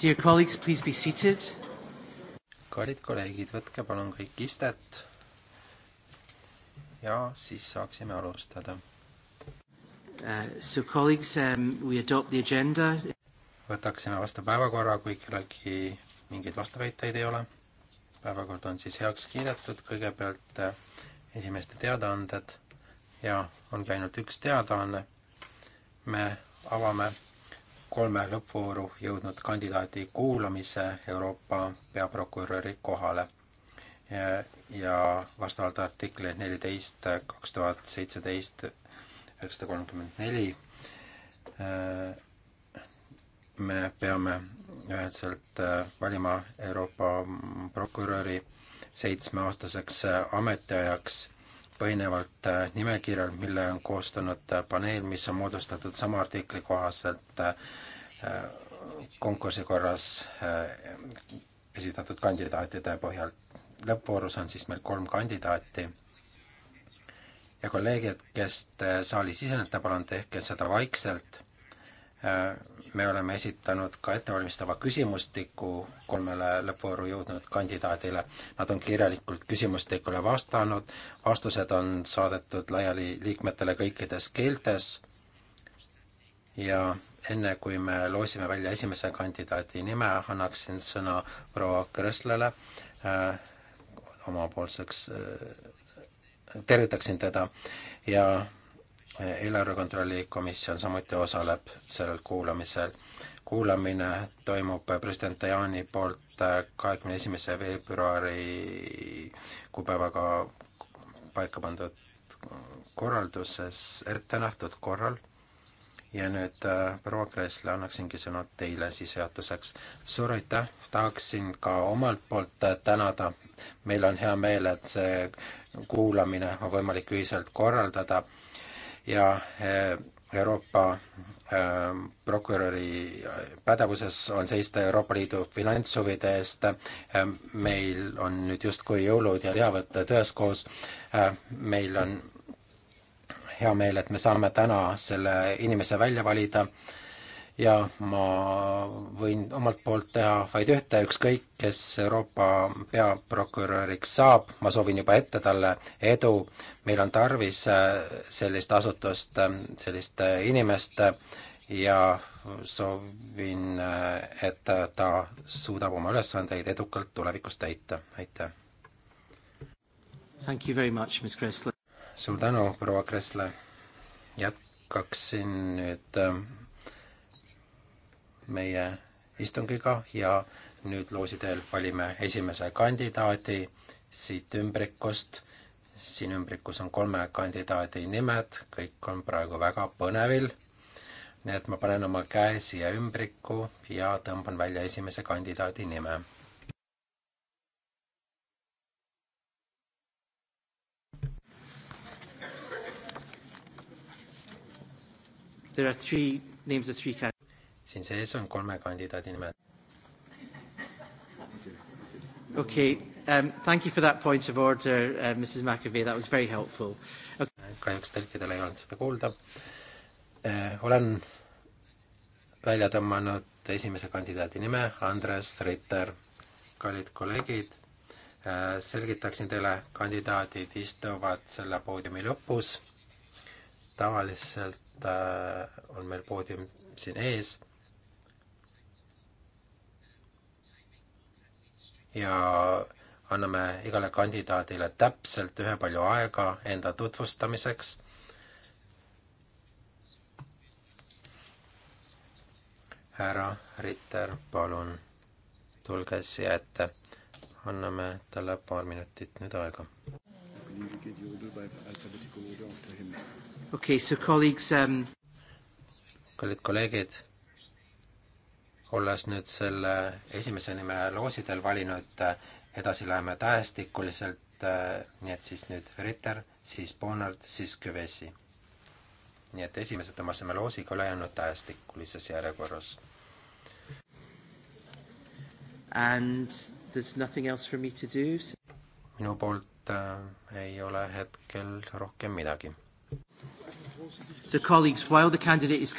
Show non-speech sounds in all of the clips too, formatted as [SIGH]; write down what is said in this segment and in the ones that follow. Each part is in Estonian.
Dear colleagues, please be seated. kallid kolleegid, võtke palun kõik istet ja siis saaksime alustada uh,. So colleagues um,, we adopt the agenda. võtaksime vastu päevakorra, kui kellelgi mingeid vastuväiteid ei ole. päevakord on siis heaks kiidetud, kõigepealt uh, esimeste teadaanded ja ongi ainult üks teadaanne. me avame kolme lõppvooru jõudnud kandidaadi kuulamise Euroopa peaprokuröri kohale ja vastavalt artikli neliteist kaks tuhat seitseteist üheksasada kolmkümmend neli äh, me peame üheselt äh, valima Euroopa prokuröri seitsmeaastaseks äh, ametiajaks põhinevalt äh, nimekirjal, mille on koostanud äh, paneel, mis on moodustatud sama artikli kohaselt äh, konkursi korras esitatud kandidaatide põhjal. lõppvoorus on siis meil kolm kandidaati ja kolleegid, kes te saali sisenete, palun tehke seda vaikselt Äh, me oleme esitanud ka ettevalmistava küsimustiku kolmele lõppvooru jõudnud kandidaadile. Nad on kirjalikult küsimustikule vastanud, vastused on saadetud laiali liikmetele kõikides keeltes ja enne, kui me loosime välja esimese kandidaadi nime, annaksin sõna proua Krõslele äh, omapoolseks äh,, tervitaksin teda ja Eh, eelarve kontrolli komisjon samuti osaleb sellel kuulamisel. kuulamine toimub president Tajani poolt eh, kahekümne esimese veebruari kuupäevaga paika pandud korralduses ette nähtud korral ja nüüd eh, proua Kressle, annaksingi sõna teile sissejuhatuseks. suur aitäh, tahaksin ka omalt poolt tänada. meil on hea meel, et see kuulamine on võimalik ühiselt korraldada ja eh, Euroopa eh, prokuröri eh, pädevuses on seista Euroopa Liidu finantshuvide eest. meil on nüüd justkui jõulud ja lihavõtted üheskoos. meil on hea meel, et me saame täna selle inimese välja valida ja ma võin omalt poolt teha vaid ühte, ükskõik, kes Euroopa peaprokuröriks saab, ma soovin juba ette talle edu, meil on tarvis äh, sellist asutust, äh, sellist äh, inimest ja soovin, et ta suudab oma ülesandeid edukalt tulevikus täita, aitäh! Thank you very much, Ms Kressle. suur tänu, proua Kressle! jätkaksin nüüd ähm, meie istungiga ja nüüd loosi teel valime esimese kandidaadi siit ümbrikust. siin ümbrikus on kolme kandidaadi nimed, kõik on praegu väga põnevil. nii et ma panen oma käe siia ümbrikku ja tõmban välja esimese kandidaadi nime. There are three names of three candidates siin sees on kolme kandidaadi nimed. okei okay. um,, thank you for that point of order uh,, Mrs McAvee, that was very helpful okay.. Äh, kahjuks tõlkidel ei olnud seda kuulda uh,. olen välja tõmmanud esimese kandidaadi nime, Andres Ritter. kallid kolleegid uh,, selgitaksin teile, kandidaadid istuvad selle poodiumi lõpus. tavaliselt uh, on meil poodium siin ees ja anname igale kandidaadile täpselt ühepalju aega enda tutvustamiseks. härra Ritter, palun tulge siia ette. anname talle paar minutit nüüd aega. okei okay,, so colleagues um.... kallid kolleegid olles nüüd selle esimese nime loosidel valinud, edasi läheme tähestikuliselt, nii et siis nüüd Ritter, siis Bonnard, siis Küvesi. nii et esimesed tõmbasime loosiga ülejäänud tähestikulises järjekorras. And there is nothing else for me to do so...? minu poolt äh, ei ole hetkel rohkem midagi. So colleagues, while the candidate is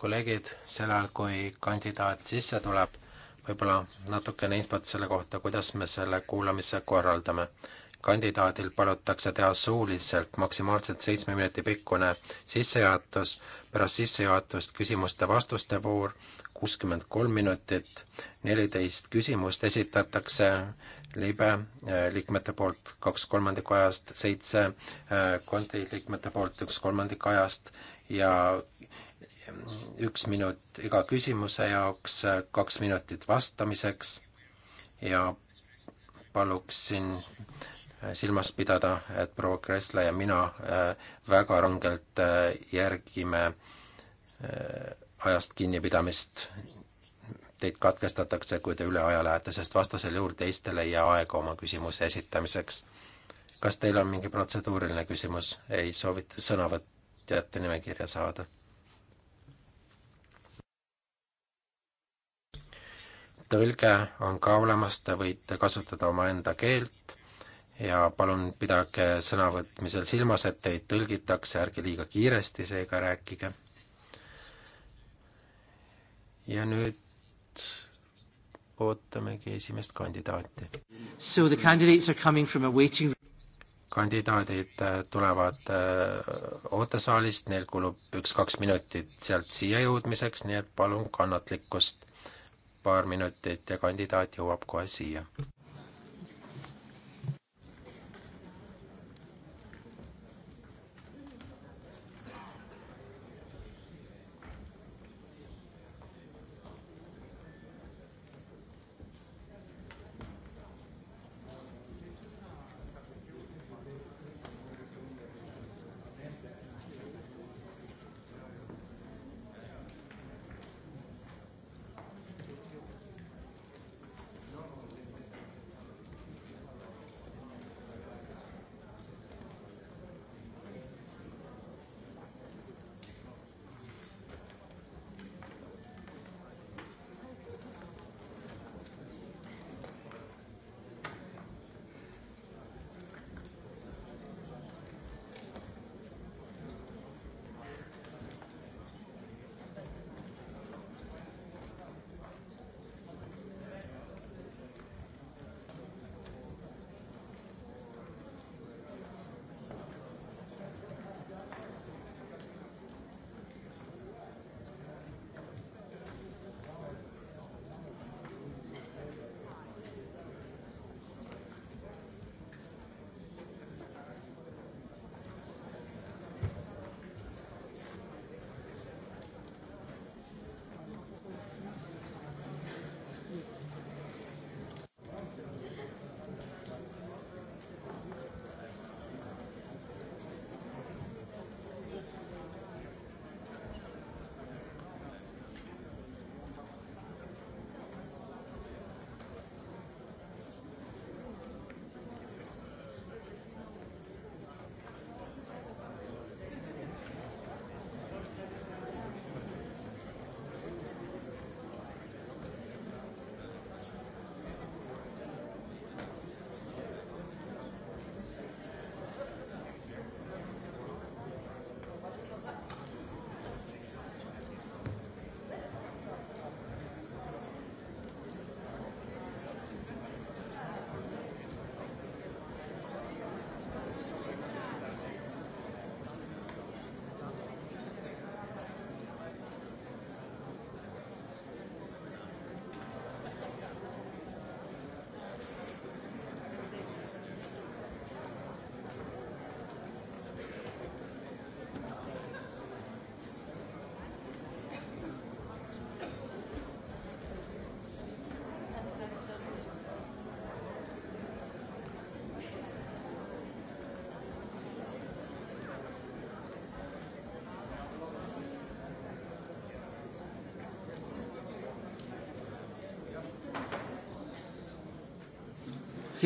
kolleegid, sel ajal, kui kandidaat sisse tuleb, võib-olla natukene infot selle kohta, kuidas me selle kuulamise korraldame. kandidaadil palutakse teha suuliselt maksimaalselt seitsme minuti pikkune sissejuhatus, pärast sissejuhatust küsimuste-vastuste voor, kuuskümmend kolm minutit, neliteist küsimust esitatakse libe äh, liikmete poolt kaks kolmandikku ajast, seitse äh, konti liikmete poolt üks kolmandik ajast ja üks minut iga küsimuse jaoks, kaks minutit vastamiseks ja paluksin silmas pidada, et proua Kressla ja mina äh, väga rangelt äh, järgime äh, ajast kinnipidamist. Teid katkestatakse, kui te üle aja lähete, sest vastasel juhul teistel ei jää aega oma küsimuse esitamiseks. kas teil on mingi protseduuriline küsimus? ei soovita sõnavõtjate nimekirja saada tõlge on ka olemas, te võite kasutada omaenda keelt ja palun pidage sõnavõtmisel silmas, et teid tõlgitakse, ärge liiga kiiresti seega rääkige. ja nüüd ootamegi esimest kandidaati. So the candidates are coming from a waiting kandidaadid äh, tulevad äh, ootesaalist, neil kulub üks-kaks minutit sealt siia jõudmiseks, nii et palun kannatlikkust paar minutit ja kandidaat jõuab kohe siia.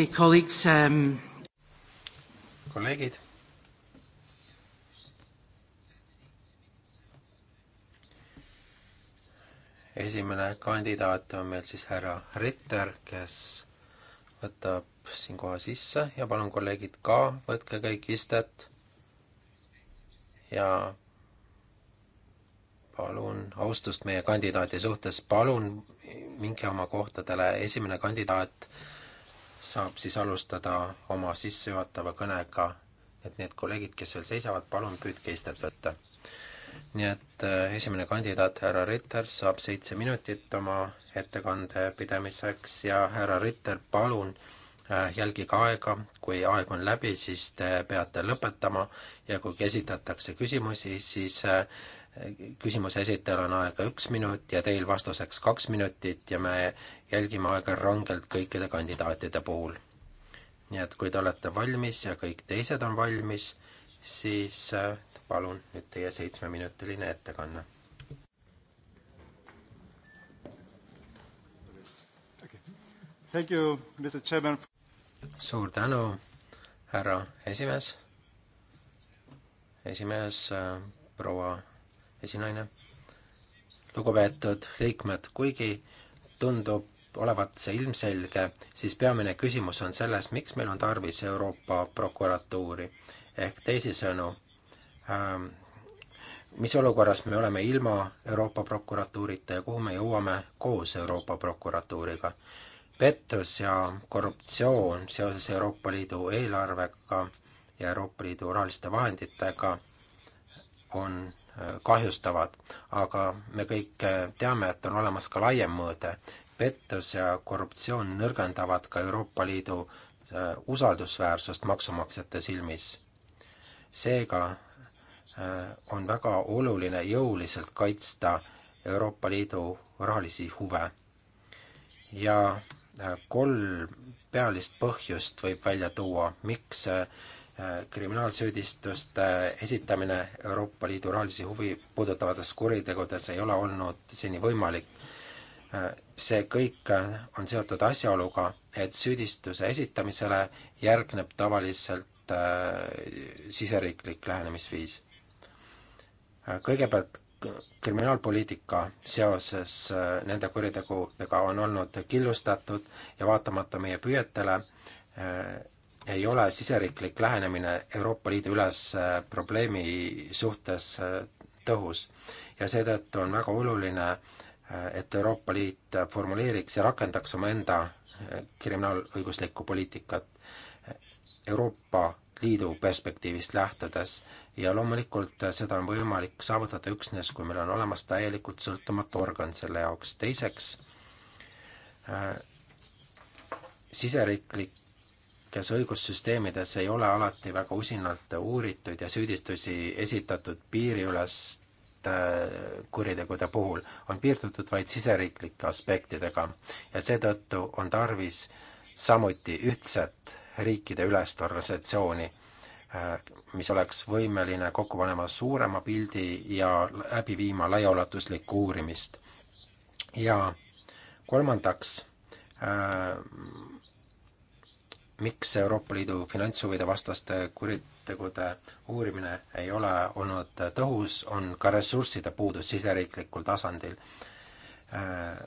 okay,. Um... kolleegid. esimene kandidaat on meil siis härra Ritter, kes võtab siin koha sisse ja palun kolleegid ka, võtke kõik istet ja palun austust meie kandidaadi suhtes, palun minge oma kohtadele, esimene kandidaat saab siis alustada oma sissejuhatava kõnega, et need kolleegid, kes veel seisavad, palun püüdke istet võtta. nii et äh, esimene kandidaat, härra Ritter, saab seitse minutit oma ettekande pidamiseks ja härra Ritter, palun äh, jälgige aega, kui aeg on läbi, siis te peate lõpetama ja kui esitatakse küsimusi, siis äh, küsimuse esitajal on aega üks minut ja teil vastuseks kaks minutit ja me jälgime aega rangelt kõikide kandidaatide puhul. nii et kui te olete valmis ja kõik teised on valmis, siis äh, palun nüüd teie seitsmeminutiline ettekanne. suur tänu, härra esimees, esimees äh, proua esinaine. lugupeetud liikmed, kuigi tundub olevat see ilmselge, siis peamine küsimus on selles, miks meil on tarvis Euroopa prokuratuuri. ehk teisisõnu ähm,, mis olukorras me oleme ilma Euroopa prokuratuurita ja kuhu me jõuame koos Euroopa prokuratuuriga. pettus ja korruptsioon seoses Euroopa Liidu eelarvega ja Euroopa Liidu rahaliste vahenditega on kahjustavad, aga me kõik teame, et on olemas ka laiem mõõde. pettus ja korruptsioon nõrgendavad ka Euroopa Liidu äh, usaldusväärsust maksumaksjate silmis. seega äh, on väga oluline jõuliselt kaitsta Euroopa Liidu rahalisi huve. ja äh, kolm pealist põhjust võib välja tuua, miks Äh, kriminaalsüüdistuste esitamine Euroopa Liidu rahalisi huvi puudutavates kuritegudes ei ole olnud seni võimalik. Äh, see kõik on seotud asjaoluga, et süüdistuse esitamisele järgneb tavaliselt äh, siseriiklik lähenemisviis. kõigepealt kriminaalpoliitika seoses nende kuritegudega on olnud killustatud ja vaatamata meie püüetele ei ole siseriiklik lähenemine Euroopa Liidu üles äh, probleemi suhtes äh, tõhus ja seetõttu on väga oluline, äh, et Euroopa Liit formuleeriks ja rakendaks omaenda kriminaalõiguslikku poliitikat Euroopa Liidu perspektiivist lähtudes ja loomulikult seda on võimalik saavutada üksnes, kui meil on olemas täielikult sõltumatu organ selle jaoks. teiseks, siseriiklik kes õigussüsteemides ei ole alati väga usinalt uuritud ja süüdistusi esitatud piiriüleste äh, kuritegude puhul, on piirdutud vaid siseriiklike aspektidega ja seetõttu on tarvis samuti ühtset riikideülest organisatsiooni, äh, mis oleks võimeline kokku panema suurema pildi ja läbi viima laiaulatuslikku uurimist. ja kolmandaks äh,, miks Euroopa Liidu finantshuvide vastaste kuritegude uurimine ei ole olnud tõhus, on ka ressursside puudus siseriiklikul tasandil. Äh,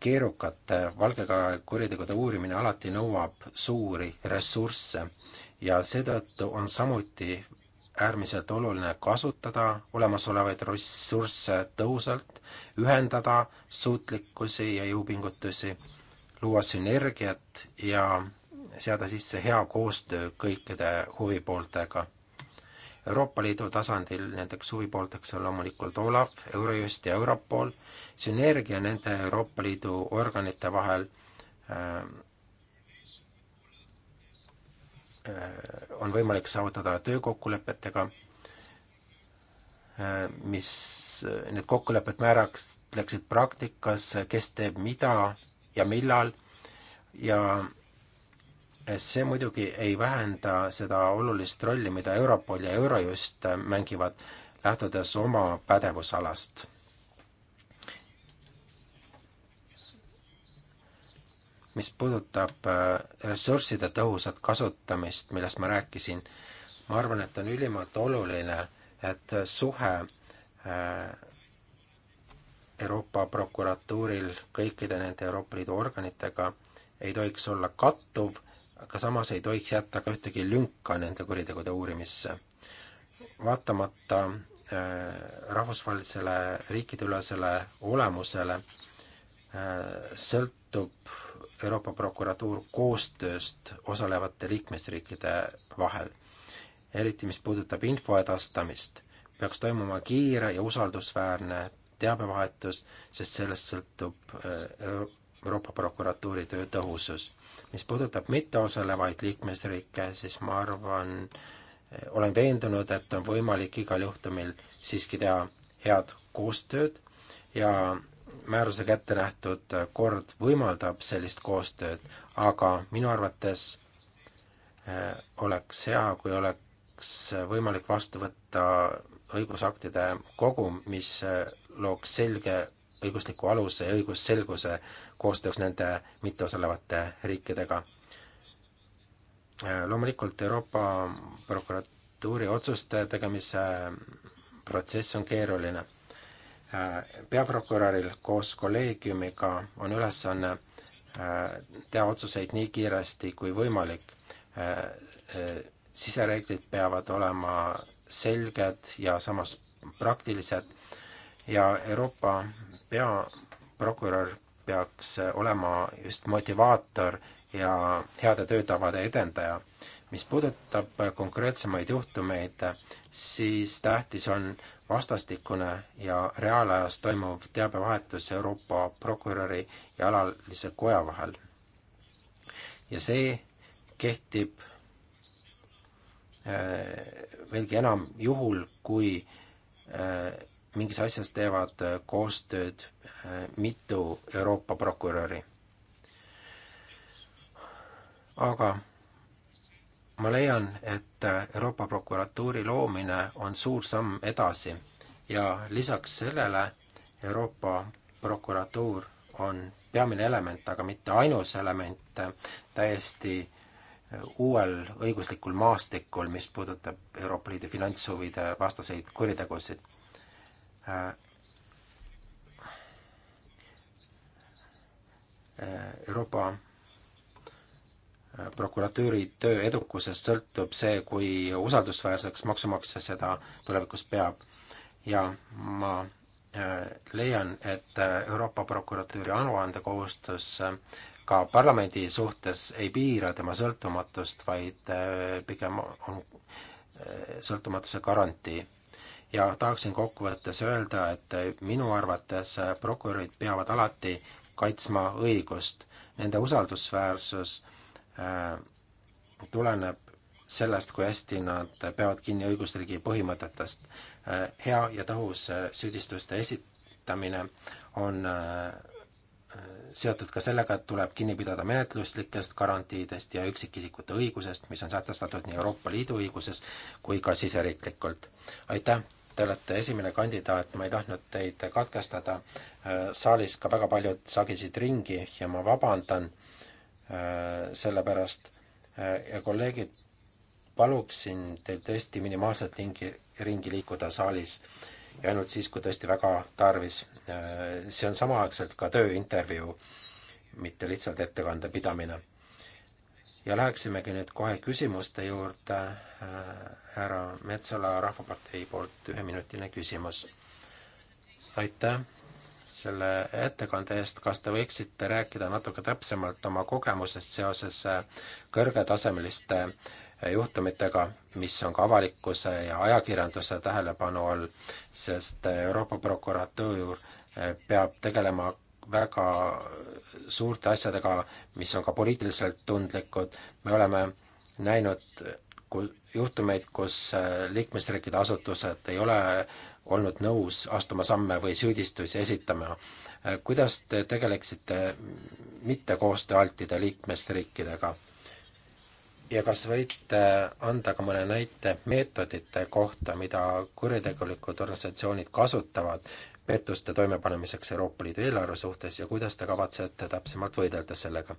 keerukate valgega kuritegude uurimine alati nõuab suuri ressursse ja seetõttu on samuti äärmiselt oluline kasutada olemasolevaid ressursse tõhusalt, ühendada suutlikkusi ja jõupingutusi, luua sünergiat ja seada sisse hea koostöö kõikide huvipooltega. Euroopa Liidu tasandil nendeks huvipoolteks on loomulikult Olav, Eurojust ja Europol, sünergia nende Euroopa Liidu organite vahel ähm, äh, on võimalik saavutada töökokkulepetega, äh, mis, need kokkulepped määraks, läksid praktikas, kes teeb mida ja millal ja see muidugi ei vähenda seda olulist rolli, mida Europol ja Eurojust mängivad, lähtudes oma pädevusalast. mis puudutab äh, ressursside tõhusat kasutamist, millest ma rääkisin, ma arvan, et on ülimalt oluline, et suhe äh, Euroopa prokuratuuril kõikide nende Euroopa Liidu organitega ei tohiks olla kattuv aga samas ei tohiks jätta ka ühtegi lünka nende kuritegude uurimisse. vaatamata äh, rahvusvahelisele riikideülesele olemusele äh, sõltub Euroopa prokuratuur koostööst osalevate liikmesriikide vahel. eriti, mis puudutab info edastamist, peaks toimuma kiire ja usaldusväärne teabevahetus, sest sellest sõltub äh, Euroopa prokuratuuri töö tõhusus mis puudutab mitteosalevaid liikmesriike, siis ma arvan, eh, olen veendunud, et on võimalik igal juhtumil siiski teha head koostööd ja määrusega ette nähtud kord võimaldab sellist koostööd, aga minu arvates eh, oleks hea, kui oleks võimalik vastu võtta õigusaktide kogum, mis eh, looks selge õigusliku aluse ja õigusselguse koostööks nende mitteosalevate riikidega. loomulikult Euroopa prokuratuuri otsuste tegemise protsess on keeruline. peaprokuröril koos kolleegiumiga on ülesanne äh, teha otsuseid nii kiiresti kui võimalik. Äh, äh, sisereeglid peavad olema selged ja samas praktilised ja Euroopa peaprokurör peaks olema just motivaator ja heade töötavade edendaja. mis puudutab konkreetsemaid juhtumeid, siis tähtis on vastastikune ja reaalajas toimuv teabevahetus Euroopa prokuröri ja alalise koja vahel. ja see kehtib eh, veelgi enam juhul, kui eh, mingis asjas teevad äh, koostööd äh, mitu Euroopa prokuröri. aga ma leian, et äh, Euroopa prokuratuuri loomine on suur samm edasi ja lisaks sellele Euroopa prokuratuur on peamine element, aga mitte ainus element täiesti uuel õiguslikul maastikul, mis puudutab Euroopa Liidu finantshuvide vastaseid kuritegusid Äh, Euroopa äh, prokuratuuri töö edukusest sõltub see, kui usaldusväärseks maksumaksja seda tulevikus peab. ja ma äh, leian, et Euroopa prokuratuuri aruandekohustus ka parlamendi suhtes ei piira tema sõltumatust, vaid pigem on sõltumatuse garantii ja tahaksin kokkuvõttes öelda, et minu arvates prokurörid peavad alati kaitsma õigust. Nende usaldusväärsus äh, tuleneb sellest, kui hästi nad peavad kinni õigusriigi põhimõtetest. Äh, hea ja tõhus äh, süüdistuste esitamine on seotud ka sellega, et tuleb kinni pidada menetluslikest garantiidest ja üksikisikute õigusest, mis on sätestatud nii Euroopa Liidu õiguses kui ka siseriiklikult. aitäh Te olete esimene kandidaat, ma ei tahtnud teid katkestada. saalis ka väga paljud sagisid ringi ja ma vabandan äh, selle pärast. Äh, ja kolleegid, paluksin teil tõesti minimaalselt ringi, ringi liikuda saalis ja ainult siis, kui tõesti väga tarvis. Äh, see on samaaegselt ka tööintervjuu, mitte lihtsalt ettekande pidamine. ja läheksimegi nüüd kohe küsimuste juurde härra Metsala Rahvapartei poolt üheminutiline küsimus. aitäh selle ettekande eest, kas te võiksite rääkida natuke täpsemalt oma kogemusest seoses kõrgetasemeliste juhtumitega, mis on ka avalikkuse ja ajakirjanduse tähelepanu all, sest Euroopa prokuratuur eh, peab tegelema väga suurte asjadega, mis on ka poliitiliselt tundlikud, me oleme näinud, juhtumeid, kus äh, liikmesriikide asutused ei ole olnud nõus astuma samme või süüdistusi esitama. Äh, kuidas te tegeleksite mitte koostööaltide liikmesriikidega? ja kas võite äh, anda ka mõne näite meetodite kohta, mida kuritegelikud organisatsioonid kasutavad pettuste toimepanemiseks Euroopa Liidu eelarve suhtes ja kuidas te kavatsete täpsemalt võidelda sellega?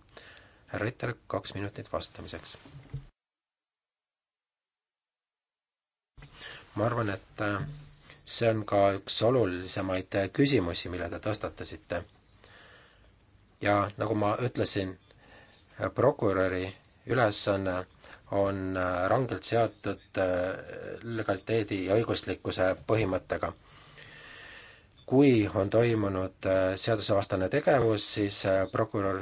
härra Ritter, kaks minutit vastamiseks ma arvan, et äh, see on ka üks olulisemaid äh, küsimusi, mille te tõstatasite. ja nagu ma ütlesin, äh, prokuröri ülesanne on rangelt seotud legaliteedi ja õiguslikkuse põhimõttega. kui on toimunud seadusevastane tegevus, siis prokurör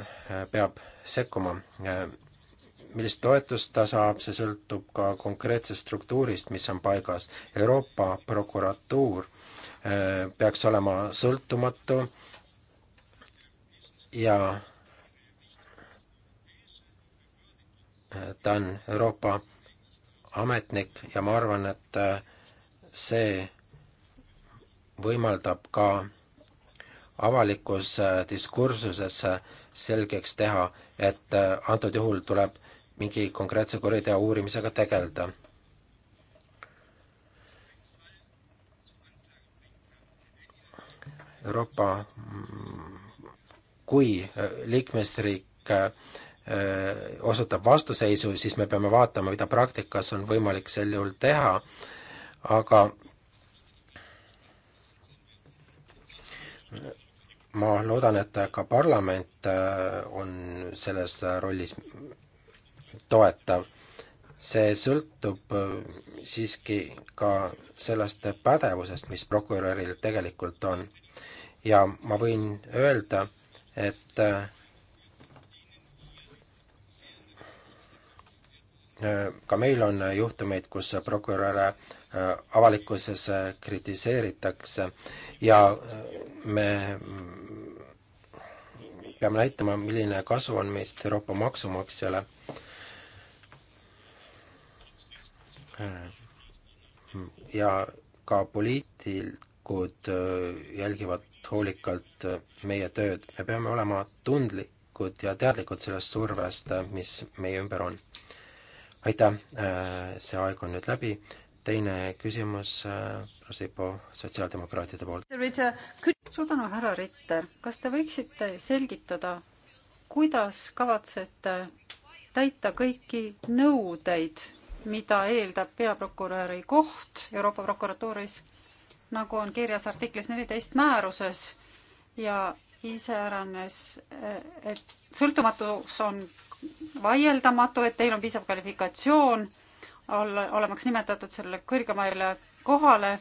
peab sekkuma millist toetust ta saab, see sõltub ka konkreetsest struktuurist, mis on paigas. Euroopa prokuratuur äh, peaks olema sõltumatu ja äh, ta on Euroopa ametnik ja ma arvan, et äh, see võimaldab ka avalikus diskursuses selgeks teha, et antud juhul tuleb mingi konkreetse kuriteo uurimisega tegeleda. Euroopa, kui liikmesriik äh, osutab vastuseisu, siis me peame vaatama, mida praktikas on võimalik sel juhul teha, aga ma loodan, et ka parlament äh, on selles rollis toetav. see sõltub äh, siiski ka sellest pädevusest, mis prokuröril tegelikult on. ja ma võin öelda, et äh, äh, ka meil on juhtumeid, kus prokuröre avalikkuses kritiseeritakse ja me mm, peame näitama, milline kasu on meist Euroopa maksumaksjale Äh, ja ka poliitikud äh, jälgivad hoolikalt äh, meie tööd. me peame olema tundlikud ja teadlikud sellest survest, mis meie ümber on. aitäh, see aeg on nüüd läbi. teine küsimus Rosipo sotsiaaldemokraatide poolt. suur tänu, härra Ritter, kas te võiksite selgitada, kuidas kavatsete täita kõiki nõudeid mida eeldab peaprokuröri koht Euroopa prokuratuuris, nagu on kirjas artiklis neliteist määruses ja iseäranis, et sõltumatus on vaieldamatu, et teil on piisav kvalifikatsioon olla, olemaks nimetatud sellele kõrgemale kohale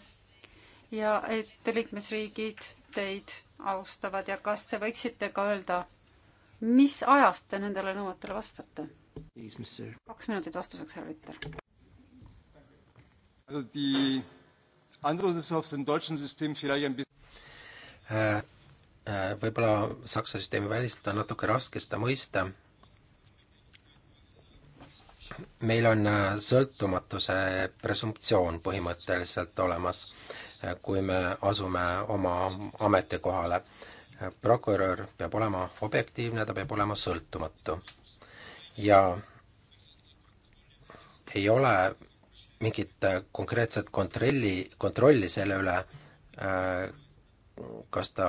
ja et liikmesriigid teid austavad ja kas te võiksite ka öelda, mis ajast te nendele nõuetele vastate? kaks minutit vastuseks, härra Ritter. Also die Antwort ist auf dem deutschen System vielleicht ein bisschen äh, äh, võib-olla Saksa süsteemi välistada on natuke raske seda mõista. meil on äh, sõltumatuse presumptsioon põhimõtteliselt olemas, kui me asume oma ametikohale. prokurör peab olema objektiivne, ta peab olema sõltumatu ja ei ole mingit äh, konkreetset kontrolli, kontrolli selle üle, äh, kas ta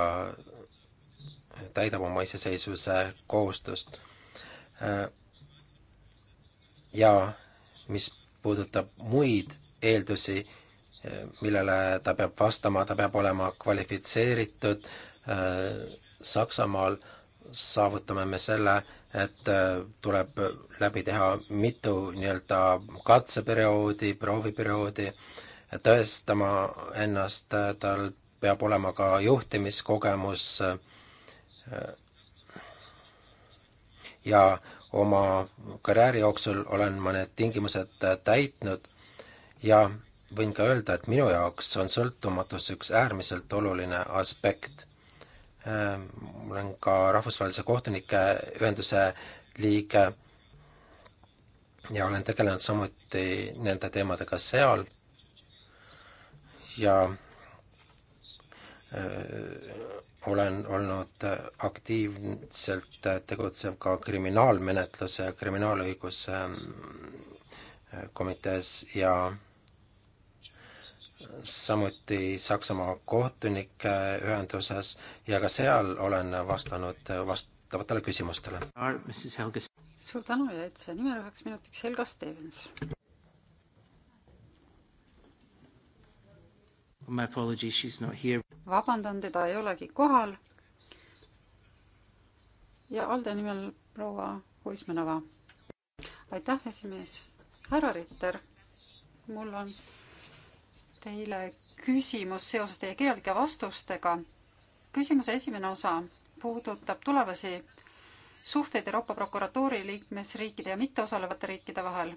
täidab oma iseseisvuse kohustust. Äh, ja mis puudutab muid eeldusi, millele ta peab vastama, ta peab olema kvalifitseeritud, Saksamaal saavutame me selle, et äh, tuleb läbi teha mitu nii-öelda katseperioodi, prooviperioodi, tõestama ennast, äh, tal peab olema ka juhtimiskogemus äh, ja oma karjääri jooksul olen ma need tingimused täitnud ja võin ka öelda, et minu jaoks on sõltumatus üks äärmiselt oluline aspekt Äh, ma olen ka Rahvusvahelise Kohtunike Ühenduse liige ja olen tegelenud samuti nende teemadega seal ja öö, äh, olen olnud aktiivselt tegutsev ka kriminaalmenetluse ja kriminaalõiguse äh, komitees ja samuti Saksamaa kohtunike ühenduses ja ka seal olen vastanud vastavatele küsimustele. suur tänu ja et see nimel üheks minutiks Helga Stevens. vabandan, teda ei olegi kohal. ja Alde nimel proua Kuismanova. aitäh, esimees. härra Ritter, mul on teile küsimus seoses teie kirjalike vastustega. küsimuse esimene osa puudutab tulevasi suhteid Euroopa prokuratuuri liikmesriikide ja mitteosalevate riikide vahel.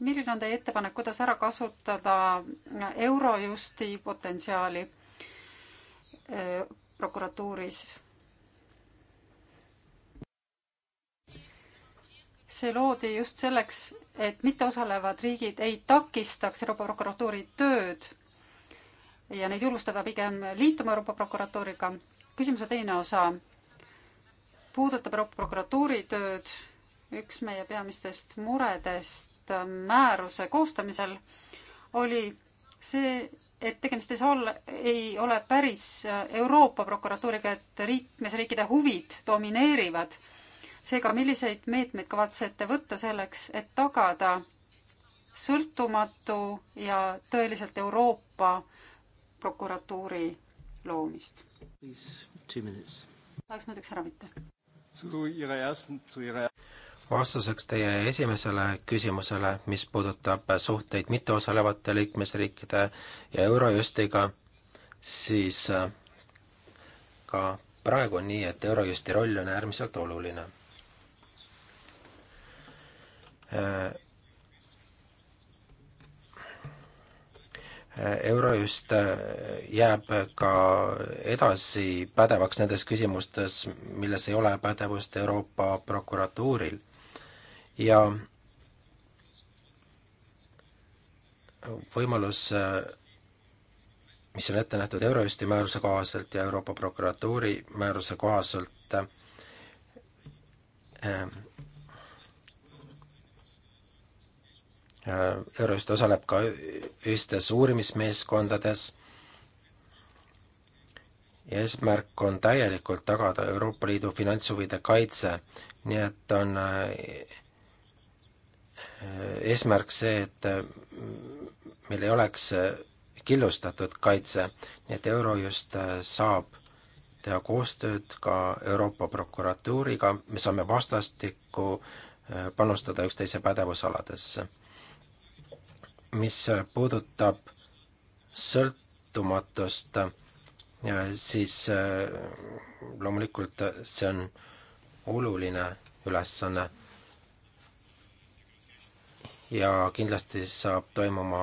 milline on teie ettepanek, kuidas ära kasutada Eurojusti potentsiaali äh, prokuratuuris? see loodi just selleks, et mitteosalevad riigid ei takistaks Euroopa prokuratuuri tööd ja neid julgustada pigem liituma Euroopa prokuratuuriga. küsimuse teine osa puudutab Euroopa prokuratuuri tööd. üks meie peamistest muredest määruse koostamisel oli see, et tegemist ei saa olla, ei ole päris Euroopa prokuratuuriga, et liikmesriikide huvid domineerivad seega, milliseid meetmeid kavatsete võtta selleks, et tagada sõltumatu ja tõeliselt Euroopa prokuratuuri loomist? tahaks muideks ära mitte. vastuseks teie esimesele küsimusele, mis puudutab suhteid mitteosalevate liikmesriikide ja Eurojustiga, siis äh, ka praegu on nii, et Eurojusti roll on äärmiselt oluline Äh, Eurojust äh, jääb ka edasi pädevaks nendes küsimustes, milles ei ole pädevust Euroopa prokuratuuril. ja võimalus, äh, mis on ette nähtud Eurojusti määruse kohaselt ja Euroopa prokuratuuri määruse kohaselt äh,, Äh, Eurojust osaleb ka ühistes uurimismeeskondades ja eesmärk on täielikult tagada Euroopa Liidu finantshuvide kaitse, nii et on äh, eesmärk see, et äh, meil ei oleks killustatud kaitse, nii et Eurojust saab teha koostööd ka Euroopa prokuratuuriga, me saame vastastikku panustada üksteise pädevusaladesse mis puudutab sõltumatust, siis äh, loomulikult see on oluline ülesanne. ja kindlasti saab toimuma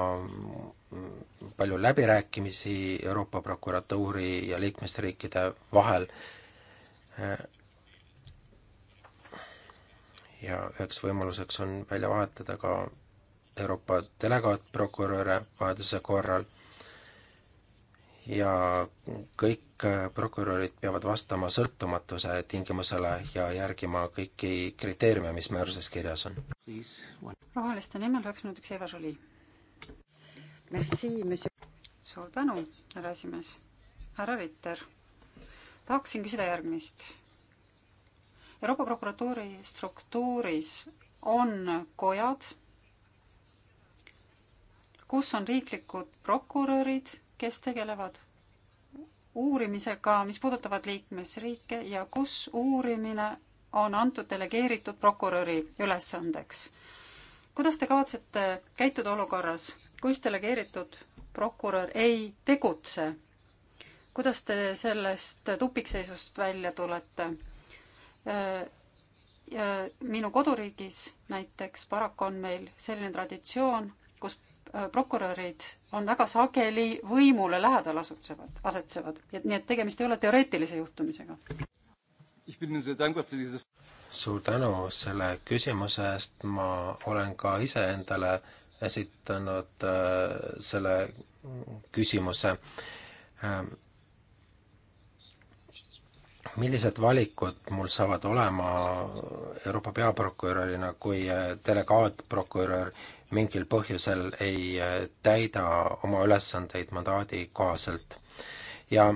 palju läbirääkimisi Euroopa prokuratuuri ja liikmesriikide vahel äh, ja üheks võimaluseks on välja vahetada ka Euroopa delegaatprokuröre vajaduse korral ja kõik prokurörid peavad vastama sõltumatuse tingimusele ja järgima kõiki kriteeriume, mis määruses kirjas on. roheliste nimel üheks minutiks Eva Jolie. suur tänu, härra esimees. härra Ritter, tahaksin küsida järgmist. Euroopa prokuratuuri struktuuris on kojad kus on riiklikud prokurörid, kes tegelevad uurimisega, mis puudutavad liikmesriike ja kus uurimine on antud delegeeritud prokuröri ülesandeks. kuidas te kavatsete käituda olukorras, kus delegeeritud prokurör ei tegutse? kuidas te sellest tupikseisust välja tulete? Äh, äh, minu koduriigis näiteks paraku on meil selline traditsioon, kus Äh, prokurörid on väga sageli võimule lähedal asetsevad, asetsevad, nii et tegemist ei ole teoreetilise juhtumisega. suur tänu selle küsimuse eest, ma olen ka iseendale esitanud äh, selle küsimuse. Ähm, millised valikud mul saavad olema Euroopa peaprokurörina, kui äh, delegaatprokurör mingil põhjusel ei äh, täida oma ülesandeid mandaadi kohaselt. ja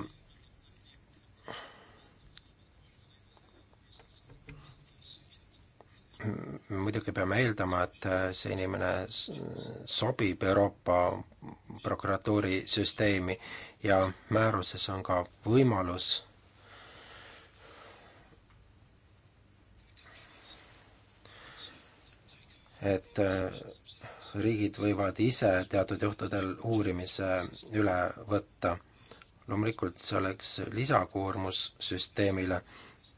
muidugi peame eeldama, et äh, see inimene sobib Euroopa prokuratuuri süsteemi ja määruses on ka võimalus et äh, riigid võivad ise teatud juhtudel uurimise üle võtta. loomulikult see oleks lisakoormus süsteemile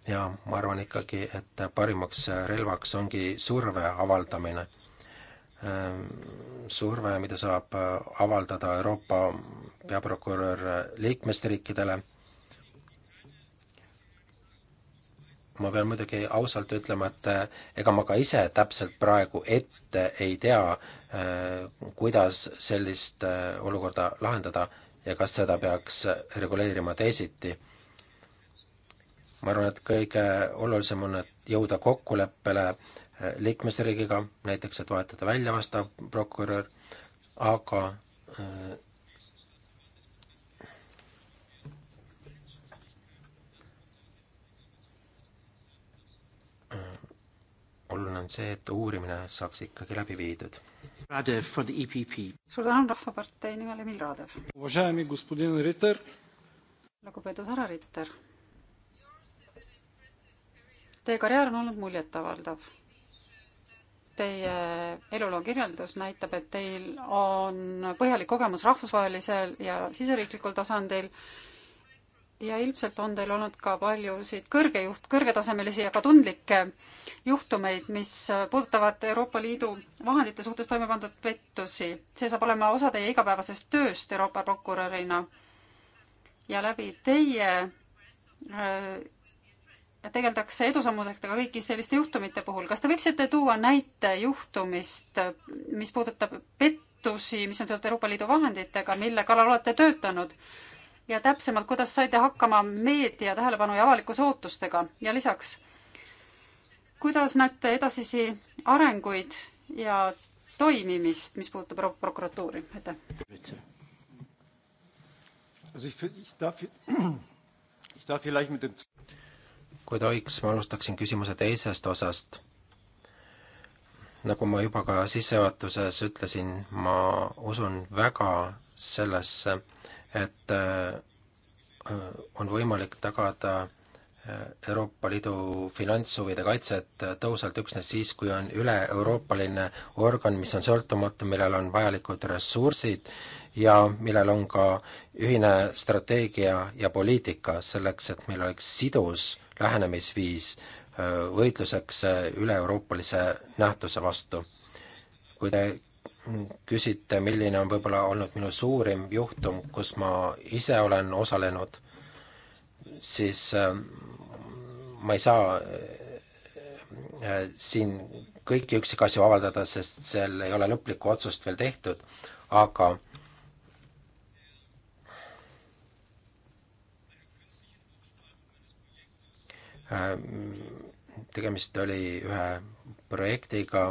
ja ma arvan ikkagi, et parimaks relvaks ongi surve avaldamine. Ehm, surve, mida saab avaldada Euroopa peaprokurör liikmesriikidele ma pean muidugi ausalt ütlema, et ega ma ka ise täpselt praegu ette ei tea, Äh, kuidas sellist äh, olukorda lahendada ja kas seda peaks reguleerima teisiti. ma arvan, et kõige olulisem on, et jõuda kokkuleppele äh, liikmesriigiga, näiteks et vahetada välja vastav prokurör, aga oluline on see, et uurimine saaks ikkagi läbi viidud Radev for the EPP. suur tänu Rahvapartei nimel, Emil Radev. lugupeetud härra Ritter. Teie karjäär on olnud muljetavaldav. Teie eluloo kirjeldus näitab, et teil on põhjalik kogemus rahvusvahelisel ja siseriiklikul tasandil ja ilmselt on teil olnud ka paljusid kõrge juht, kõrgetasemelisi ja ka tundlikke juhtumeid, mis puudutavad Euroopa Liidu vahendite suhtes toime pandud pettusi. see saab olema osa teie igapäevasest tööst Euroopa prokurörina. ja läbi teie äh, tegeldakse edusammudega kõigi selliste juhtumite puhul. kas te võiksite tuua näite juhtumist, mis puudutab pettusi, mis on seotud Euroopa Liidu vahenditega, mille kallal olete töötanud? ja täpsemalt, kuidas saite hakkama meedia tähelepanu ja avalikkuse ootustega ja lisaks, kuidas näete edasisi arenguid ja toimimist, mis puudutab Euroopa prokuratuuri, aitäh. [CLEARS THROAT] kui tohiks, ma alustaksin küsimuse teisest osast. nagu ma juba ka sissejuhatuses ütlesin, ma usun väga sellesse, et äh, on võimalik tagada äh, Euroopa Liidu finantshuvide kaitset tõhusalt üksnes siis, kui on üle-euroopaline organ, mis on sõltumatu, millel on vajalikud ressursid ja millel on ka ühine strateegia ja poliitika selleks, et meil oleks sidus lähenemisviis äh, võitluseks üle-euroopalise nähtuse vastu. kui te küsite, milline on võib-olla olnud minu suurim juhtum, kus ma ise olen osalenud, siis äh, ma ei saa äh, siin kõiki üksikasju avaldada, sest seal ei ole lõplikku otsust veel tehtud, aga äh, tegemist oli ühe projektiga,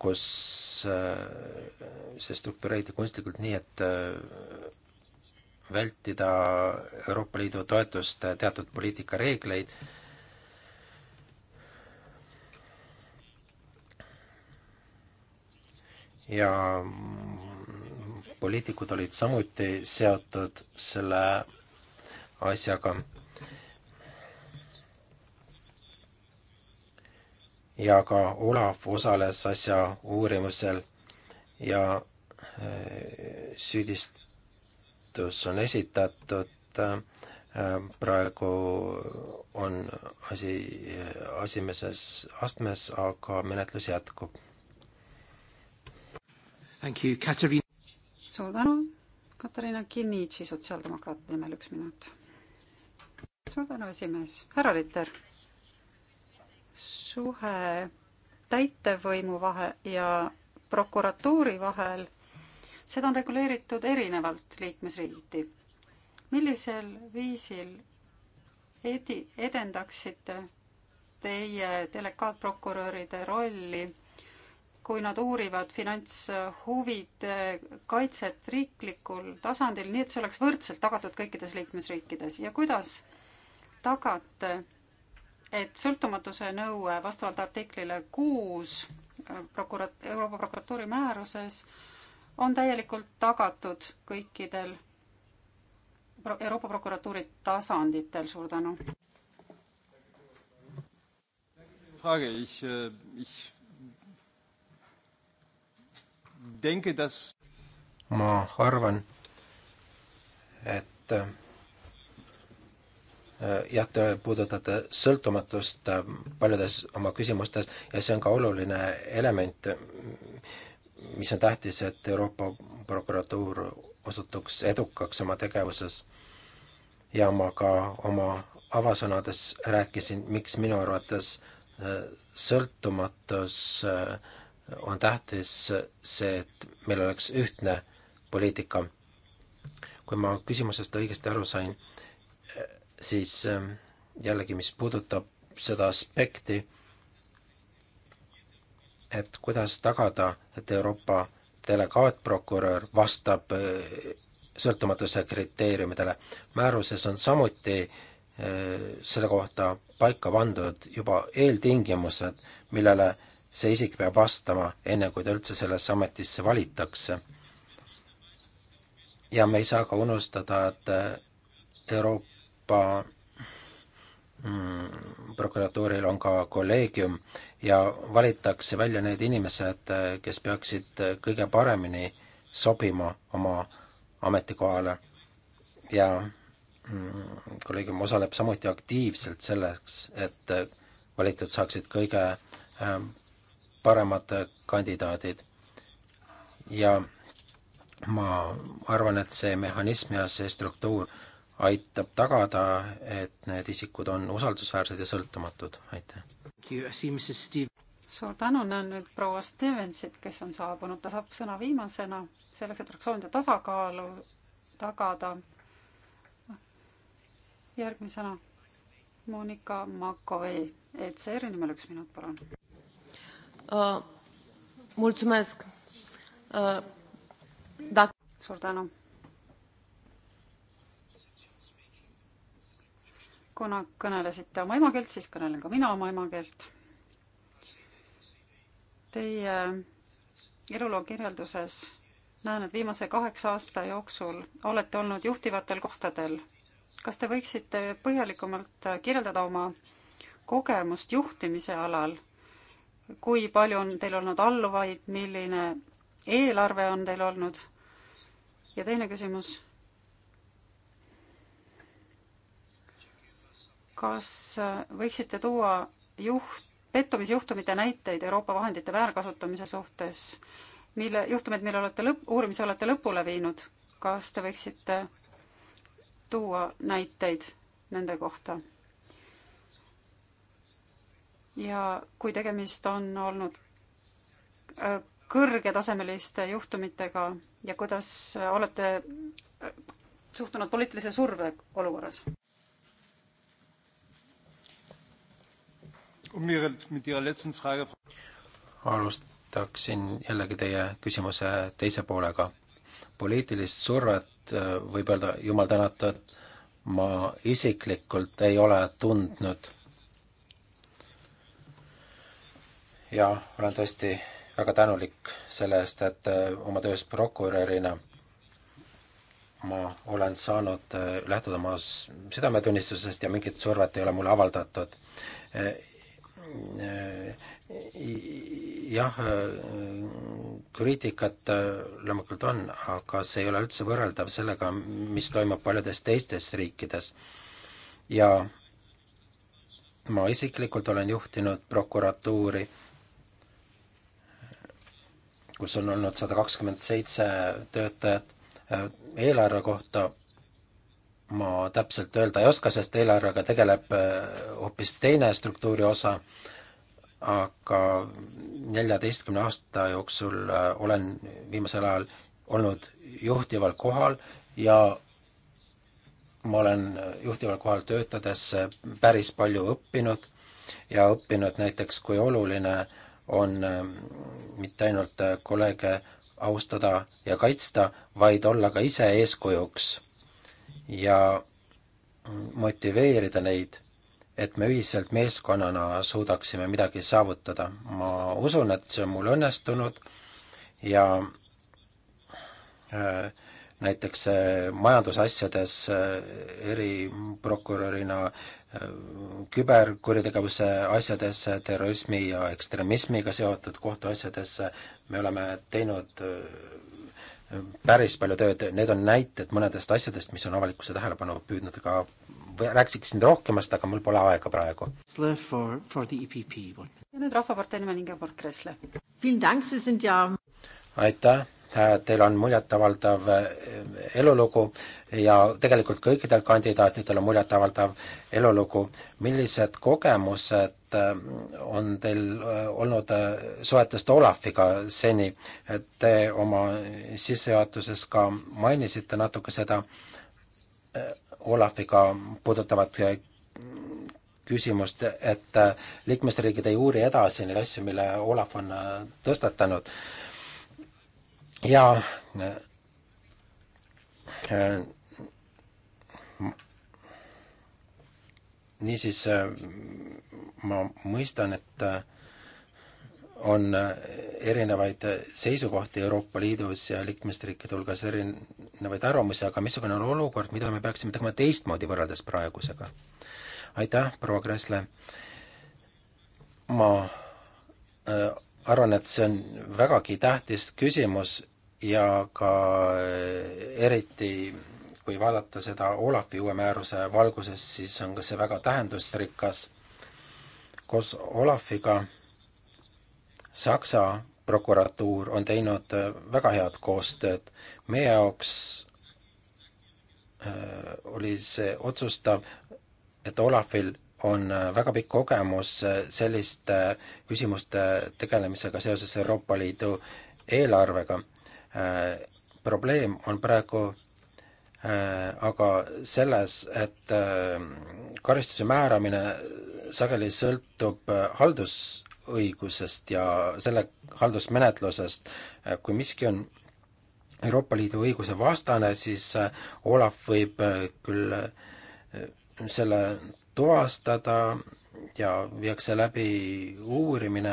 kus äh, see struktureeriti kunstlikult nii, et äh, vältida Euroopa Liidu toetuste äh, teatud poliitikareegleid, ja poliitikud olid samuti seotud selle asjaga ja ka Olav osales asja uurimusel ja äh, süüdistus on esitatud, äh, praegu on asi esimeses astmes, aga menetlus jätkub. suur tänu, Katariina Kinnitši sotsiaaldemokraatide nimel üks minut. suur tänu, esimees, härra Ritter suhe täitevvõimu vahe ja prokuratuuri vahel, seda on reguleeritud erinevalt liikmesriigiti. millisel viisil edi-, edendaksite teie delegaatprokuröride rolli, kui nad uurivad finantshuvide kaitset riiklikul tasandil, nii et see oleks võrdselt tagatud kõikides liikmesriikides ja kuidas tagate et sõltumatuse nõue vastavalt artiklile kuus prokurat-, Euroopa Prokuratuuri määruses on täielikult tagatud kõikidel pro-, Euroopa Prokuratuuri tasanditel, suur tänu. Äh, ma arvan, et äh, Äh, jah, te puudutate sõltumatust äh, paljudes oma küsimustes ja see on ka oluline element, mis on tähtis, et Euroopa prokuratuur osutuks edukaks oma tegevuses. ja ma ka oma avasõnades rääkisin, miks minu arvates äh, sõltumatus on tähtis see, et meil oleks ühtne poliitika. kui ma küsimusest õigesti aru sain, siis ähm, jällegi, mis puudutab seda aspekti, et kuidas tagada, et Euroopa delegaatprokurör vastab äh, sõltumatuse kriteeriumidele. määruses on samuti äh, selle kohta paika pandud juba eeltingimused, millele see isik peab vastama, enne kui ta üldse sellesse ametisse valitakse. ja me ei saa ka unustada, et äh, Euroopa Euroopa mm, prokuratuuril on ka kolleegium ja valitakse välja need inimesed, kes peaksid kõige paremini sobima oma ametikohale ja mm, kolleegium osaleb samuti aktiivselt selleks, et valitud saaksid kõige ähm, paremad kandidaadid. ja ma arvan, et see mehhanism ja see struktuur aitab tagada, et need isikud on usaldusväärsed ja sõltumatud, aitäh. suur tänu, näen nüüd proua Stevensit, kes on saabunud, ta saab sõna viimasena, selleks, et fraktsioonide tasakaalu tagada. järgmisena Monika Makovei, ECR-i nimel üks minut, palun uh,. Mulțumesc uh,. Suur tänu kuna kõnelesite oma emakeelt, siis kõnelen ka mina oma emakeelt. Teie eluloo kirjelduses näen, et viimase kaheksa aasta jooksul olete olnud juhtivatel kohtadel. kas te võiksite põhjalikumalt kirjeldada oma kogemust juhtimise alal? kui palju on teil olnud alluvaid, milline eelarve on teil olnud? ja teine küsimus kas äh, võiksite tuua juht, pettumisjuhtumite näiteid Euroopa vahendite väärkasutamise suhtes, mille, juhtumeid, mille olete lõpp, uurimise olete lõpule viinud, kas te võiksite tuua näiteid nende kohta? ja kui tegemist on olnud äh, kõrgetasemeliste juhtumitega ja kuidas olete äh, suhtunud poliitilise surve olukorras? Um alustaksin jällegi teie küsimuse teise poolega. poliitilist survet äh, võib öelda, jumal tänatud, ma isiklikult ei ole tundnud. ja olen tõesti väga tänulik selle eest, et äh, oma töös prokurörina ma olen saanud äh, lähtuda oma südametunnistusest ja mingit survet ei ole mulle avaldatud. Äh, jah, äh, kriitikat äh, loomulikult on, aga see ei ole üldse võrreldav sellega, mis toimub paljudes teistes riikides. ja ma isiklikult olen juhtinud prokuratuuri, kus on olnud sada kakskümmend seitse töötajat, eelarve kohta ma täpselt öelda ei oska, sest eelarvega tegeleb äh, hoopis teine struktuuri osa, aga neljateistkümne aasta jooksul äh, olen viimasel ajal olnud juhtival kohal ja ma olen äh, juhtival kohal töötades päris palju õppinud ja õppinud näiteks, kui oluline on mitte ainult kolleege austada ja kaitsta, vaid olla ka ise eeskujuks ja motiveerida neid, et me ühiselt meeskonnana suudaksime midagi saavutada. ma usun, et see on mul õnnestunud ja äh, näiteks äh, majandusasjades äh, eriprokurörina küberkuritegevuse asjades, terrorismi ja ekstremismiga seotud kohtuasjades me oleme teinud päris palju tööd, need on näited mõnedest asjadest, mis on avalikkuse tähelepanu püüdnud, aga rääkisin rohkemast, aga mul pole aega praegu. E ja nüüd Rahvapartei nimel Ingeborg Kressle. aitäh, Äh, teil on muljetavaldav äh, elulugu ja tegelikult kõikidel kandidaatidel on muljetavaldav elulugu. millised kogemused äh, on teil olnud suhetest Olafiga seni? Te oma sissejuhatuses ka mainisite natuke seda Olafiga puudutavat küsimust, et liikmesriigid ei uuri edasi neid asju, mille Olav on tõstatanud ja niisiis ma mõistan, et on erinevaid seisukohti Euroopa Liidus ja liikmesriikide hulgas erinevaid arvamusi, aga missugune on olukord, mida me peaksime tegema teistmoodi võrreldes praegusega? aitäh, proua Kressle! ma äh, arvan, et see on vägagi tähtis küsimus ja ka eh, eriti kui vaadata seda Olavi uue määruse valguses, siis on ka see väga tähendusrikas. koos Olaviga Saksa prokuratuur on teinud eh, väga head koostööd. meie jaoks eh, oli see otsustav, et Olavil on äh, väga pikk kogemus äh, selliste äh, küsimuste tegelemisega seoses Euroopa Liidu eelarvega. probleem on praegu aga selles, et karistuse määramine sageli sõltub haldusõigusest ja selle haldusmenetlusest. kui miski on Euroopa Liidu õiguse vastane, siis Olav võib küll selle tuvastada ja viiakse läbi uurimine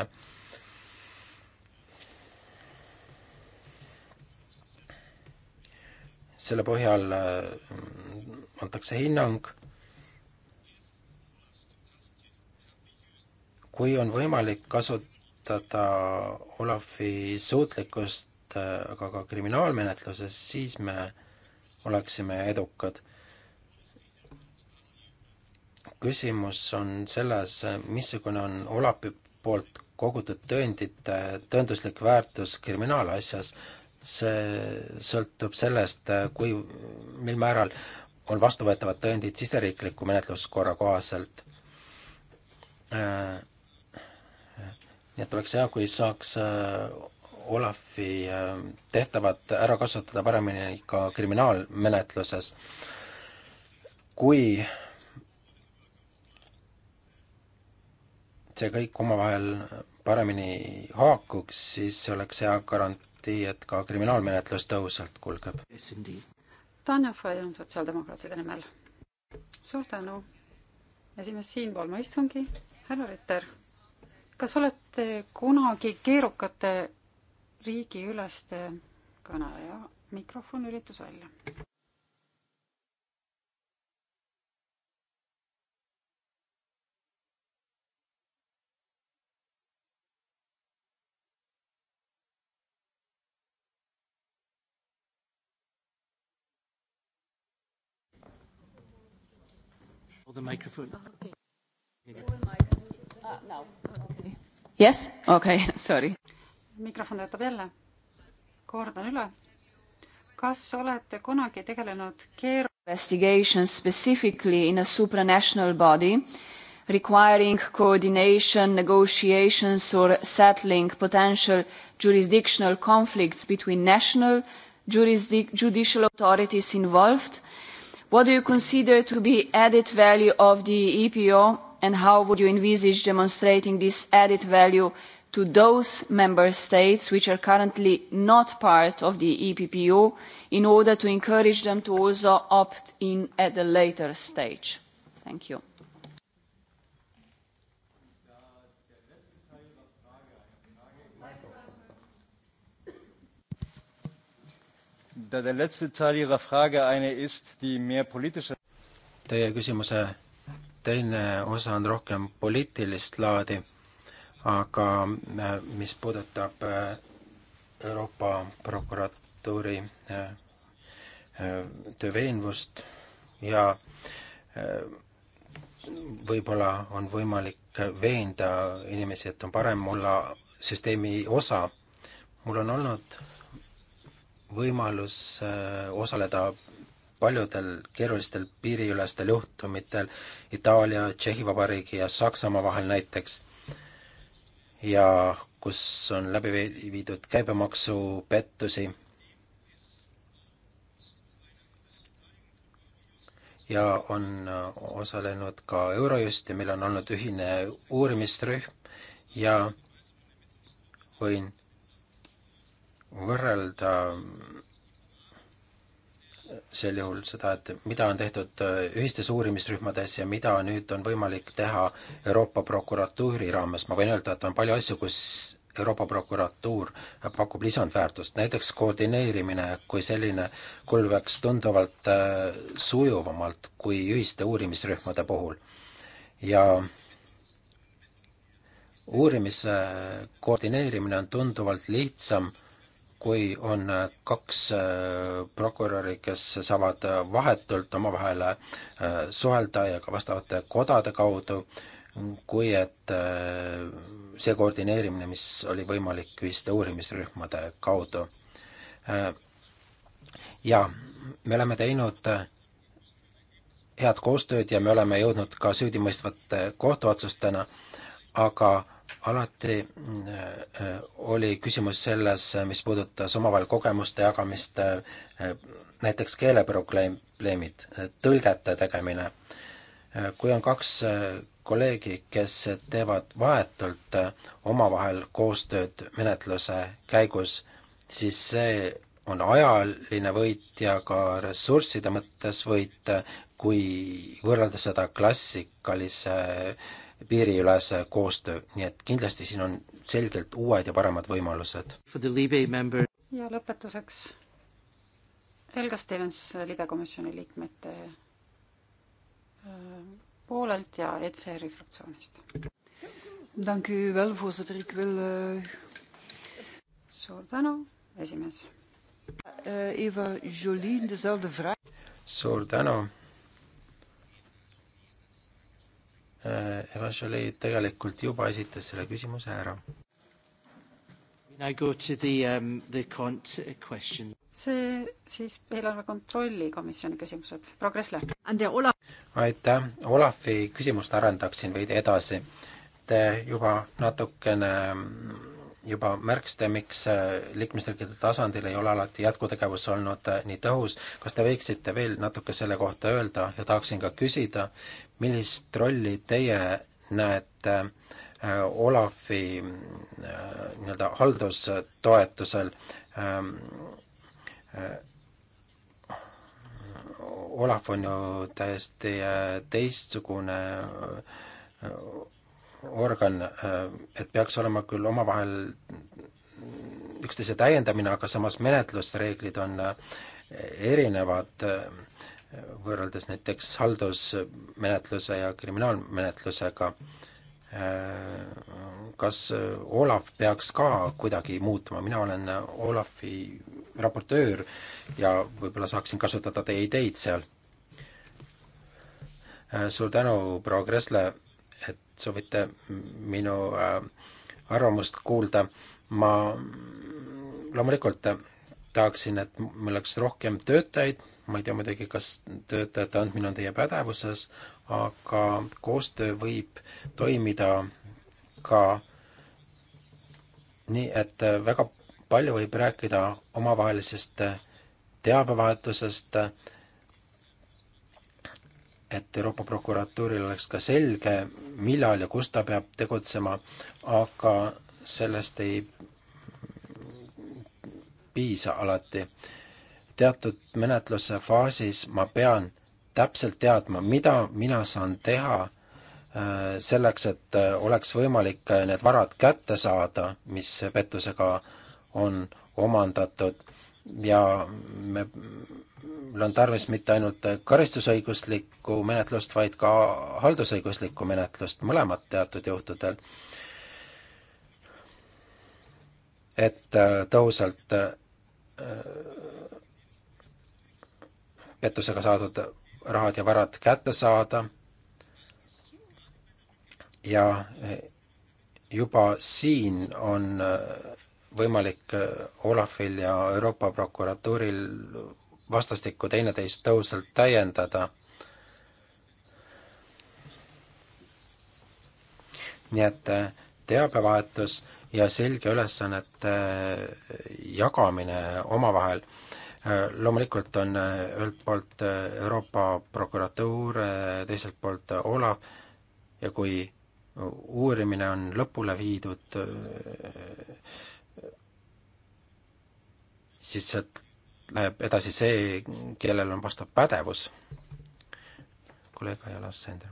selle põhjal äh, antakse hinnang. kui on võimalik kasutada Olafi suutlikkust äh, aga ka kriminaalmenetluses, siis me oleksime edukad küsimus on selles, missugune on Olapi poolt kogutud tõendite tõenduslik väärtus kriminaalasjas. see sõltub sellest, kui, mil määral on vastuvõetavad tõendid siseriikliku menetluskorra kohaselt. nii et oleks hea, kui saaks äh, Olafi äh, tehtavat ära kasutada paremini ka kriminaalmenetluses. kui see kõik omavahel paremini haakuks, siis oleks hea garantii, et ka kriminaalmenetlus tõhusalt kulgeb. Tanja Fajon sotsiaaldemokraatide nimel. suur tänu, esimees siinpool ma istungi, härra Ritter, kas olete kunagi keerukate riigiüleste kõneleja mikrofon lülitus välja? the microphone. Oh, okay. Ah, no. okay. Yes, okei okay,, [LAUGHS] sorry. mikrofon töötab jälle. kordan üle. kas olete kunagi tegelenud keeru-? Investigation specifically in a supranational body requiring coordination, negotiations or settling potential jurisdictional conflicts between national jurisdic judicial authorities involved What do you consider to be added value of the EPO and how would you envisage demonstrating this added value to those member states which are currently not part of the EPPO in order to encourage them to also opt in at a later stage? Thank you. Da der letzte Teil Ihrer Frage eine ist, die mehr politische Teie küsimuse teine osa on rohkem poliitilist laadi, aga äh, mis puudutab äh, Euroopa prokuratuuri äh, töö veenvust ja võib-olla on võimalik veenda inimesi, et on parem olla süsteemi osa. mul on olnud võimalus äh, osaleda paljudel keerulistel piiriülestel juhtumitel Itaalia, Tšehhi Vabariigi ja Saksamaa vahel näiteks ja kus on läbi viidud käibemaksupettusi ja on äh, osalenud ka Eurojust ja meil on olnud ühine uurimisrühm ja võin võrrelda sel juhul seda, et mida on tehtud äh, ühistes uurimisrühmades ja mida nüüd on võimalik teha Euroopa prokuratuuri raames, ma võin öelda, et on palju asju, kus Euroopa prokuratuur pakub lisandväärtust, näiteks koordineerimine kui selline kulgeks tunduvalt äh, sujuvamalt kui ühiste uurimisrühmade puhul. ja uurimise äh, koordineerimine on tunduvalt lihtsam äh, kui on äh, kaks äh, prokuröri, kes saavad äh, vahetult omavahel suhelda ja ka vastavate kodade kaudu, kui et see koordineerimine, mis oli võimalik ühiste uurimisrühmade kaudu. ja me oleme teinud head koostööd ja me oleme jõudnud ka süüdimõistvate kohtuotsustena, aga alati äh, äh, oli küsimus selles, äh, mis puudutas omavahel kogemuste jagamist, näiteks keeleprobleemid, tõlgete tegemine. kui on kaks kolleegi, kes teevad vahetult omavahel koostööd menetluse käigus, siis see on ajaline võit ja ka ressursside mõttes võit, kui võrrelda seda klassikalise piiriülese koostöö, nii et kindlasti siin on selgelt uued ja paremad võimalused. ja lõpetuseks Helga Stevens libekomisjoni liikmete äh, poolelt ja ECR-i fraktsioonist. suur tänu, esimees. Eh, eh, suur tänu Äh, Eva Jolie tegelikult juba esitas selle küsimuse ära. Um, see siis eelarve kontrolli komisjoni küsimused, proua Kressle. aitäh, Olafi küsimust arendaksin veidi edasi. Te juba natukene juba märkisite, miks äh, liikmesriikide tasandil ei ole alati jätkutegevus olnud äh, nii tõhus. kas te võiksite veel natuke selle kohta öelda ja tahaksin ka küsida, millist rolli teie näete äh, Olafi nii-öelda haldustoetusel ähm, Olav on ju täiesti teistsugune organ, äh, et peaks olema küll omavahel üksteise täiendamine, aga samas menetlusreeglid on äh, erinevad äh, võrreldes näiteks haldusmenetluse ja kriminaalmenetlusega. Kas Olav peaks ka kuidagi muutuma, mina olen Olavi raportöör ja võib-olla saaksin kasutada teie ideid seal. suur tänu, proua Kressle soovite minu äh, arvamust kuulda, ma loomulikult tahaksin, et meil oleks rohkem töötajaid, ma ei tea muidugi, kas töötajate andmine on teie pädevuses, aga koostöö võib toimida ka nii, et väga palju võib rääkida omavahelisest teabevahetusest, et Euroopa prokuratuuril oleks ka selge, millal ja kus ta peab tegutsema, aga sellest ei piisa alati. teatud menetluse faasis ma pean täpselt teadma, mida mina saan teha äh, selleks, et äh, oleks võimalik äh, need varad kätte saada, mis pettusega on omandatud ja me meil on tarvis mitte ainult karistusõiguslikku menetlust, vaid ka haldusõiguslikku menetlust, mõlemat teatud juhtudel. et äh, tõhusalt äh, pettusega saadud rahad ja varad kätte saada ja äh, juba siin on võimalik Olafil ja Euroopa prokuratuuril vastastikku teineteist tõhusalt täiendada. nii et äh, teabevahetus ja selge ülesannete äh, jagamine omavahel äh, loomulikult on ühelt poolt Euroopa prokuratuur, teiselt poolt Olav ja kui uurimine on lõpule viidud, siis sealt läheb edasi see, kellel on vastav pädevus. kolleeg Ajala Sender.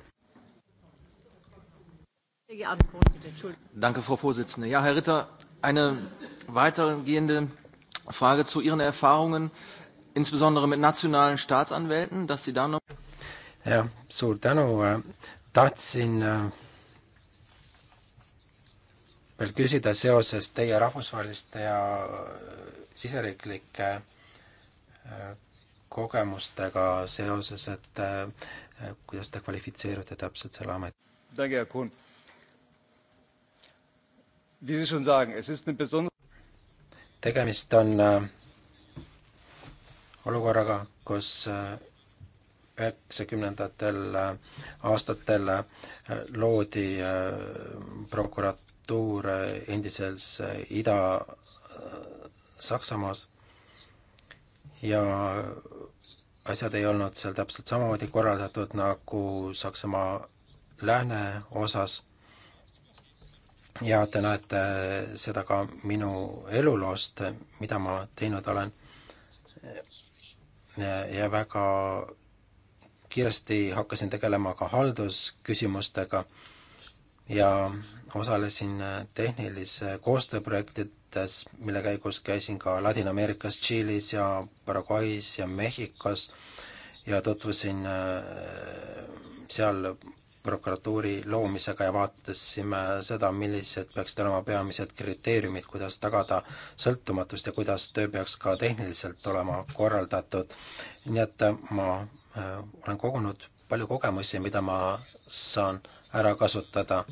Danke, Frau Vorsitzende. Ja, Herr Ritter, eine weitergehende Frage zu Ihren Erfahrungen, insbesondere mit nationalen Staatsanwälten, dass Sie da noch... jah, suur tänu, tahtsin äh, veel küsida seoses teie rahvusvaheliste ja äh, siseriiklike kogemustega seoses, et äh, kuidas te kvalifitseerute täpselt selle ameti? tegemist on äh, olukorraga, kus äh, üheksakümnendatel aastatel loodi prokuratuur endises Ida-Saksamaas ja asjad ei olnud seal täpselt samamoodi korraldatud nagu Saksamaa lääneosas. ja te näete seda ka minu eluloost, mida ma teinud olen. ja väga kiiresti hakkasin tegelema ka haldusküsimustega ja osalesin tehnilise koostööprojekti mõttes, mille käigus käisin ka Ladina-Ameerikas, Tšiilis ja Paraguay's ja Mehhikos ja tutvusin äh, seal prokuratuuri loomisega ja vaatasime seda, millised peaksid olema peamised kriteeriumid, kuidas tagada sõltumatust ja kuidas töö peaks ka tehniliselt olema korraldatud. nii et ma äh, olen kogunud palju kogemusi, mida ma saan ära kasutada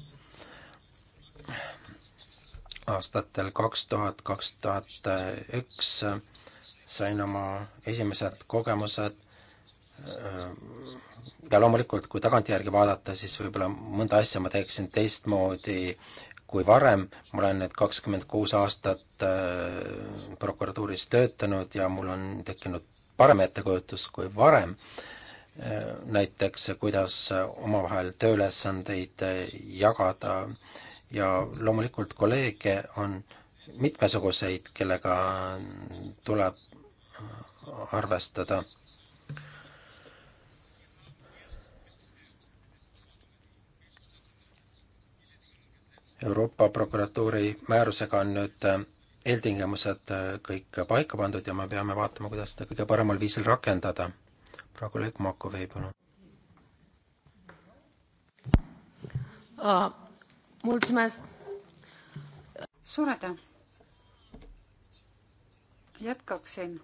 aastatel kaks tuhat, kaks tuhat üks sain oma esimesed kogemused ja loomulikult, kui tagantjärgi vaadata, siis võib-olla mõnda asja ma teeksin teistmoodi kui varem, ma olen nüüd kakskümmend kuus aastat äh, prokuratuuris töötanud ja mul on tekkinud parem ettekujutus kui varem, äh, näiteks kuidas omavahel tööülesandeid jagada äh, ja loomulikult kolleege on mitmesuguseid, kellega tuleb äh, arvestada. Euroopa prokuratuuri määrusega on nüüd äh, eeltingimused äh, kõik paika pandud ja me peame vaatama, kuidas seda kõige paremal viisil rakendada. praegu Leek Makovei, palun uh mulțumesc! suur aitäh! jätkaksin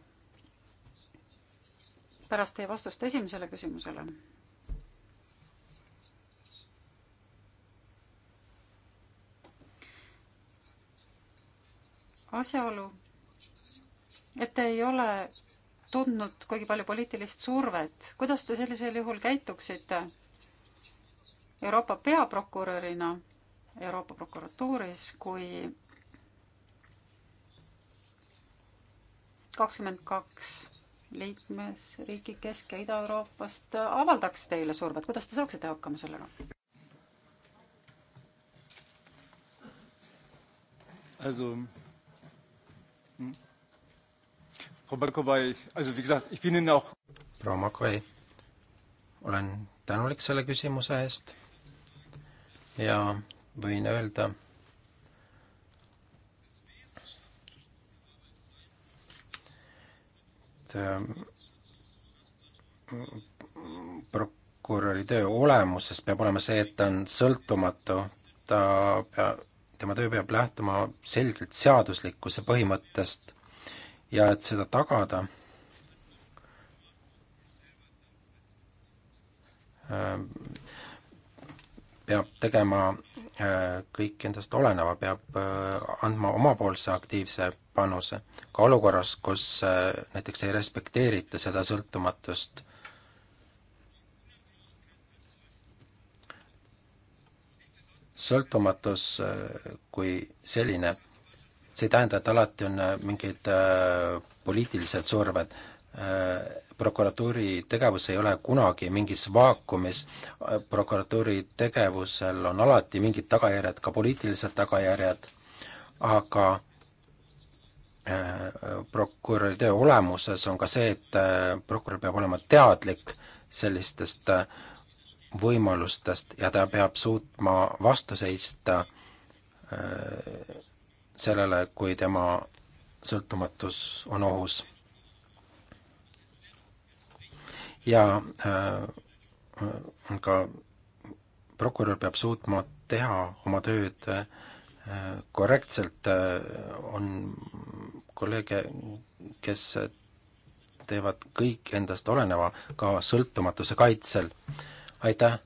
pärast teie vastust esimesele küsimusele. asjaolu, et te ei ole tundnud kuigi palju poliitilist survet, kuidas te sellisel juhul käituksite Euroopa peaprokurörina Euroopa prokuratuuris, kui kakskümmend kaks liikmesriiki Kesk- ja Ida-Euroopast avaldaks teile survet, kuidas te saaksite hakkama sellega? Also, hm. Frau Makovai, also wie gesagt, ich bin Ihnen auch proua Makovai, olen tänulik selle küsimuse eest ja võin öelda, et äh, prokuröri töö olemuses peab olema see, et ta on sõltumatu, ta pea, tema töö peab lähtuma selgelt seaduslikkuse põhimõttest ja et seda tagada, äh, peab tegema Äh, kõik endast oleneva peab äh, andma omapoolse aktiivse panuse. ka olukorras, kus äh, näiteks ei respekteerita seda sõltumatust, sõltumatus kui selline, see ei tähenda, et alati on mingid poliitilised surved, prokuratuuri tegevus ei ole kunagi mingis vaakumis, prokuratuuri tegevusel on alati mingid tagajärjed, ka poliitilised tagajärjed, aga äh, prokuröri töö olemuses on ka see, et äh, prokurör peab olema teadlik sellistest äh, võimalustest ja ta peab suutma vastu seista sellele, kui tema sõltumatus on ohus ja ka äh, prokurör peab suutma teha oma tööd äh, korrektselt, äh, on kolleege, kes teevad kõik endast oleneva ka sõltumatuse kaitsel. aitäh!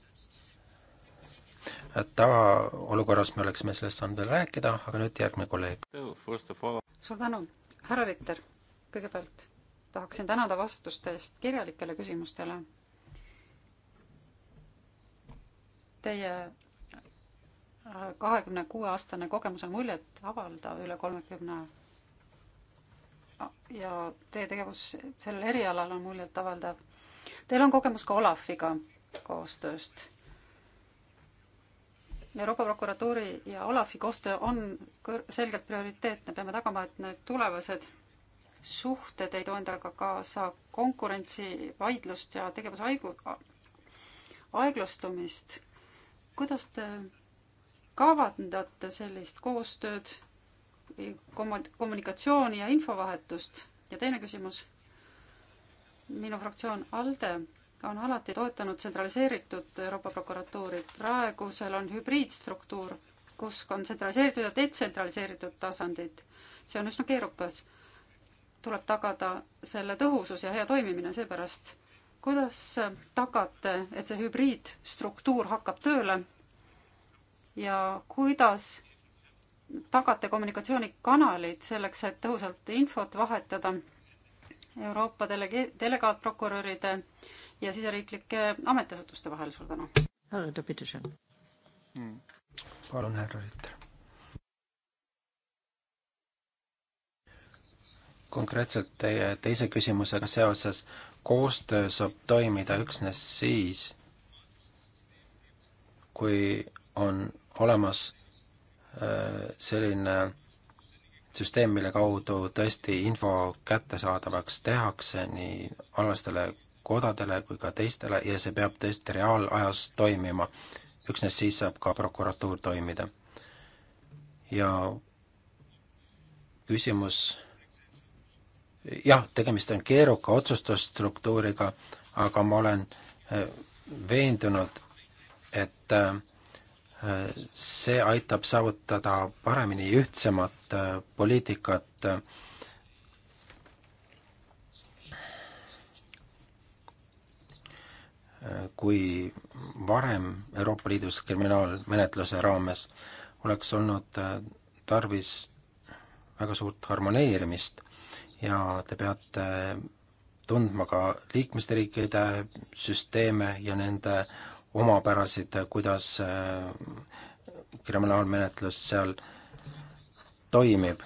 tavaolukorras me oleksime sellest saanud veel rääkida, aga nüüd järgmine kolleeg. suur tänu, härra Ritter, kõigepealt tahaksin tänada vastuste eest kirjalikele küsimustele. Teie äh, kahekümne kuue aastane kogemus on muljet avaldav üle kolmekümne ja teie tegevus sellel erialal on muljet avaldav. Teil on kogemus ka Olafiga koostööst. Euroopa prokuratuuri ja Olafi koostöö on selgelt prioriteetne, peame tagama, et need tulevased suhted ei too endaga kaasa konkurentsivaidlust ja tegevuse haigu-, aeglustumist. kuidas te kavandate sellist koostööd, kommunikatsiooni ja infovahetust? ja teine küsimus. minu fraktsioon ALDE on alati toetanud tsentraliseeritud Euroopa prokuratuuri. praegusel on hübriidstruktuur, kus on tsentraliseeritud ja detsentraliseeritud tasandid. see on üsna keerukas tuleb tagada selle tõhusus ja hea toimimine, seepärast kuidas tagate, et see hübriidstruktuur hakkab tööle ja kuidas tagate kommunikatsioonikanalid selleks, et tõhusalt infot vahetada Euroopa delege-, delegaatprokuröride ja siseriiklike ametiasutuste vahel, suur tänu! Hmm. palun, härra Ritter! konkreetselt teie teise küsimusega seoses, koostöö saab toimida üksnes siis, kui on olemas äh, selline süsteem, mille kaudu tõesti info kättesaadavaks tehakse nii alastele kodadele kui ka teistele ja see peab tõesti reaalajas toimima. üksnes siis saab ka prokuratuur toimida. ja küsimus jah, tegemist on keeruka otsustusstruktuuriga, aga ma olen äh, veendunud, et äh, see aitab saavutada paremini ühtsemat äh, poliitikat kui varem Euroopa Liidus kriminaalmenetluse raames oleks olnud tarvis väga suurt harmoneerimist ja te peate tundma ka liikmesriikide süsteeme ja nende omapärasid, kuidas äh, kriminaalmenetlus seal toimib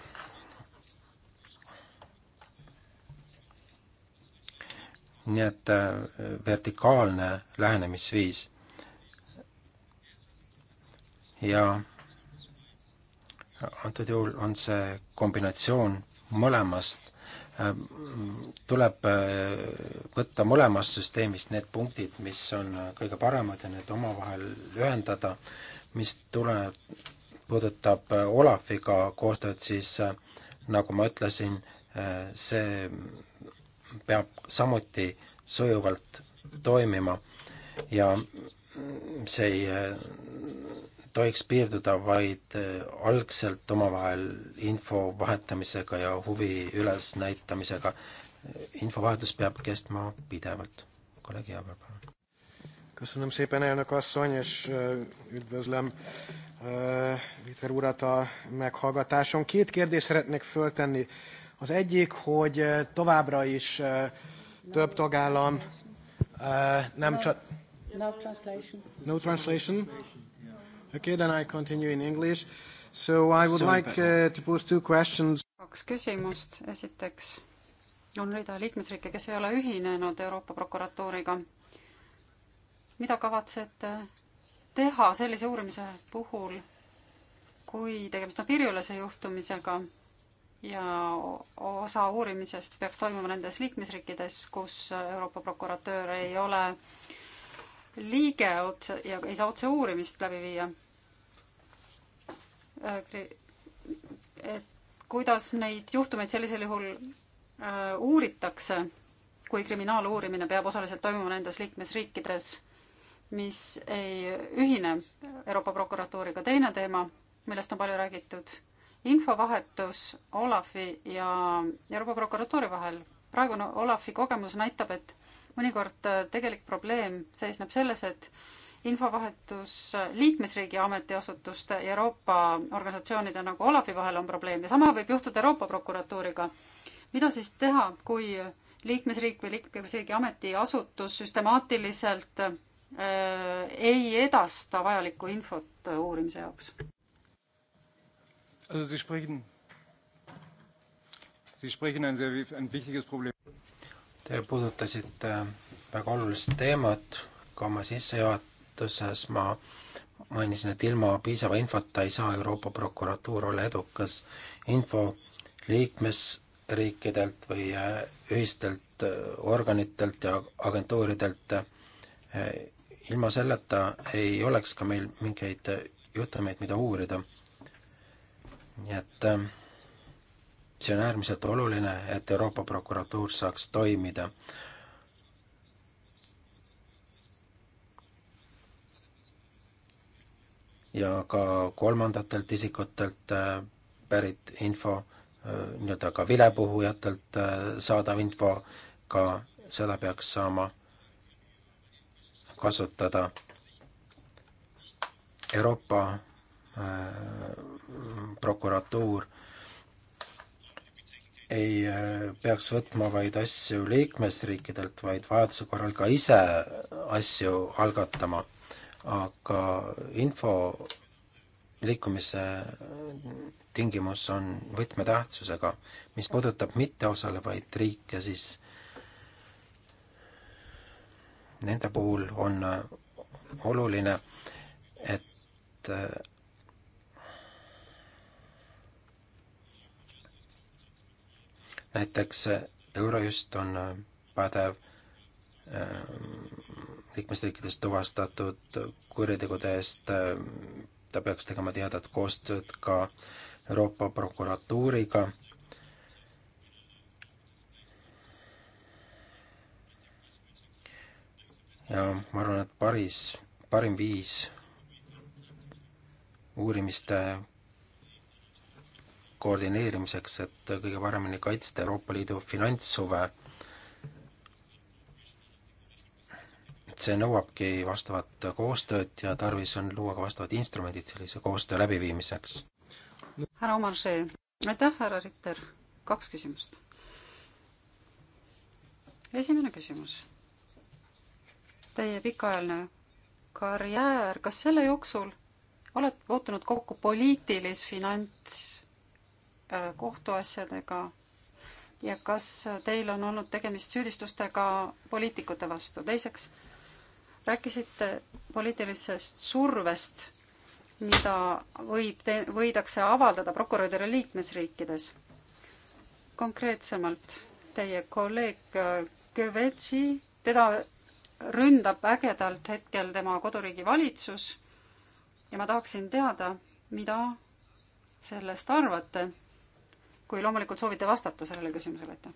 nii et äh, vertikaalne lähenemisviis. ja antud juhul on see kombinatsioon mõlemast Äh, tuleb äh, võtta mõlemast süsteemist need punktid, mis on kõige paremad ja need omavahel ühendada, mis tule-, puudutab äh, Olafiga koostööd, siis nagu ma ütlesin, see peab samuti sujuvalt toimima ja see ei tohiks piirduda vaid äh, algselt omavahel info vahetamisega ja huvi ülesnäitamisega. infovahetus peab kestma pidevalt. kolleeg Jaaber, palun. Köszönöm szépen, elnök asszony, és üdvözlöm Viter urat a meghallgatáson. Két kérdést szeretnék föltenni. Az egyik, hogy továbbra is több tagállam nem csak... No translation. No translation? Okay, then I continue in english. So I would Sorry, like uh, to pose two questions. kaks küsimust, esiteks on rida liikmesriike, kes ei ole ühinenud Euroopa prokuratuuriga. mida kavatsete teha sellise uurimise puhul, kui tegemist on piiriülese juhtumisega ja osa uurimisest peaks toimuma nendes liikmesriikides, kus Euroopa prokuratöör ei ole äh, liige otse ja ei saa otse uurimist läbi viia. Äh, et kuidas neid juhtumeid sellisel juhul äh, uuritakse, kui kriminaaluurimine peab osaliselt toimuma nendes liikmesriikides, mis ei ühine Euroopa prokuratuuriga. teine teema, millest on palju räägitud, infovahetus Olafi ja Euroopa prokuratuuri vahel. praegune Olafi kogemus näitab, et mõnikord äh, tegelik probleem seisneb selles, et infovahetus äh, liikmesriigi ametiasutuste ja Euroopa organisatsioonide nagu Olavi vahel on probleem ja sama võib juhtuda Euroopa prokuratuuriga. mida siis teha, kui liikmesriik või liikmesriigi ametiasutus süstemaatiliselt äh, ei edasta vajalikku infot äh, uurimise jaoks? Also Sie sprechen, Sie sprechen ein sehr ein wichtiges Problem. Te puudutasite äh, väga olulist teemat, ka oma sissejuhatuses ma mainisin, et ilma piisava infota ei saa Euroopa prokuratuur olla edukas. info liikmesriikidelt või äh, ühistelt äh, organitelt ja agentuuridelt, ilma selleta ei oleks ka meil mingeid juhtumeid, mida uurida. nii et äh, see on äärmiselt oluline, et Euroopa prokuratuur saaks toimida. ja ka kolmandatelt isikutelt äh, pärit info, äh, nii-öelda ka vilepuhujatelt äh, saadav info, ka seda peaks saama kasutada Euroopa prokuratuur ei äh, peaks võtma vaid asju liikmesriikidelt, vaid vajaduse korral ka ise asju algatama. aga info liikumise tingimus on võtmetähtsusega. mis puudutab mitteosalevaid riike, siis nende puhul on äh, oluline, et äh, näiteks äh, Eurojust on äh, pädev äh, liikmesriikides tuvastatud kuritegude eest, ta peaks tegema tihedat koostööd ka Euroopa prokuratuuriga. ja ma arvan, et paris, parim viis uurimiste koordineerimiseks, et kõige paremini kaitsta Euroopa Liidu finantshuve. et see nõuabki vastavat koostööd ja tarvis on luua ka vastavad instrumendid sellise koostöö läbiviimiseks. härra Omar Šee, aitäh, härra Ritter, kaks küsimust. esimene küsimus. Teie pikaajaline karjäär, kas selle jooksul oled puutunud kokku poliitilis-finants Äh, kohtuasjadega ja kas teil on olnud tegemist süüdistustega poliitikute vastu? teiseks, rääkisite poliitilisest survest, mida võib, võidakse avaldada prokuröridele liikmesriikides. konkreetsemalt teie kolleeg Követsi, äh, teda ründab ägedalt hetkel tema koduriigi valitsus ja ma tahaksin teada, mida sellest arvate kui loomulikult soovite vastata sellele küsimusele, aitäh.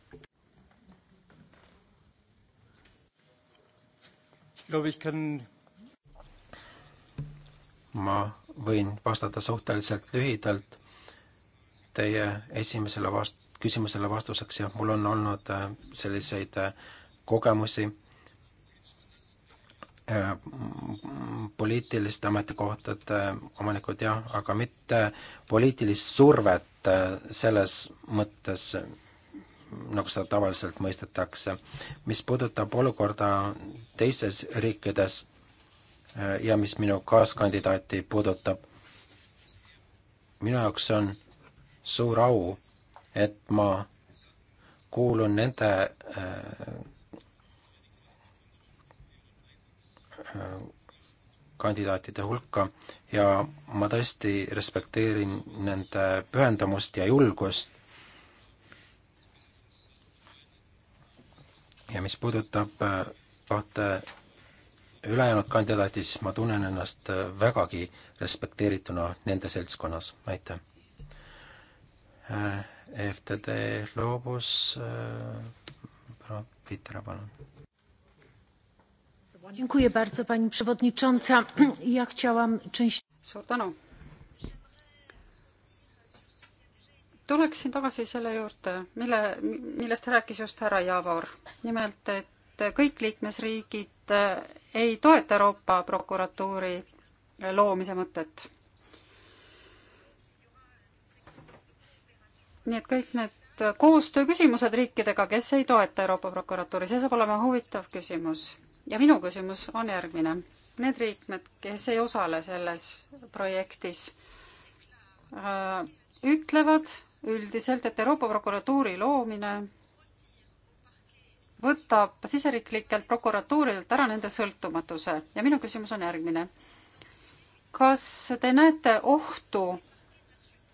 ma võin vastata suhteliselt lühidalt teie esimesele vast-, küsimusele vastuseks, jah, mul on olnud äh, selliseid äh, kogemusi äh, poliitiliste ametikohtade omanikud jah, aga mitte poliitilist survet et äh, selles mõttes, nagu seda tavaliselt mõistetakse. mis puudutab olukorda teistes riikides äh, ja mis minu kaaskandidaati puudutab, minu jaoks on suur au, et ma kuulun nende äh, kandidaatide hulka, ja ma tõesti respekteerin nende pühendumust ja julgust. ja mis puudutab äh, kahte ülejäänud kandidaati, siis ma tunnen ennast äh, vägagi respekteerituna nende seltskonnas, aitäh. Äh, FTD loobus, proua Vitra, palun suur tänu. tuleksin tagasi selle juurde, mille, millest rääkis just härra Javor. nimelt, et kõik liikmesriigid eh, ei toeta Euroopa prokuratuuri eh, loomise mõtet. nii et kõik need koostööküsimused riikidega, kes ei toeta Euroopa prokuratuuri, see saab olema huvitav küsimus ja minu küsimus on järgmine. Need liikmed, kes ei osale selles projektis, äh, ütlevad üldiselt, et Euroopa prokuratuuri loomine võtab siseriiklikelt prokuratuurilt ära nende sõltumatuse ja minu küsimus on järgmine. kas te näete ohtu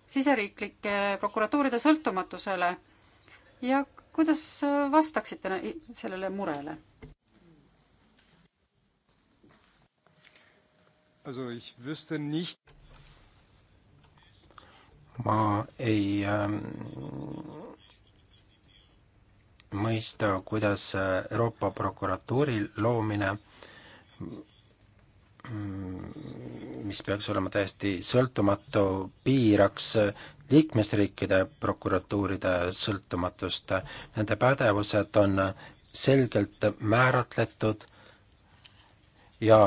siseriiklike prokuratuuride sõltumatusele ja kuidas vastaksite sellele murele? Also ich wüsste nicht. ma ei ähm, mõista, kuidas äh, Euroopa prokuratuuri loomine, mm, mis peaks olema täiesti sõltumatu, piiraks äh, liikmesriikide prokuratuuride sõltumatust. Nende pädevused on äh, selgelt määratletud ja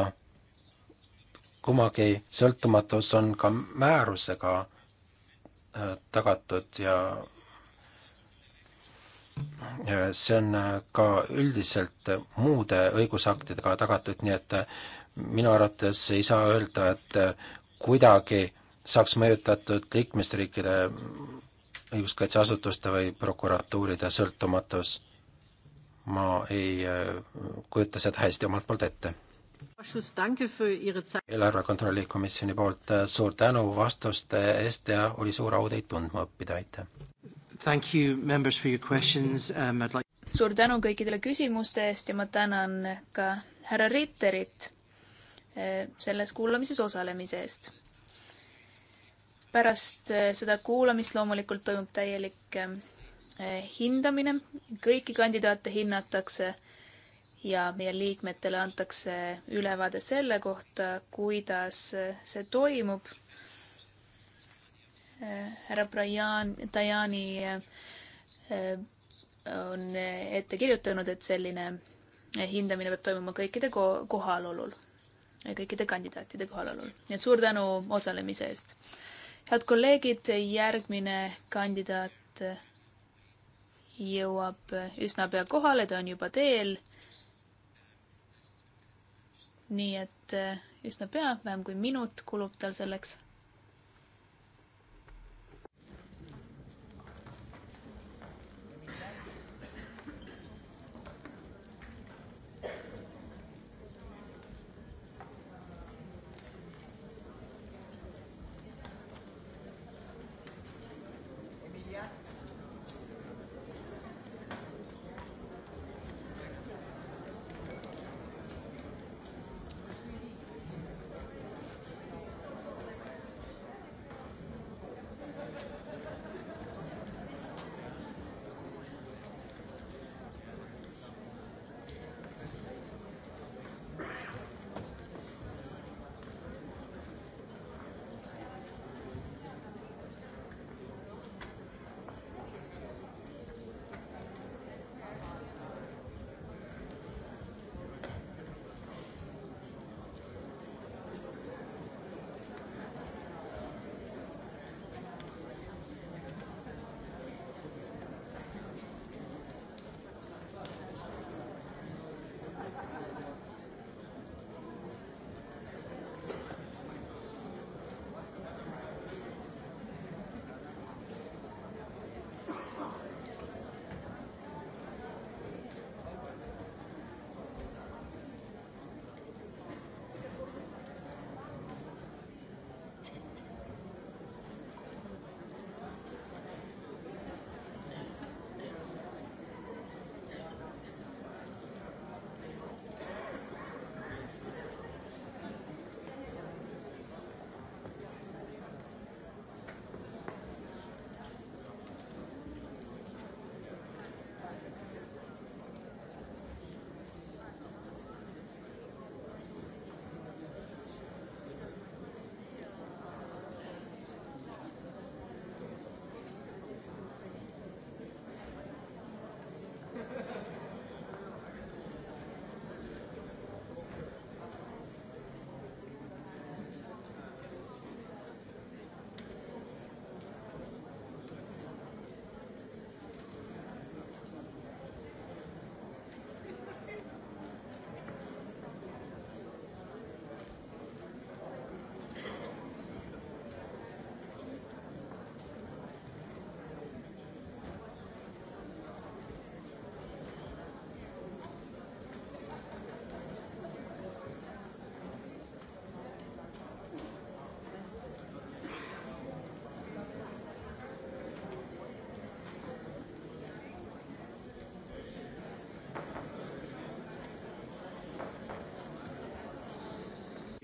kummagi sõltumatus on ka määrusega äh, tagatud ja see on äh, ka üldiselt muude õigusaktidega tagatud, nii et äh, minu arvates ei saa öelda, et kuidagi saaks mõjutatud liikmesriikide õiguskaitseasutuste või prokuratuuride sõltumatus. ma ei kujuta seda hästi omalt poolt ette eelarve kontrolli komisjoni poolt äh, suur tänu vastuste eest ja oli suur au teid tundma õppida, aitäh! Thank you, members, for your questions um,. I'd like suur tänu kõikidele küsimuste eest ja ma tänan ka härra Ritterit äh, selles kuulamises osalemise eest. pärast äh, seda kuulamist loomulikult toimub täielik hindamine, kõiki kandidaate hinnatakse ja meie liikmetele antakse ülevaade selle kohta, kuidas see toimub. härra Brian, Dajani on ette kirjutanud, et selline hindamine peab toimuma kõikide kohalolul, kõikide kandidaatide kohalolul. nii et suur tänu osalemise eest. head kolleegid, järgmine kandidaat jõuab üsna pea kohale, ta on juba teel nii et eh, üsna pea, vähem kui minut kulub tal selleks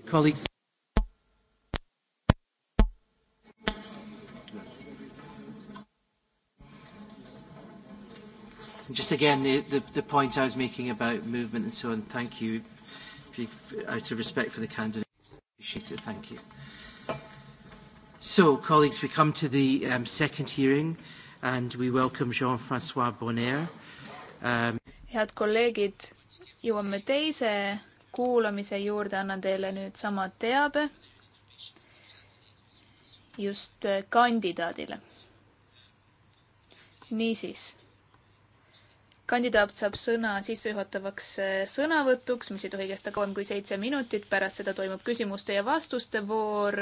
Colleagues. Just again, the, the, the point I was making about movement and so on, thank you. If you out of respect for the candidates, I appreciate it. Thank you. So, colleagues, we come to the um, second hearing and we welcome Jean-Francois Bonner. Um, head kolleegid, jõuame teise kuulamise juurde annan teile nüüd sama teabe just äh, kandidaadile. niisiis, kandidaat saab sõna sissejuhatavaks äh, sõnavõtuks, mis ei tohi kesta kauem kui seitse minutit, pärast seda toimub küsimuste ja vastuste voor.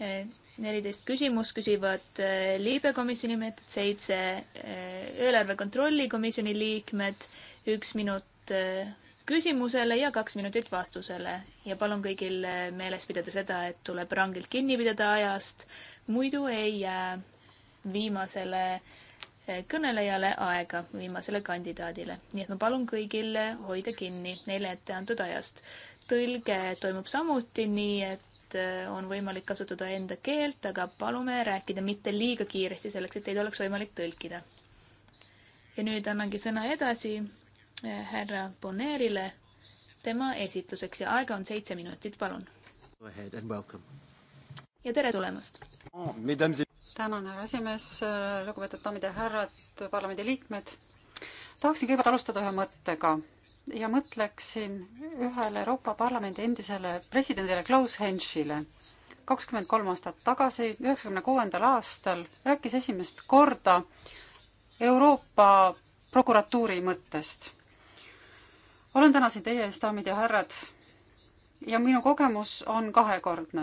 Äh, neliteist küsimust küsivad liibekomisjoni liikmed, seitse eelarve kontrolli komisjoni liikmed, üks minut küsimusele ja kaks minutit vastusele ja palun kõigil meeles pidada seda, et tuleb rangelt kinni pidada ajast, muidu ei jää viimasele eh, kõnelejale aega, viimasele kandidaadile. nii et ma palun kõigil hoida kinni neile ette antud ajast. tõlge toimub samuti nii, et eh, on võimalik kasutada enda keelt, aga palume rääkida mitte liiga kiiresti, selleks et teid oleks võimalik tõlkida. ja nüüd annangi sõna edasi Eh, härra Bonerile tema esituseks ja aega on seitse minutit, palun. ja tere tulemast! Oh, tänan, härra esimees, lugupeetud daamid ja härrad, parlamendiliikmed. tahaksin kõigepealt alustada ühe mõttega ja mõtleksin ühele Euroopa Parlamendi endisele presidendile Klaus Henschile. kakskümmend kolm aastat tagasi, üheksakümne kuuendal aastal rääkis esimest korda Euroopa prokuratuuri mõttest olen täna siin teie ees, daamid ja härrad. ja minu kogemus on kahekordne.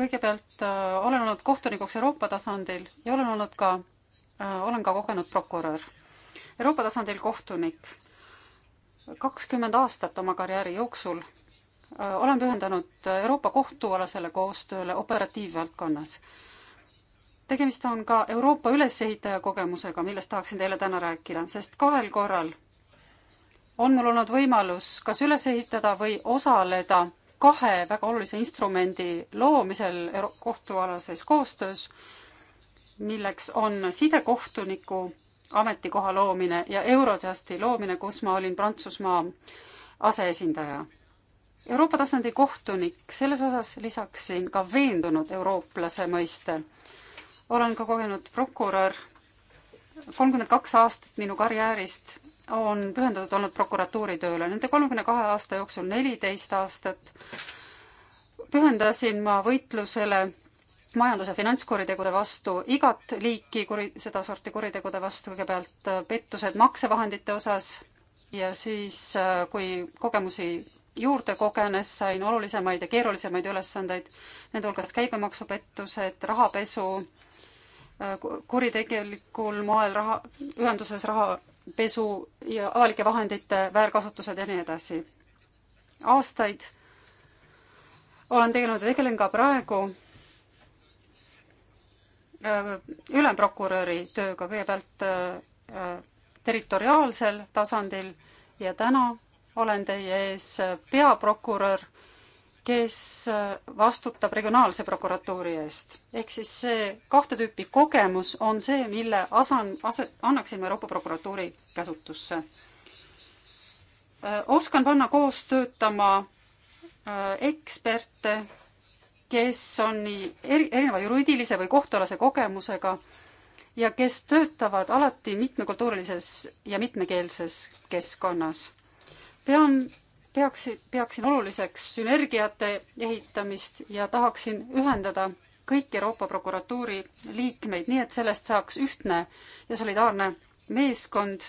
kõigepealt äh, olen olnud kohtunikuks Euroopa tasandil ja olen olnud ka äh,, olen ka kogenud prokurör. Euroopa tasandil kohtunik. kakskümmend aastat oma karjääri jooksul äh, olen pühendanud Euroopa kohtualasele koostööle operatiivvaldkonnas. tegemist on ka Euroopa ülesehitaja kogemusega, millest tahaksin teile täna rääkida, sest kahel korral on mul olnud võimalus kas üles ehitada või osaleda kahe väga olulise instrumendi loomisel kohtualases koostöös, milleks on sidekohtuniku ametikoha loomine ja Eurojusti loomine, kus ma olin Prantsusmaa aseesindaja. Euroopa tasandi kohtunik, selles osas lisaksin ka veendunud eurooplase mõiste. olen ka kogenud prokurör, kolmkümmend kaks aastat minu karjäärist on pühendatud olnud prokuratuuri tööle. Nende kolmekümne kahe aasta jooksul neliteist aastat pühendasin ma võitlusele majandus- ja finantskuritegude vastu, igat liiki kuri, sedasorti kuritegude vastu, kõigepealt äh, pettused maksevahendite osas ja siis, äh, kui kogemusi juurde kogenes, sain olulisemaid ja keerulisemaid ülesandeid, nende hulgas käibemaksupettused, rahapesu, äh, kuritegelikul moel raha, ühenduses raha pesu ja avalike vahendite väärkasutused ja nii edasi. aastaid olen tegelenud ja tegelen ka praegu äh, ülemprokuröri tööga kõigepealt äh, territoriaalsel tasandil ja täna olen teie ees peaprokurör kes äh, vastutab regionaalse prokuratuuri eest. ehk siis see kahte tüüpi kogemus on see, mille asan-, aset-, annaksime Euroopa prokuratuuri käsutusse. Äh, oskan panna koos töötama äh, eksperte, kes on nii eri, erineva juriidilise või kohtualase kogemusega ja kes töötavad alati mitmekultuurilises ja mitmekeelses keskkonnas. pean peaks, peaksin oluliseks sünergiate ehitamist ja tahaksin ühendada kõiki Euroopa prokuratuuri liikmeid, nii et sellest saaks ühtne ja solidaarne meeskond,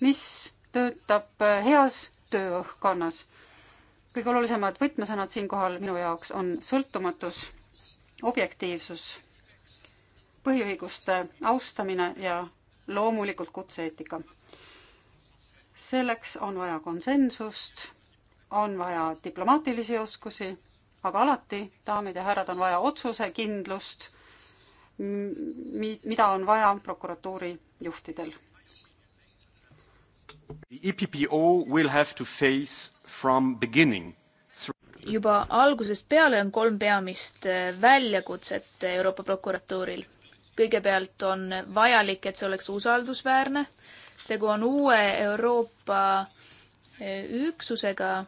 mis töötab heas tööõhkkonnas. kõige olulisemad võtmesõnad siinkohal minu jaoks on sõltumatus, objektiivsus, põhiõiguste austamine ja loomulikult kutse-eetika. selleks on vaja konsensust on vaja diplomaatilisi oskusi, aga alati, daamid ja härrad, on vaja otsusekindlust, mida on vaja prokuratuuri juhtidel. E juba algusest peale on kolm peamist äh, väljakutset Euroopa prokuratuuril. kõigepealt on vajalik, et see oleks usaldusväärne. tegu on uue Euroopa äh, üksusega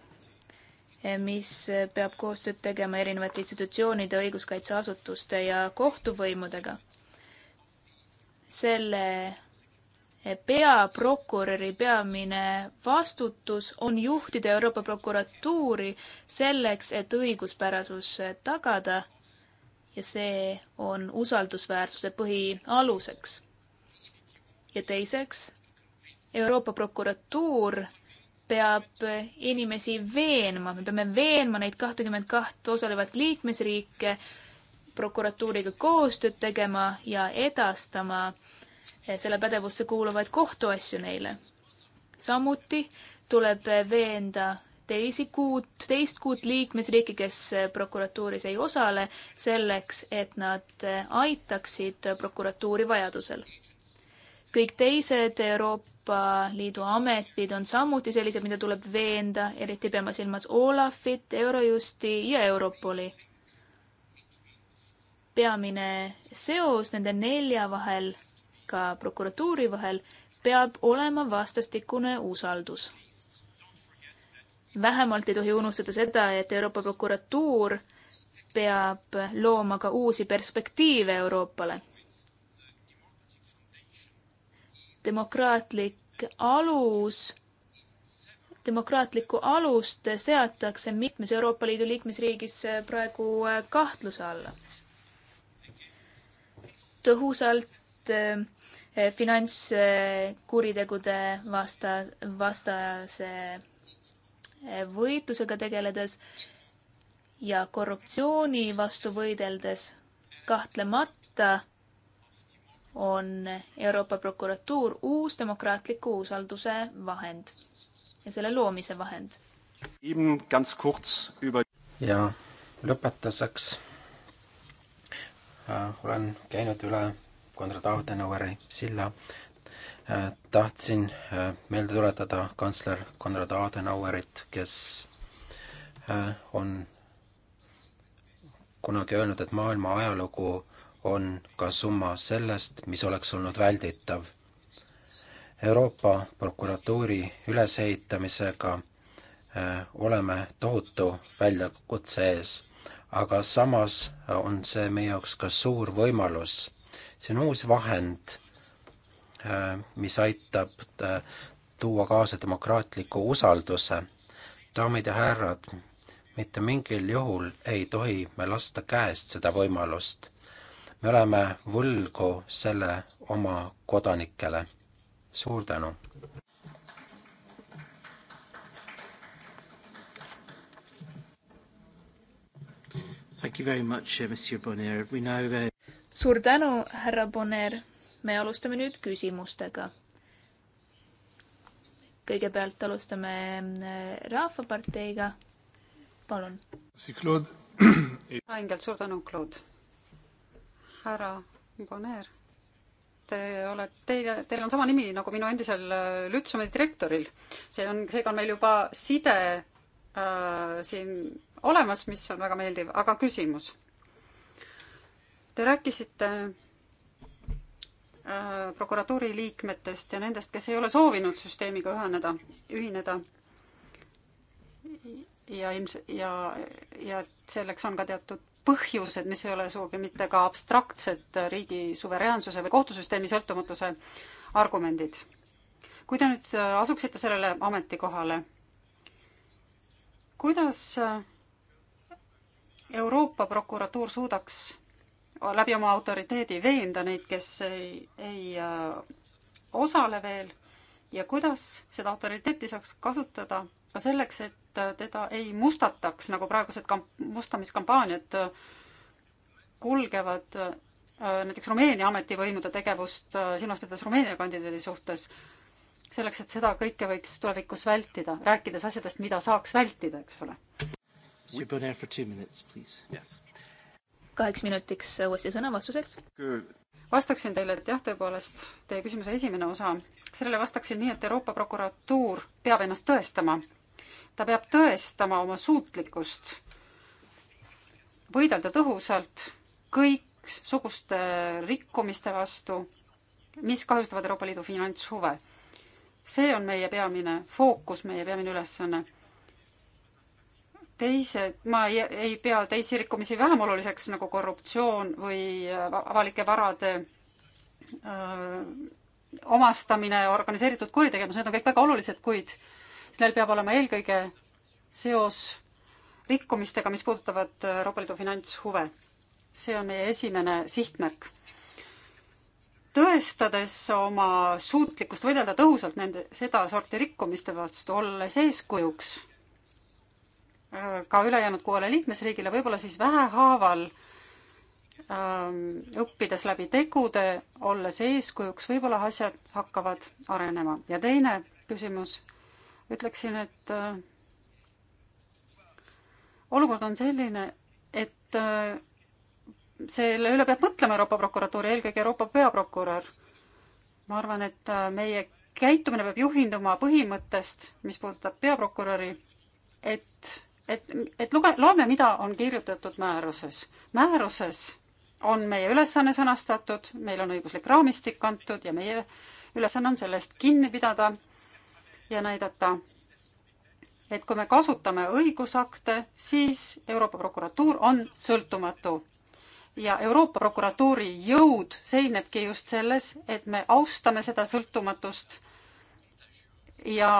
Eh, mis peab koostööd tegema erinevate institutsioonide, õiguskaitseasutuste ja kohtuvõimudega. selle eh, peaprokuröri peamine vastutus on juhtida Euroopa prokuratuuri selleks, et õiguspärasus eh, tagada ja see on usaldusväärsuse põhialuseks. ja teiseks, Euroopa prokuratuur peab inimesi veenma, me peame veenma neid kahtekümmet kaht osalevat liikmesriike prokuratuuriga koostööd tegema ja edastama eh, selle pädevusse kuuluvaid kohtuasju neile. samuti tuleb veenda teisi kuut, teist kuut liikmesriiki, kes prokuratuuris ei osale, selleks et nad eh, aitaksid prokuratuuri vajadusel kõik teised Euroopa Liidu ametid on samuti sellised, mida tuleb veenda, eriti peame silmas Olafit, Eurojusti ja Europoli. peamine seos nende nelja vahel, ka prokuratuuri vahel, peab olema vastastikune usaldus. vähemalt ei tohi unustada seda, et Euroopa prokuratuur peab looma ka uusi perspektiive Euroopale demokraatlik alus, demokraatlikku alust seatakse mitmes Euroopa Liidu liikmesriigis praegu kahtluse alla. tõhusalt eh, finantskuritegude vasta, vastase eh, võitlusega tegeledes ja korruptsiooni vastu võideldes kahtlemata on Euroopa prokuratuur uus demokraatliku usalduse vahend ja selle loomise vahend. ja lõpetuseks äh, olen käinud üle Konrad Adenaueri silla äh,. tahtsin äh, meelde tuletada kantsler Konrad Adenauerit, kes äh, on kunagi öelnud, et maailma ajalugu äh, on ka summa sellest, mis oleks olnud välditav. Euroopa prokuratuuri ülesehitamisega äh, oleme tohutu väljakutse ees, aga samas äh, on see meie jaoks ka suur võimalus. see on uus vahend, äh, mis aitab tuua kaasa demokraatliku usalduse. daamid ja härrad, mitte mingil juhul ei tohi me lasta käest seda võimalust me oleme võlgu selle oma kodanikele. suur tänu! Thank you very much, uh, Monsieur Bonner. We now... suur tänu, härra Bonner. me alustame nüüd küsimustega. kõigepealt alustame äh, Rahvaparteiga. palun. haingelt suur tänu, Claude härra Boner, te olete, teie, teil on sama nimi nagu minu endisel äh, lütseumi direktoril. see on, seega on meil juba side äh, siin olemas, mis on väga meeldiv, aga küsimus. Te rääkisite äh, prokuratuuri liikmetest ja nendest, kes ei ole soovinud süsteemiga üheneda, ühineda. ja ilmselt ja, ja selleks on ka teatud põhjused, mis ei ole sugugi mitte ka abstraktsed riigi suveräänsuse või kohtusüsteemi sõltumatuse argumendid. kui te nüüd asuksite sellele ametikohale, kuidas Euroopa prokuratuur suudaks läbi oma autoriteedi veenda neid, kes ei, ei äh, osale veel ja kuidas seda autoriteeti saaks kasutada ka selleks, et et teda ei mustataks, nagu praegused kamp-, mustamiskampaaniad kulgevad äh, näiteks Rumeenia ametivõimude tegevust äh, silmas pidades Rumeenia kandidaadi suhtes, selleks, et seda kõike võiks tulevikus vältida, rääkides asjadest, mida saaks vältida, eks ole. kaheks minutiks uuesti sõna vastuseks. vastaksin teile, et jah, tõepoolest, teie küsimuse esimene osa, sellele vastaksin nii, et Euroopa prokuratuur peab ennast tõestama ta peab tõestama oma suutlikkust võidelda tõhusalt kõiksuguste rikkumiste vastu, mis kahjustavad Euroopa Liidu finantshuve. see on meie peamine fookus, meie peamine ülesanne. teised, ma ei, ei pea teisi rikkumisi vähem oluliseks nagu korruptsioon või äh, avalike varade öö, äh, omastamine, organiseeritud kuritegevus, need on kõik väga olulised, kuid Neil peab olema eelkõige seos rikkumistega, mis puudutavad Euroopa Liidu finantshuve. see on meie esimene sihtmärk. tõestades oma suutlikkust võidelda tõhusalt nende, sedasorti rikkumiste vastu, olles eeskujuks äh, ka ülejäänud kuuele liikmesriigile, võib-olla siis vähehaaval ähm, õppides läbi tegude, olles eeskujuks, võib-olla asjad hakkavad arenema. ja teine küsimus ütleksin, et äh, olukord on selline, et äh, selle üle peab mõtlema Euroopa prokuratuur ja eelkõige Euroopa peaprokurör. ma arvan, et äh, meie käitumine peab juhinduma põhimõttest, mis puudutab peaprokuröri, et, et, et luge-, loeme, mida on kirjutatud määruses. määruses on meie ülesanne sõnastatud, meil on õiguslik raamistik antud ja meie ülesanne on sellest kinni pidada ja näidata, et kui me kasutame õigusakte, siis Euroopa prokuratuur on sõltumatu. ja Euroopa prokuratuuri jõud seinebki just selles, et me austame seda sõltumatust ja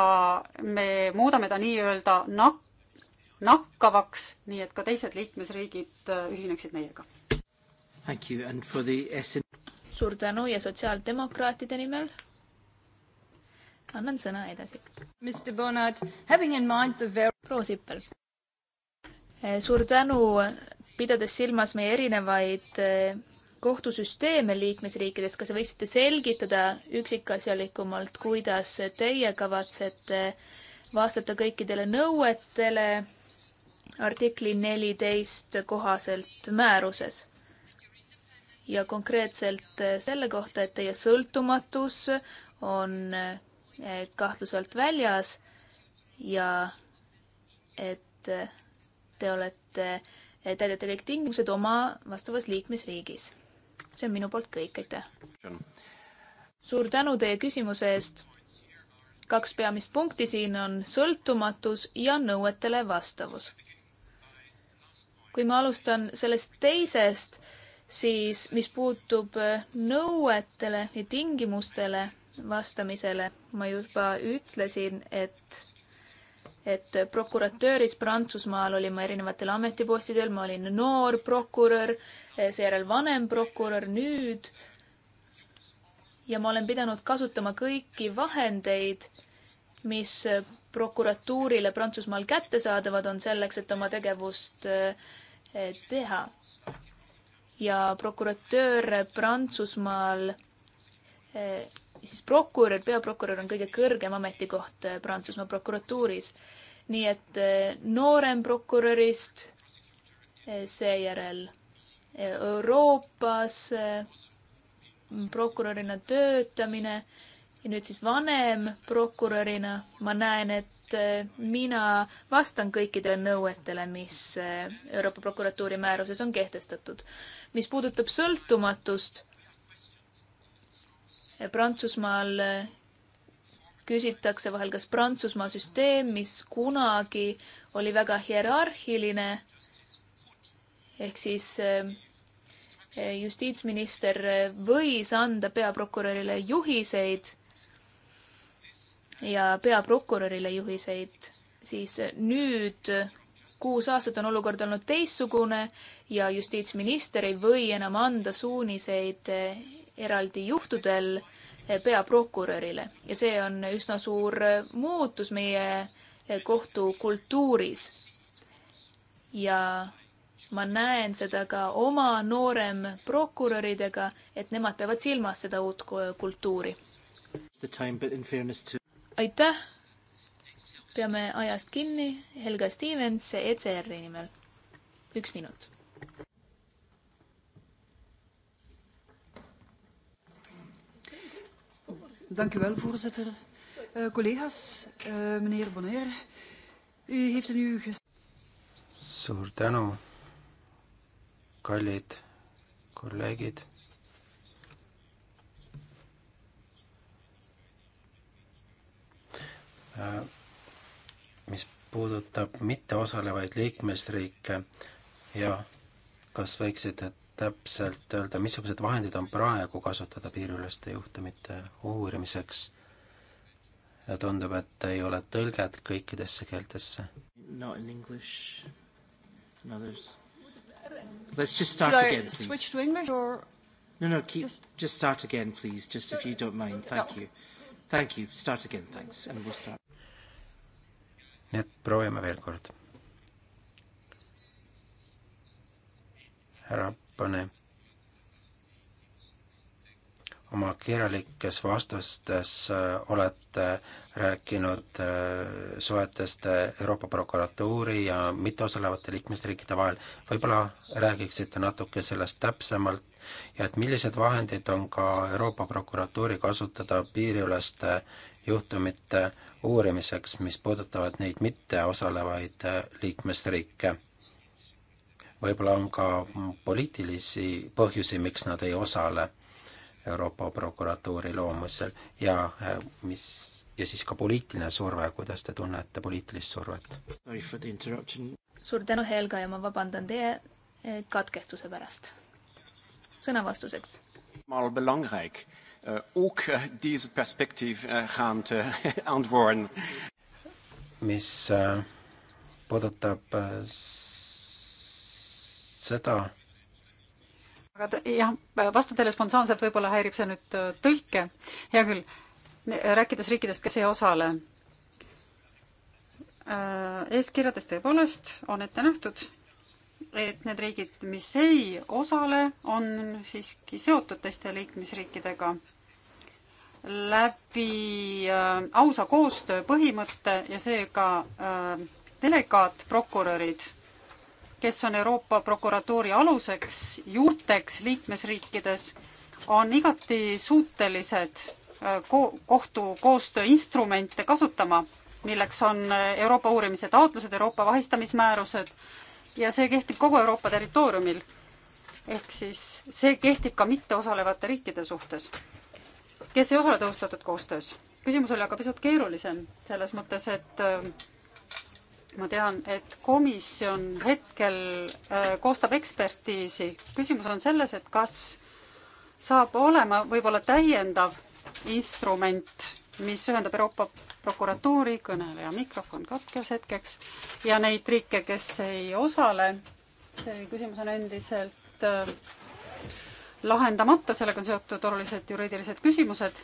me muudame ta nii-öelda nak-, nakkavaks, nii et ka teised liikmesriigid äh, ühineksid meiega. suur tänu ja sotsiaaldemokraatide nimel annan sõna edasi. proua Sippel. Eh, suur tänu, pidades silmas meie erinevaid eh, kohtusüsteeme liikmesriikides, kas te võiksite selgitada üksikasjalikumalt, kuidas teie kavatsete vastata kõikidele nõuetele artikli neliteist kohaselt määruses? ja konkreetselt eh, selle kohta, et teie sõltumatus on kahtluse alt väljas ja et te olete, täidate kõik tingimused oma vastavas liikmesriigis. see on minu poolt kõik, aitäh. suur tänu teie küsimuse eest. kaks peamist punkti siin on sõltumatus ja nõuetele vastavus. kui ma alustan sellest teisest, siis mis puutub nõuetele ja tingimustele vastamisele. ma juba ütlesin, et, et prokuratööris Prantsusmaal olin ma erinevatel ametipostidel, ma olin noor prokurör, seejärel vanem prokurör, nüüd. ja ma olen pidanud kasutama kõiki vahendeid, mis prokuratuurile Prantsusmaal kättesaadavad on selleks, et oma tegevust eh, teha. ja prokuratöör Prantsusmaal Eh, siis prokurör, peaprokurör on kõige kõrgem ametikoht eh, Prantsusmaa prokuratuuris. nii et eh, noorem prokurörist, seejärel Euroopas prokurörina töötamine ja nüüd siis vanem prokurörina ma näen, et mina vastan kõikidele nõuetele, mis Euroopa prokuratuuri määruses on kehtestatud. mis puudutab sõltumatust, Prantsusmaal eh, küsitakse vahel, kas Prantsusmaa süsteem, mis kunagi oli väga hierarhiline, ehk siis eh, eh, justiitsminister võis anda peaprokurörile juhiseid ja peaprokurörile juhiseid, siis nüüd kuus aastat on olukord olnud teistsugune ja justiitsminister ei või enam anda suuniseid eh, eraldi juhtudel eh, peaprokurörile ja see on üsna suur eh, muutus meie kohtukultuuris. ja ma näen seda ka oma noorem prokuröridega, et nemad peavad silmas seda uut kultuuri. aitäh peame ajast kinni. Helga Stevens ECR-i nimel. üks minut. Dank u wel, voorzitter. Uh, collega's, uh, meneer Bonner, u heeft in uw ges-... suur tänu, kallid kolleegid. Uh, puudutab mitteosalevaid liikmesriike ja kas võiksite täpselt öelda, missugused vahendid on praegu kasutada piiriüleste juhtumite uurimiseks? ja tundub, et ei ole tõlget kõikidesse keeltesse. Not in english and others. Let's just start Should again, please. Switch to english or? No, no, keep, just, just start again, please, just if you don't mind, thank no. you. Thank you, start again, thanks, and we'll start nii et proovime veel kord. härra Pane oma kirjalikes vastustes äh, olete rääkinud äh, suhetest äh, Euroopa prokuratuuri ja mitteosalevate liikmesriikide vahel. võib-olla räägiksite natuke sellest täpsemalt ja et millised vahendid on ka Euroopa prokuratuuri kasutada piiriüleste juhtumite uurimiseks, mis puudutavad neid mitteosalevaid liikmesriike. võib-olla on ka poliitilisi põhjusi, miks nad ei osale Euroopa prokuratuuri loomisel ja äh, mis, ja siis ka poliitiline surve, kuidas te tunnete poliitilist survet? suur tänu, Helga, ja ma vabandan teie äh, katkestuse pärast. sõna vastuseks. Eh, ook eh, deze perspectief eh, gaan [LAUGHS] antwoorden. mis puudutab seda. aga jah, vastan teile spontaanselt, võib-olla häirib see nüüd tõlke, hea küll, rääkides riikidest, kes ei osale. eeskirjades tõepoolest on ette nähtud, et need riigid, mis ei osale, on siiski seotud teiste liikmesriikidega läbi äh, ausa koostöö põhimõtte ja seega äh, delegaatprokurörid, kes on Euroopa prokuratuuri aluseks, juurteks liikmesriikides, on igati suutelised äh, ko kohtu koostöö instrumente kasutama, milleks on äh, Euroopa uurimise taotlused, Euroopa vahistamismäärused ja see kehtib kogu Euroopa territooriumil. ehk siis see kehtib ka mitteosalevate riikide suhtes kes ei osale tõhustatud koostöös. küsimus oli aga pisut keerulisem selles mõttes, et äh, ma tean, et komisjon hetkel äh, koostab ekspertiisi. küsimus on selles, et kas saab olema võib-olla täiendav instrument, mis ühendab Euroopa prokuratuuri, kõneleja mikrofon katkes hetkeks, ja neid riike, kes ei osale. see küsimus on endiselt äh, lahendamata, sellega on seotud olulised juriidilised küsimused.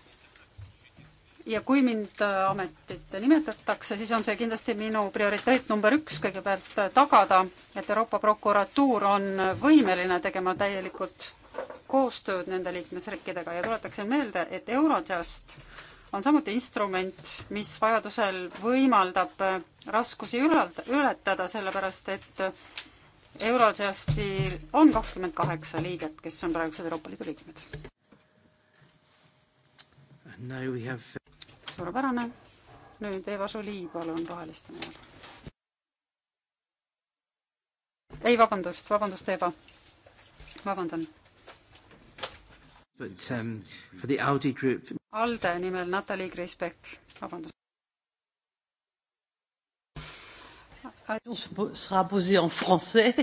ja kui mind äh, ametite nimetatakse, siis on see kindlasti minu prioriteet number üks, kõigepealt äh, tagada, et Euroopa prokuratuur on võimeline tegema täielikult koostööd nende liikmesriikidega ja tuletaksin meelde, et Eurojust on samuti instrument, mis vajadusel võimaldab äh, raskusi ületada, sellepärast et Eurojustil on kakskümmend kaheksa liiget, kes on praegused Euroopa Liidu liikmed. Have... suurepärane. nüüd Eva Jolie, palun, roheliste nimel. ei, vabandust, vabandust, Eva. vabandan. But um, for the Audi group. ALDE nimel Natalja Kriisbeck, vabandust. Ah, sera posée en français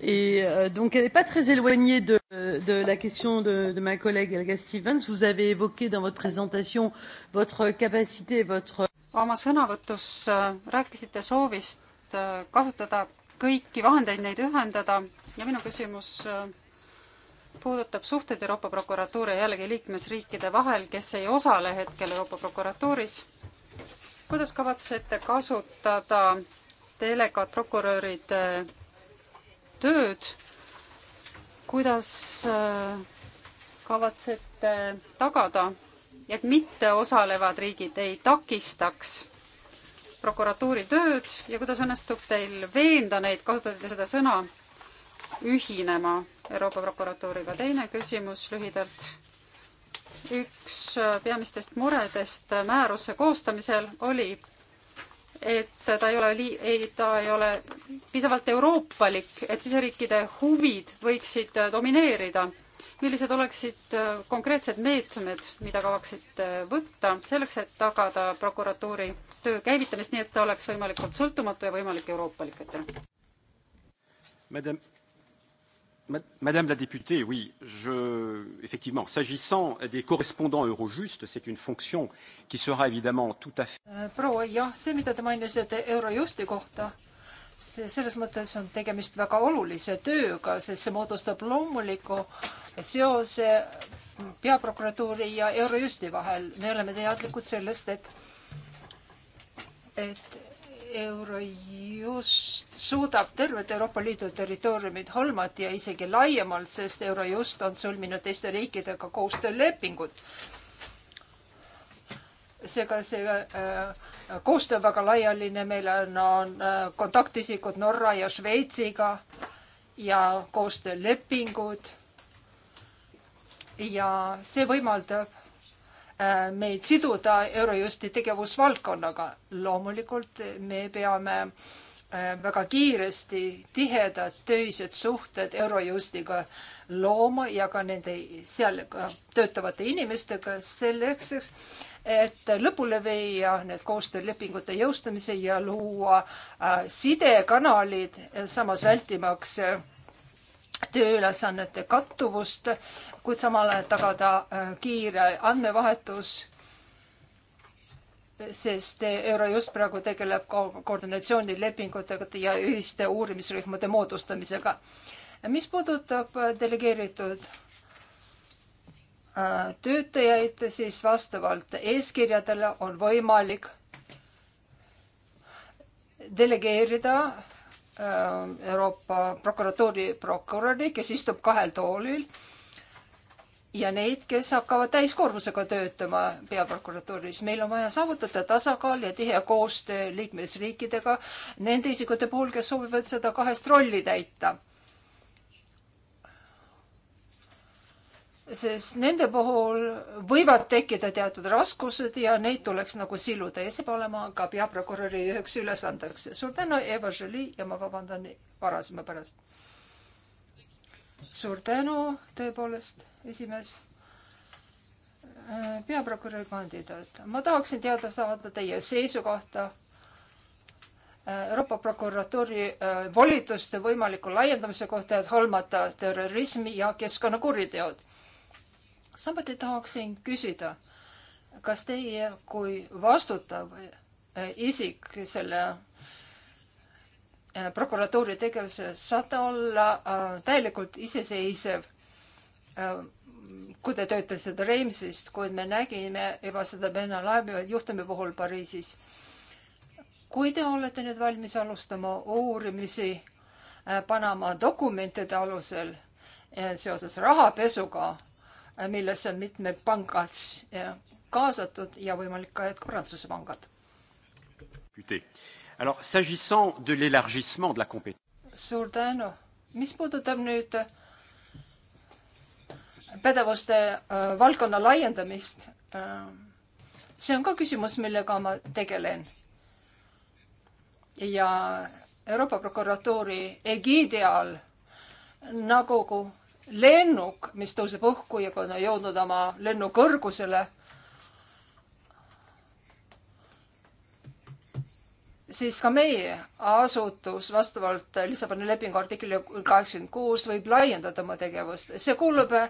et euh, donc elle n'est pas très éloignée de, de la question de, de ma collègue Helga Stevens. Vous avez évoqué dans votre présentation votre capacité, votre oma sõnavõtus äh, rääkisite soovist äh, kasutada kõiki vahendeid, neid ühendada ja minu küsimus äh, puudutab suhteid Euroopa prokuratuuri ja jällegi liikmesriikide vahel, kes ei osale hetkel Euroopa prokuratuuris. kuidas kavatsete kasutada telekad, prokuröride tööd, kuidas äh, kavatsete tagada, et mitteosalevad riigid ei takistaks prokuratuuri tööd ja kuidas õnnestub teil veenda neid, kasutate seda sõna, ühinema Euroopa prokuratuuriga. teine küsimus lühidalt. üks äh, peamistest muredest äh, määruse koostamisel oli et ta ei ole lii-, ei, ta ei ole piisavalt euroopalik, et siseriikide huvid võiksid äh, domineerida. millised oleksid äh, konkreetsed meetmed, mida kavaksite äh, võtta selleks, et tagada prokuratuuri töö käivitamist, nii et ta oleks võimalikult sõltumatu ja võimalik euroopalik, aitäh! Madame la députée, oui, je, effectivement, s'agissant des correspondants Eurojust, c'est une fonction qui sera évidemment tout à fait. Euh, proua, jah, see, mida te mainisite Eurojusti kohta, see selles mõttes on tegemist väga olulise tööga, sest see moodustab loomuliku seose peaprokuratuuri ja Eurojusti vahel. me oleme teadlikud sellest, et, et Eurojust suudab tervet Euroopa Liidu territooriumit hõlmata ja isegi laiemalt, sest Eurojust on sõlminud teiste riikidega koostöölepingud. seega see äh, koostöö on väga laialine, meil on, on äh, kontaktisikud Norra ja Šveitsiga ja koostöölepingud. ja see võimaldab Äh, meid siduda Eurojusti tegevusvaldkonnaga. loomulikult me peame äh, väga kiiresti tihedad töised suhted Eurojustiga looma ja ka nende seal töötavate inimestega selleks, et lõpule viia need koostöölepingute jõustamise ja luua äh, sidekanalid, samas vältimaks tööülesannete kattuvust, kuid samal ajal tagada äh, kiire andmevahetus, sest Eurojust praegu tegeleb ka koordinatsioonilepingutega ja ühiste uurimisrühmade moodustamisega. mis puudutab äh, delegeeritud äh, töötajaid, siis vastavalt eeskirjadele on võimalik delegeerida Äh, Euroopa prokuratuuri prokuröri, kes istub kahel toolil ja neid, kes hakkavad täiskoormusega töötama peaprokuratuuris. meil on vaja saavutada tasakaal ja tihe koostöö liikmesriikidega nende isikute puhul, kes soovivad seda kahest rolli täita sest nende puhul võivad tekkida teatud raskused ja neid tuleks nagu siluda ja see peab olema ka peaprokuröri üheks ülesandeks. suur tänu, Eva Jolie ja ma vabandan varasema pärast. suur tänu tõepoolest, esimees. Äh, peaprokuröri kandidaat, ma tahaksin teada saada teie seisukohta äh, Euroopa prokuratuuri äh, volituste võimaliku laiendamise kohta, et hõlmata terrorismi ja keskkonnakuriteod samuti tahaksin küsida, kas teie kui vastutav eh, isik selle eh, prokuratuuri tegevuses saate olla eh, täielikult iseseisev, kui te töötasite Reimsist, kuid me nägime juba seda Benalaevi juhtumi puhul Pariisis. kui te olete nüüd valmis alustama uurimisi Panama dokumentide alusel seoses rahapesuga, millesse on mitmed pangad kaasatud ja võimalik ka, et Prantsuse pangad. suur tänu. mis puudutab nüüd äh, pädevuste äh, valdkonna laiendamist äh,, see on ka küsimus, millega ma tegelen. ja Euroopa prokuratuuri egiidi all, nagu lennuk, mis tõuseb õhku ja kui on jõudnud oma lennu kõrgusele, siis ka meie asutus vastavalt Lissaboni lepingu artiklile kaheksakümmend kuus võib laiendada oma tegevust. see kuulub äh,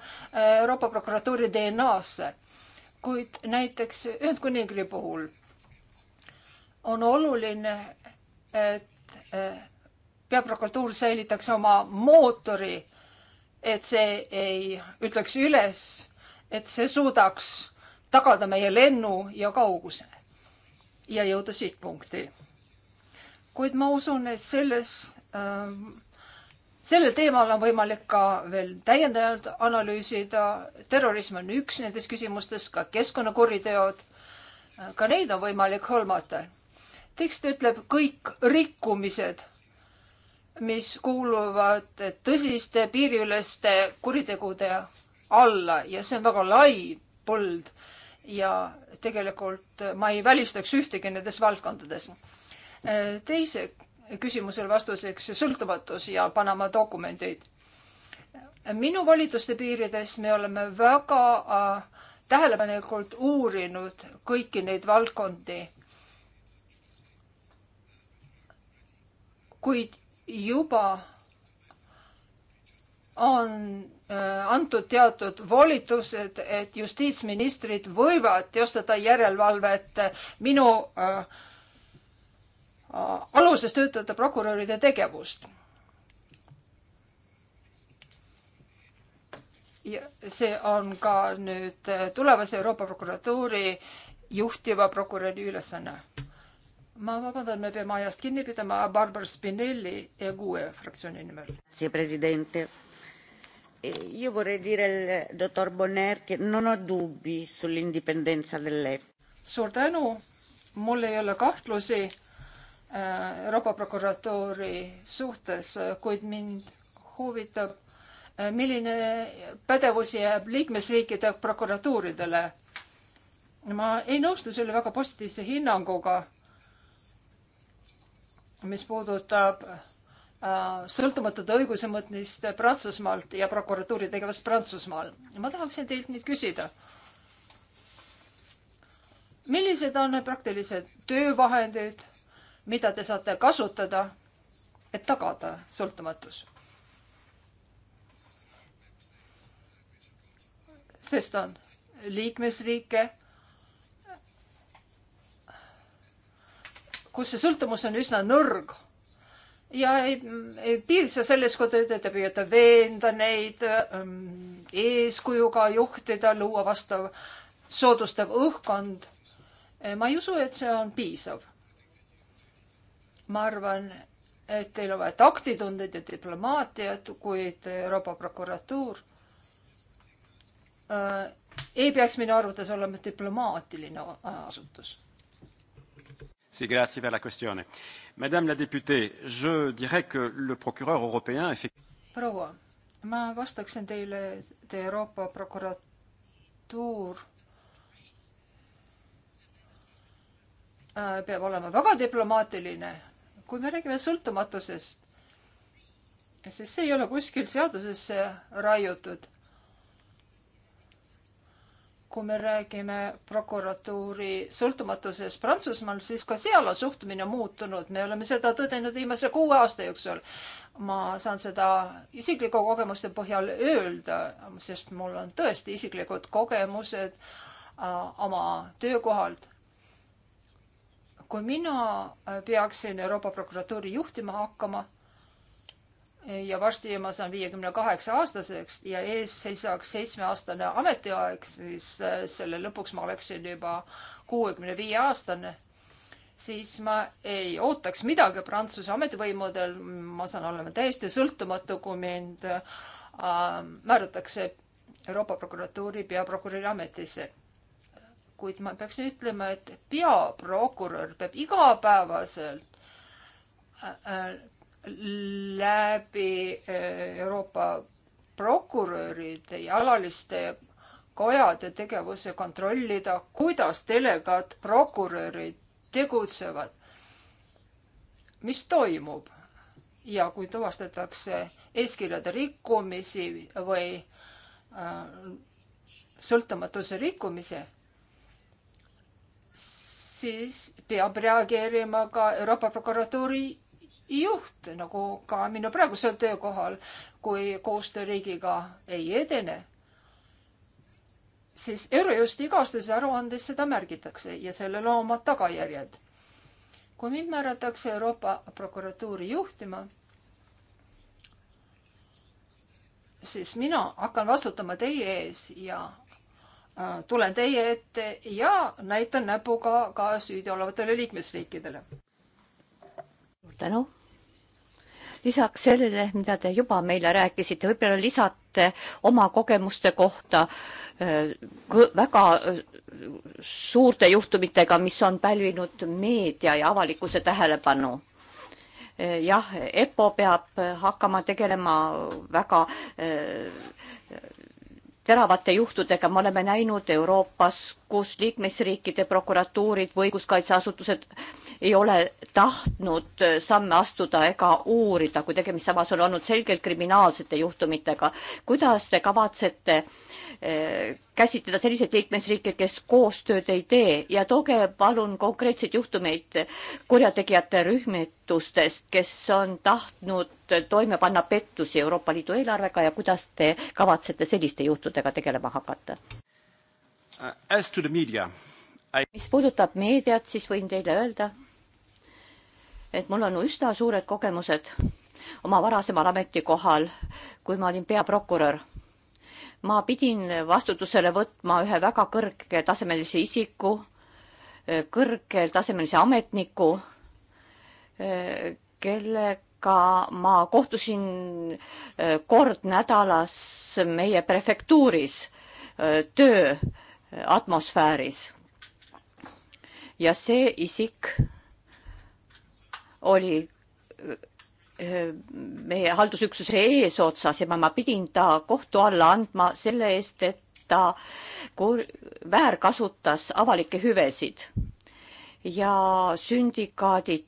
Euroopa prokuratuuri DNA-sse. kuid näiteks Ühendkuningriigi puhul on oluline, et äh, peaprokuratuur säilitaks oma mootori äh, et see ei ütleks üles, et see suudaks tagada meie lennu ja kauguse ja jõuda sihtpunkti. kuid ma usun, et selles ähm, sellel teemal on võimalik ka veel täiendavalt analüüsida. terrorism on üks nendes küsimustes, ka keskkonnakuriteod. ka neid on võimalik hõlmata. tekst ütleb kõik rikkumised mis kuuluvad tõsiste piiriüleste kuritegude alla ja see on väga lai põld ja tegelikult ma ei välistaks ühtegi nendes valdkondades. teise küsimusele vastuseks sõltumatus ja Panama dokumendid. minu volituste piirides me oleme väga äh, tähelepanelikult uurinud kõiki neid valdkondi kuid juba on äh, antud teatud volitused, et justiitsministrid võivad teostada järelevalvet minu äh, äh aluses töötajate prokuröride tegevust. ja see on ka nüüd äh, tulevase Euroopa prokuratuuri juhtiva prokuröri ülesanne ma vabandan, me peame ajast kinni pidama, Barbara Spinelli ja kuue fraktsiooni nimel. siia president. Eh, io vorrei dire al dottor Bonner che non ho dubbi sull'indipendenza dell'EPA. Suur tänu. Mul ei ole kahtlusi eh, Euroopa prokuratuuri suhtes, kuid mind huvitab, eh, milline pädevus jääb liikmesriikide prokuratuuridele. Ma ei nõustu selle väga positiivse hinnanguga mis puudutab äh, sõltumatut õigusemõtmist Prantsusmaalt ja prokuratuuri tegevust Prantsusmaal. ma tahaksin teilt nüüd küsida. millised on need praktilised töövahendid, mida te saate kasutada, et tagada sõltumatus? sest on liikmesriike, kus see sõltuvus on üsna nõrg. ja ei, ei piisa sellest, kui te ütlete, püüate veenda neid ähm, eeskujuga juhtida, luua vastav soodustav õhkkond. Äh, ma ei usu, et see on piisav. ma arvan, et teil on vaja taktitundeid ja diplomaatiat, kuid Euroopa prokuratuur äh, ei peaks minu arvates olema diplomaatiline asutus Si, grazie per la questione. Madame la députée, je dirais que le procureur européen proua, ma vastaksin teile, et Euroopa prokuratuur äh, peab olema väga diplomaatiline. kui me räägime sõltumatusest, siis see ei ole kuskil seadusesse raiutud kui me räägime prokuratuuri sõltumatusest Prantsusmaal, siis ka seal on suhtumine muutunud, me oleme seda tõdenud viimase kuue aasta jooksul. ma saan seda isikliku kogemuste põhjal öelda, sest mul on tõesti isiklikud kogemused äh, oma töökohalt. kui mina äh, peaksin Euroopa prokuratuuri juhtima hakkama ja varsti ma saan viiekümne kaheksa aastaseks ja ees seisaks seitsmeaastane ametiaeg, siis äh, selle lõpuks ma oleksin juba kuuekümne viie aastane. siis ma ei ootaks midagi Prantsuse ametivõimudel, ma saan olema täiesti sõltumatu, kui mind äh, määratakse Euroopa prokuratuuri peaprokuröri ametisse. kuid ma peaks ütlema, et peaprokurör peab igapäevaselt äh, äh, läbi eh, Euroopa prokuröride ja alaliste kojade tegevuse kontrollida, kuidas delegaatprokurörid tegutsevad, mis toimub ja kui tuvastatakse eeskirjade rikkumisi või äh, sõltumatuse rikkumise, siis peab reageerima ka Euroopa prokuratuuri juht, nagu ka minu praegusel töökohal, kui koostöö riigiga ei edene, siis Eurojusti iga-aastases aruandes seda märgitakse ja sellel on omad tagajärjed. kui mind määratakse Euroopa prokuratuuri juhtima, siis mina hakkan vastutama teie ees ja äh, tulen teie ette ja näitan näpuga ka süüdi olevatele liikmesriikidele tänu. lisaks sellele, mida te juba meile rääkisite, võib-olla lisate oma kogemuste kohta äh, väga äh, suurte juhtumitega, mis on pälvinud meedia ja avalikkuse tähelepanu äh, jah, EPPO peab hakkama tegelema väga teravate juhtudega, me oleme näinud Euroopas kus liikmesriikide prokuratuurid või õiguskaitseasutused ei ole tahtnud samme astuda ega uurida, kui tegemist samas on olnud selgelt kriminaalsete juhtumitega. kuidas te kavatsete eh, käsitleda selliseid liikmesriike, kes koostööd ei tee ja tooge palun konkreetseid juhtumeid kurjategijate rühmitustest, kes on tahtnud toime panna pettusi Euroopa Liidu eelarvega ja kuidas te kavatsete selliste juhtudega tegelema hakata? Uh, as to the media I.... mis puudutab meediat, siis võin teile öelda, et mul on üsna suured kogemused oma varasemal ametikohal, kui ma olin peaprokurör. ma pidin vastutusele võtma ühe väga kõrgetasemelise isiku, kõrgetasemelise ametniku, kellega ma kohtusin eh, kord nädalas meie prefektuuris eh, töö atmosfääris. ja see isik oli äh, meie haldusüksuse eesotsas ja ma, ma pidin ta kohtu alla andma selle eest, et ta väärkasutas avalikke hüvesid ja sündikaadid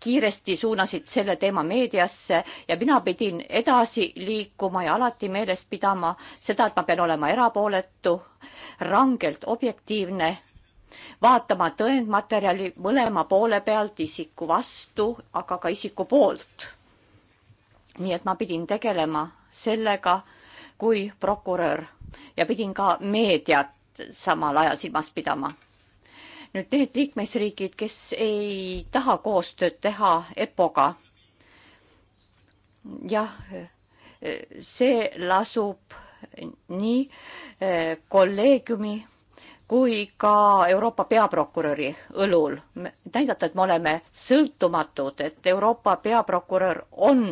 kiiresti suunasid selle teema meediasse ja mina pidin edasi liikuma ja alati meeles pidama seda, et ma pean olema erapooletu, rangelt objektiivne, vaatama tõendmaterjali mõlema poole pealt, isiku vastu, aga ka isiku poolt. nii et ma pidin tegelema sellega kui prokurör ja pidin ka meediat samal ajal silmas pidama nüüd need liikmesriigid, kes ei taha koostööd teha EPO-ga. jah, see lasub nii eh, kolleegiumi kui ka Euroopa peaprokuröri õlul. näidata, et me oleme sõltumatud, et Euroopa peaprokurör on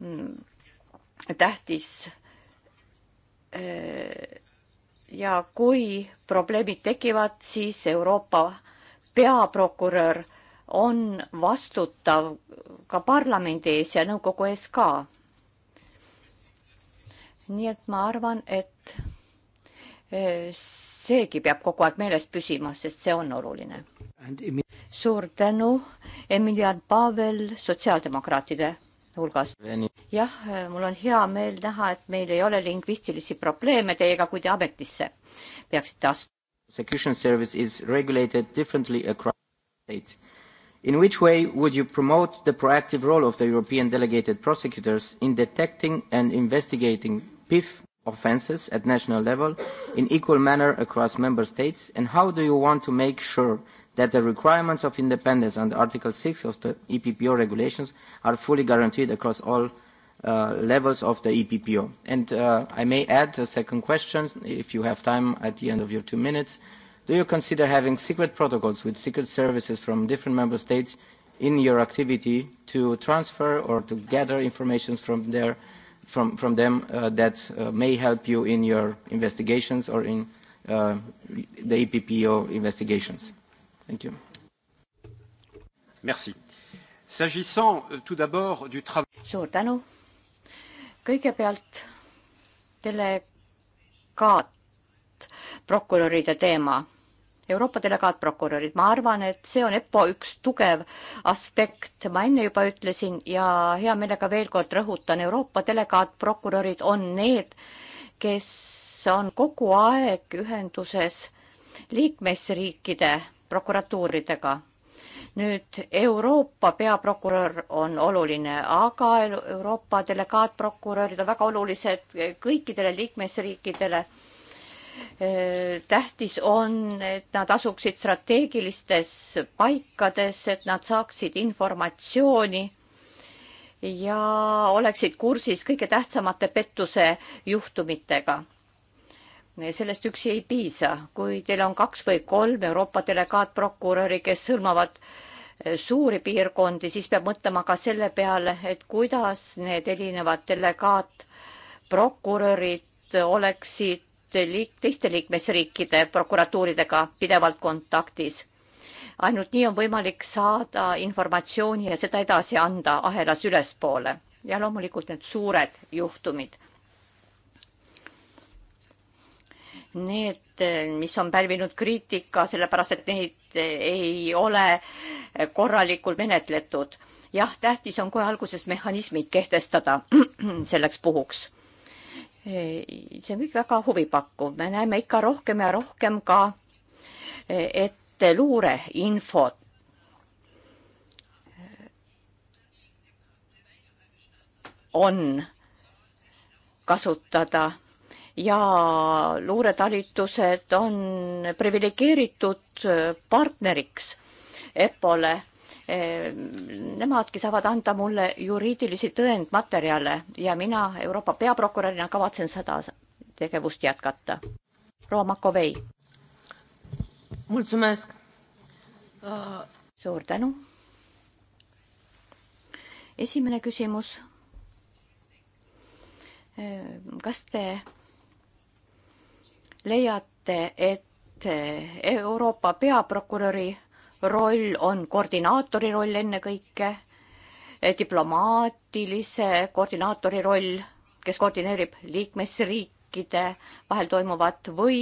mm, tähtis eh, ja kui probleemid tekivad, siis Euroopa peaprokurör on vastutav ka parlamendi ees ja nõukogu ees ka. nii et ma arvan, et eh, seegi peab kogu aeg meeles püsima, sest see on oluline. suur tänu, Emilian Pavel sotsiaaldemokraatide hulgast. jah, mul on hea meel näha, et meil ei ole lingvistilisi probleeme teiega, kui te ametisse peaksite astuma. Execution service is regulated differently across states. In which way would you promote the proactive role of the European delegated prosecutors in detecting and investigating PIF offences at national level in equal manner across member states? And how do you want to make sure that the requirements of independence under Article 6 of the EPPO regulations are fully guaranteed across all uh, levels of the EPPO. And uh, I may add a second question, if you have time at the end of your two minutes. Do you consider having secret protocols with secret services from different member states in your activity to transfer or to gather information from, their, from, from them uh, that uh, may help you in your investigations or in uh, the EPPO investigations? Thank you. Merci. S'agissant euh, tout d'abord du travail. suur tänu. kõigepealt delegaatprokuröride teema. Euroopa delegaatprokurörid, ma arvan, et see on EPPO üks tugev aspekt, ma enne juba ütlesin ja hea meelega veel kord rõhutan, Euroopa delegaatprokurörid on need, kes on kogu aeg ühenduses liikmesriikide prokuratuuridega. nüüd Euroopa peaprokurör on oluline, aga Euroopa delegaatprokurörid on väga olulised kõikidele liikmesriikidele äh, tähtis on, et nad asuksid strateegilistes paikades, et nad saaksid informatsiooni ja oleksid kursis kõige tähtsamate pettuse juhtumitega sellest üksi ei piisa, kui teil on kaks või kolm Euroopa delegaatprokuröri, kes hõlmavad eh, suuri piirkondi, siis peab mõtlema ka selle peale, et kuidas need erinevad delegaatprokurörid oleksid liik-, teiste liikmesriikide prokuratuuridega pidevalt kontaktis. ainult nii on võimalik saada informatsiooni ja seda edasi anda ahelas ülespoole ja loomulikult need suured juhtumid need, mis on pälvinud kriitika, sellepärast et neid ei ole korralikult menetletud. jah, tähtis on kohe alguses mehhanismid kehtestada [CLEARS THROAT] selleks puhuks. see on kõik väga huvipakkuv, me näeme ikka rohkem ja rohkem ka, et luureinfot on kasutada ja luuretalitused on priviligeeritud äh, partneriks EPPO-le. Äh, nemadki saavad anda mulle juriidilisi tõendmaterjale ja mina Euroopa peaprokurörina kavatsen seda tegevust jätkata. proua Makovei. Äh, suur tänu. esimene küsimus. kas te leiate, et eh, Euroopa peaprokuröri roll on koordinaatori roll ennekõike, eh, diplomaatilise koordinaatori roll, kes koordineerib liikmesriikide vahel toimuvat või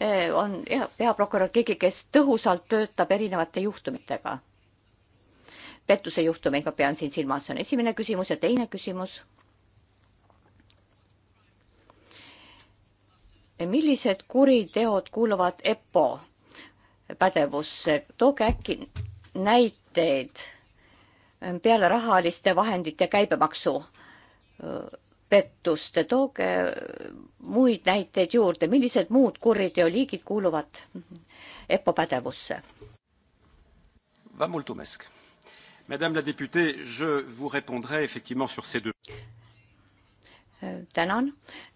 eh, on peaprokurör keegi, kes tõhusalt töötab erinevate juhtumitega. pettuse juhtumeid ma pean siin silmas, see on esimene küsimus ja teine küsimus millised kuriteod kuuluvad EPPO pädevusse, tooge äkki näiteid peale rahaliste vahendite käibemaksu pettuste, tooge muid näiteid juurde, millised muud kuriteoliigid kuuluvad EPPO pädevusse? Vă mulțumesc. Madame la députée, je vous répondrai effectivement sur ces deux tänan,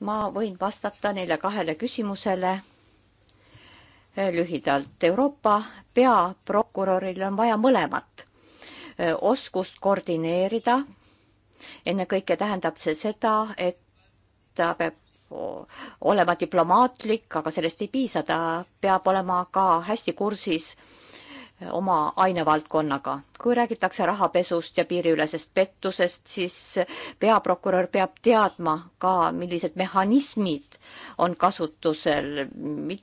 ma võin vastata neile kahele küsimusele äh, lühidalt. Euroopa peaprokuröril on vaja mõlemat äh, oskust koordineerida. ennekõike tähendab see seda, et ta peab olema diplomaatlik, aga sellest ei piisa, ta peab olema ka hästi kursis äh, oma ainevaldkonnaga. kui räägitakse rahapesust ja piiriülesest pettusest, siis peaprokurör peab teadma ka, millised mehhanismid on kasutusel,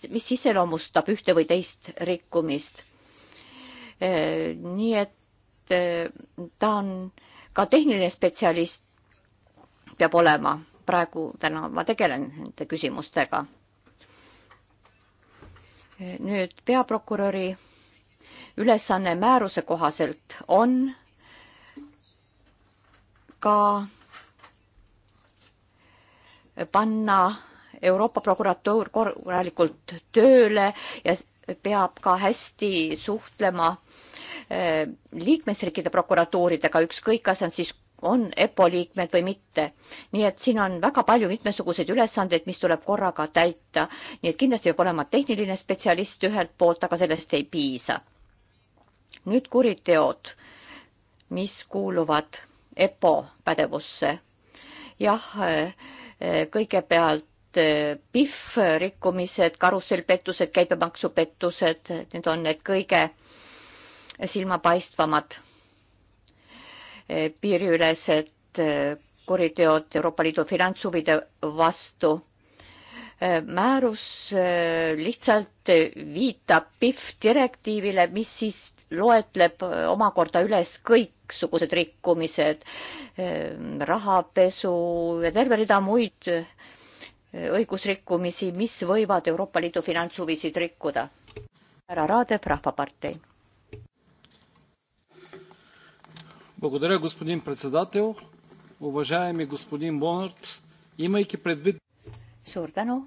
mis iseloomustab ühte või teist rikkumist. nii et ta on ka tehniline spetsialist, peab olema. praegu täna ma tegelen nende küsimustega. nüüd peaprokuröri ülesanne määruse kohaselt on ka panna Euroopa prokuratuur korralikult tööle ja peab ka hästi suhtlema eh, liikmesriikide prokuratuuridega, ükskõik, kas on siis on EPPO liikmed või mitte. nii et siin on väga palju mitmesuguseid ülesandeid, mis tuleb korraga täita. nii et kindlasti peab olema tehniline spetsialist ühelt poolt, aga sellest ei piisa nüüd kuriteod, mis kuuluvad EPPO pädevusse. jah, eh, kõigepealt eh, PIF rikkumised, karussellpettused, käibemaksupettused, need on need kõige silmapaistvamad eh, piiriülesed kuriteod Euroopa Liidu finantshuvide vastu. määrus lihtsalt viitab PIF direktiivile, mis siis loetleb omakorda üles kõiksugused rikkumised, rahapesu ja terve rida muid õigusrikkumisi, mis võivad Euroopa Liidu finantshuvisid rikkuda. härra Raadev, Rahvapartei. suur tänu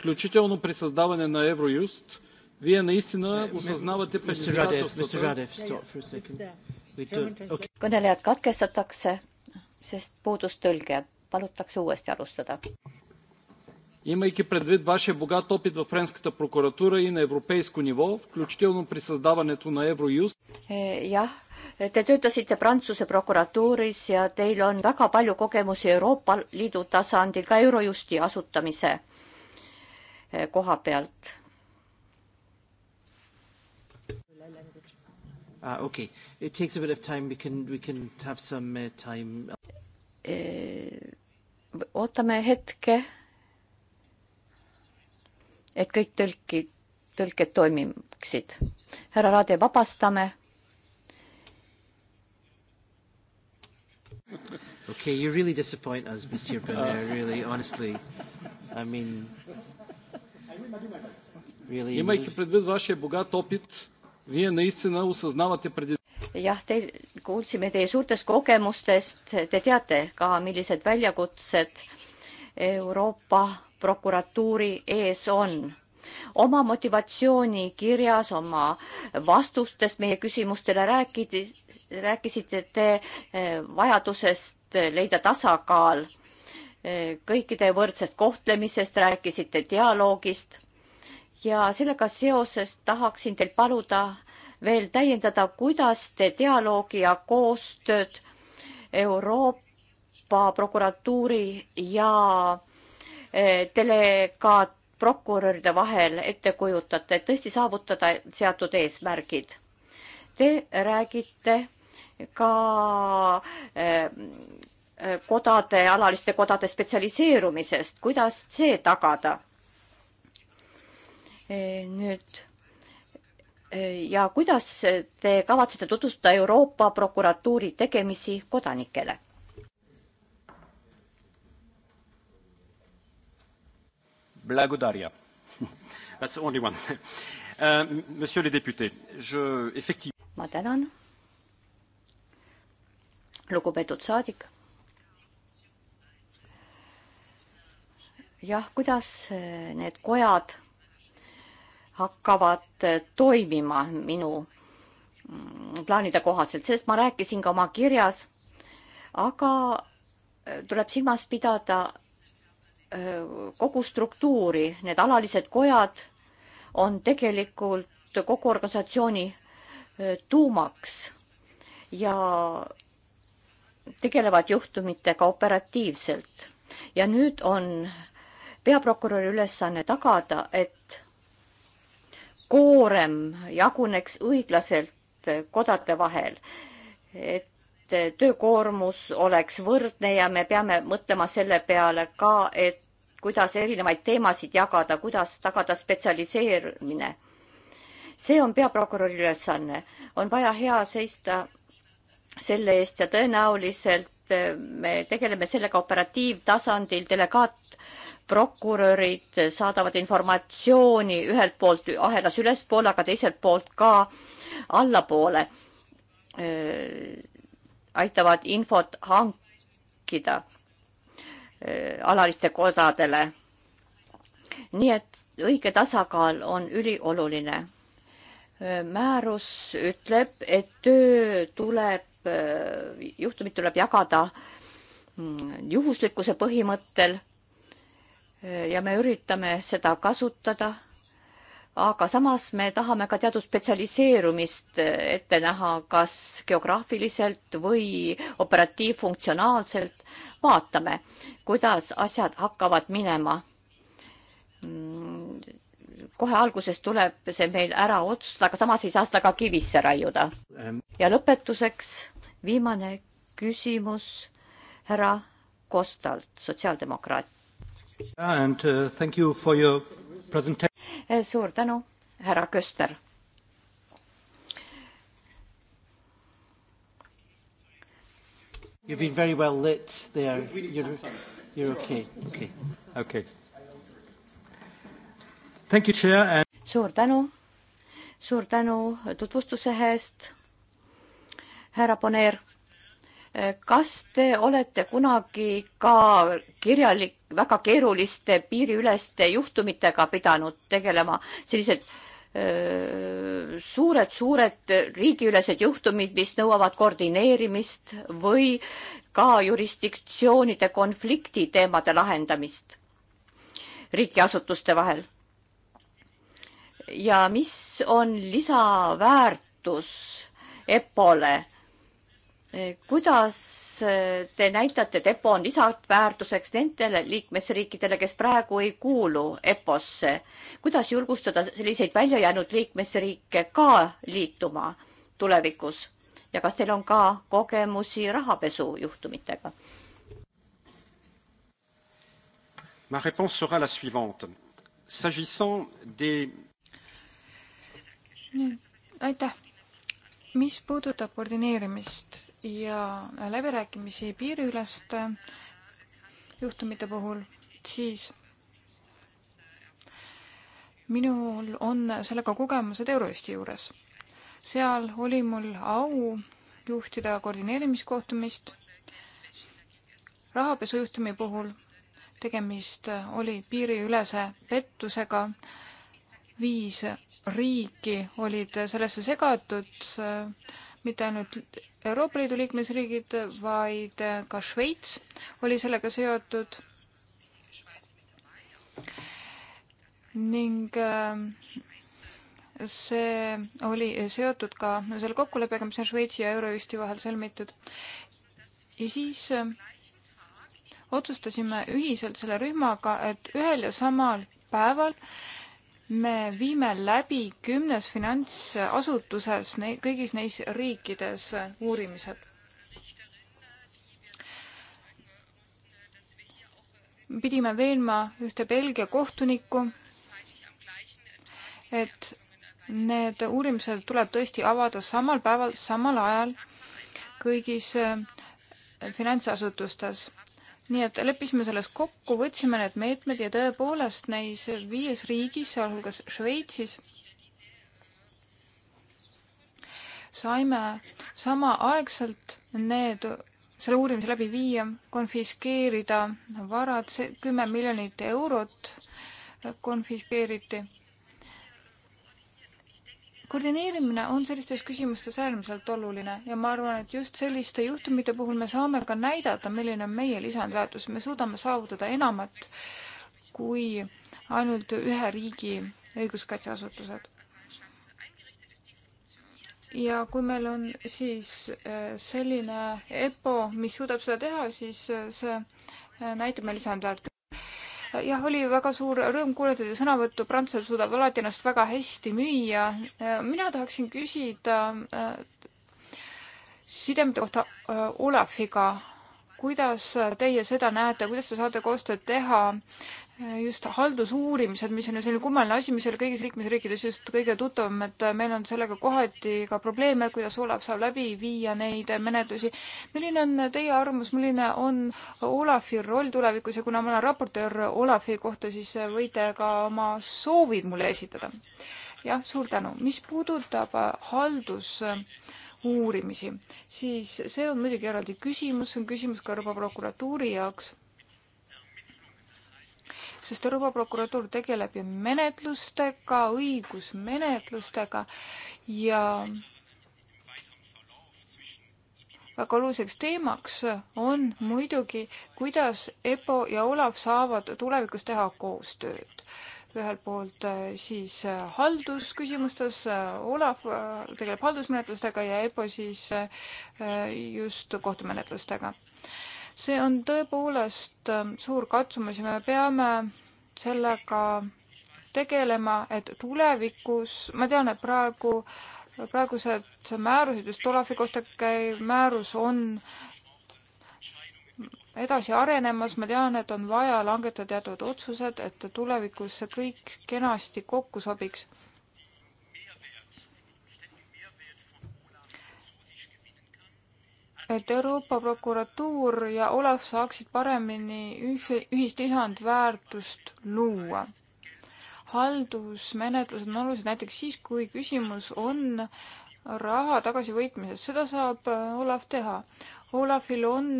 включително при създаване на Евроюст, вие наистина осъзнавате предизвикателствата. kõnelejad katkestatakse, sest puudus tõlge. palutakse uuesti alustada. Имайки предвид вашия богат опит във френската прокуратура и на европейско ниво, включително при създаването на Евроюст. Jah, te töötasite Prantsuse prokuratuuris ja teil on väga palju kogemusi Euroopa Liidu tasandil ka Eurojusti asutamise Eh, koha pealt. Uh, okay, it takes a bit of time, we can, we can have some uh, time. Eh, ootame hetke, et kõik tõlkid, tõlked toimiksid. härra Raade, vabastame Okay, you really disappoint us, Monsieur Bonner, really, honestly. I mean, Имайки предвид вашия богат опит, вие наистина осъзнавате преди... jah, te kuulsime teie suurtest kogemustest, te teate ka, millised väljakutsed Euroopa prokuratuuri ees on. oma motivatsiooni kirjas, oma vastustest meie küsimustele rääkida, rääkisite te eh, vajadusest leida tasakaal kõikide võrdsest kohtlemisest, rääkisite dialoogist ja sellega seoses tahaksin teil paluda veel täiendada, kuidas te dialoogi ja koostööd Euroopa prokuratuuri ja delegaat eh, prokuröride vahel ette kujutate, et tõesti saavutada seatud eesmärgid. Te räägite ka eh, kodade, alaliste kodade spetsialiseerumisest, kuidas see tagada? E, nüüd e, ja kuidas te kavatsete tutvustada Euroopa prokuratuuri tegemisi kodanikele? Blagodaria. [LAUGHS] That's the only one [LAUGHS] uh,. Monsieur le député, je effectivement. ma tänan. lugupeetud saadik jah, kuidas eh, need kojad hakkavad eh, toimima minu mm, plaanide kohaselt, sellest ma rääkisin ka oma kirjas. aga eh, tuleb silmas pidada kogu struktuuri, need alalised kojad on tegelikult kogu organisatsiooni tuumaks ja tegelevad juhtumitega operatiivselt. ja nüüd on peaprokuröri ülesanne tagada, et koorem jaguneks õiglaselt kodade vahel, et töökoormus oleks võrdne ja me peame mõtlema selle peale ka, et kuidas erinevaid teemasid jagada, kuidas tagada spetsialiseerumine. see on peaprokuröri ülesanne, on vaja hea seista selle eest ja tõenäoliselt me tegeleme sellega operatiivtasandil delegaat prokurörid saadavad informatsiooni ühelt poolt ahelas ülespoole, aga teiselt poolt ka allapoole. aitavad infot hankida alaliste kodadele. nii et õige tasakaal on ülioluline. määrus ütleb, et töö tuleb, juhtumid tuleb jagada mm, juhuslikkuse põhimõttel ja me üritame seda kasutada. aga samas me tahame ka teatud spetsialiseerumist ette näha, kas geograafiliselt või operatiivfunktsionaalselt. vaatame, kuidas asjad hakkavad minema. kohe alguses tuleb see meil ära otsustada, aga samas ei saa seda ka kivisse raiuda. ja lõpetuseks viimane küsimus härra Kostalt, sotsiaaldemokraat. And uh, thank you for your presentation. Eh, suur tänu, härra Köster. You have been very well lit there. You're, you're okay. Okay. Okay. Thank you, chair and.... suur tänu. suur tänu tutvustuse eest, härra Poneer kas te olete kunagi ka kirjalik, väga keeruliste piiriüleste juhtumitega pidanud tegelema, sellised suured-suured riigiülesed juhtumid, mis nõuavad koordineerimist või ka jurisdiktsioonide konflikti teemade lahendamist riikiasutuste vahel. ja mis on lisaväärtus EPPO-le? Eh, kuidas eh, te näitate, et EPO on lisandväärtuseks nendele liikmesriikidele, kes praegu ei kuulu EPO-sse? kuidas julgustada selliseid välja jäänud liikmesriike ka liituma tulevikus ja kas teil on ka kogemusi rahapesujuhtumitega? Ma réponse sera la suivante. S'agissant des... nii, aitäh. mis puudutab koordineerimist ja läbirääkimisi piiriüleste juhtumite puhul, siis minul on sellega kogemused Eurojusti juures. seal oli mul au juhtida koordineerimiskohtumist rahapesujuhtumi puhul. tegemist oli piiriülese pettusega. viis riiki olid sellesse segatud äh, mitte ainult Euroopa Liidu liikmesriigid, vaid ka Šveits oli sellega seotud. ning äh, see oli seotud ka selle kokkuleppega, mis on Šveitsi ja Eurojusti vahel sõlmitud. ja siis äh, otsustasime ühiselt selle rühmaga, et ühel ja samal päeval äh, me viime läbi kümnes finantsasutuses ne, kõigis neis riikides uurimised. pidime veenma ühte Belgia kohtunikku, et need uurimised tuleb tõesti avada samal päeval, samal ajal kõigis äh, finantsasutustes nii et leppisime selles kokku, võtsime need meetmed ja tõepoolest neis viies riigis, sealhulgas Šveitsis, saime samaaegselt need, selle uurimise läbi viia, konfiskeerida varad, kümme miljonit eurot konfiskeeriti koordineerimine on sellistes küsimustes äärmiselt oluline ja ma arvan, et just selliste juhtumite puhul me saame ka näidata, milline on meie lisandväärtus, me suudame saavutada enamat kui ainult ühe riigi õiguskaitseasutused. ja kui meil on siis äh, selline EPPO, mis suudab seda teha, siis äh, see äh, näitab meie lisandväärtust jah, oli väga suur rõõm kuulata teie sõnavõttu, prantslased suudavad alati ennast väga hästi müüa. Äh, mina tahaksin küsida äh, sidemete kohta äh, Olafiga kuidas teie seda näete, kuidas te saate koostööd teha just haldusuurimised, mis on ju selline kummaline asi, mis ei ole kõigis liikmesriikides just kõige tuttavam, et meil on sellega kohati ka probleeme, kuidas Olav saab läbi viia neid menetlusi. milline on teie arvamus, milline on Olavi roll tulevikus ja kuna ma olen raportöör Olavi kohta, siis võite ka oma soovid mulle esitada. jah, suur tänu. mis puudutab haldus uurimisi, siis see on muidugi eraldi küsimus, see on küsimus ka Euroopa prokuratuuri jaoks sest Euroopa prokuratuur tegeleb ju menetlustega, õigusmenetlustega ja väga oluliseks teemaks on muidugi, kuidas EPO ja Olav saavad tulevikus teha koostööd ühelt poolt äh, siis äh, haldusküsimustes, äh, Olav tegeleb haldusmenetlustega ja EPO siis just kohtumenetlustega see on tõepoolest ähm, suur katsumus ja me peame sellega tegelema, et tulevikus, ma tean, et praegu, praegused määrused just Olavi kohta käiv määrus on edasi arenemas, ma tean, et on vaja langetada teatavad otsused, et tulevikus see kõik kenasti kokku sobiks et Euroopa prokuratuur ja Olav saaksid paremini üh-, ühist lisandväärtust luua. haldusmenetlused on olulised näiteks siis, kui küsimus on raha tagasivõitmises, seda saab äh, Olav teha. Olafil on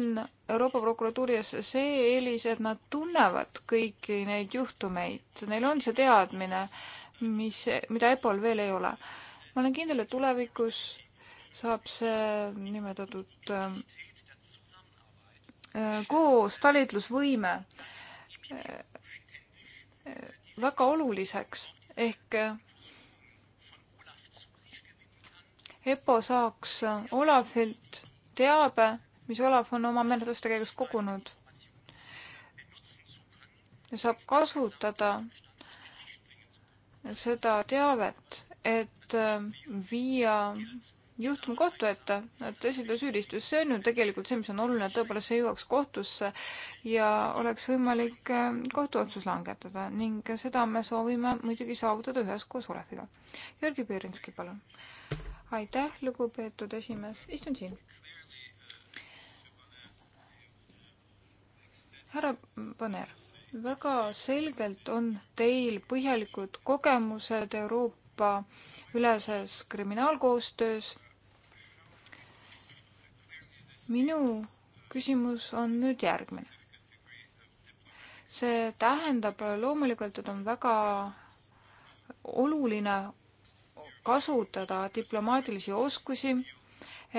Euroopa prokuratuuri ees see eelis, et nad tunnevad kõiki neid juhtumeid, neil on see teadmine, mis, mida EPO-l veel ei ole. ma olen kindel, et tulevikus saab see nimetatud äh, koos talitlusvõime äh, väga oluliseks ehk äh, EPPO saaks Olafilt teabe, mis Olav on oma menetluste käigus kogunud ja saab kasutada seda teavet, et viia juhtum kohtu ette, tõsine süüdistus, see on ju tegelikult see, mis on oluline, et tõepoolest see jõuaks kohtusse ja oleks võimalik äh, kohtuotsus langetada ning seda me soovime muidugi saavutada üheskoos Oleviga. Jörgi Pirinski, palun. aitäh, lugupeetud esimees, istun siin. härra Põner, väga selgelt on teil põhjalikud kogemused Euroopa Euroopa üleses kriminaalkoostöös minu küsimus on nüüd järgmine. see tähendab loomulikult, et on väga oluline kasutada diplomaatilisi oskusi,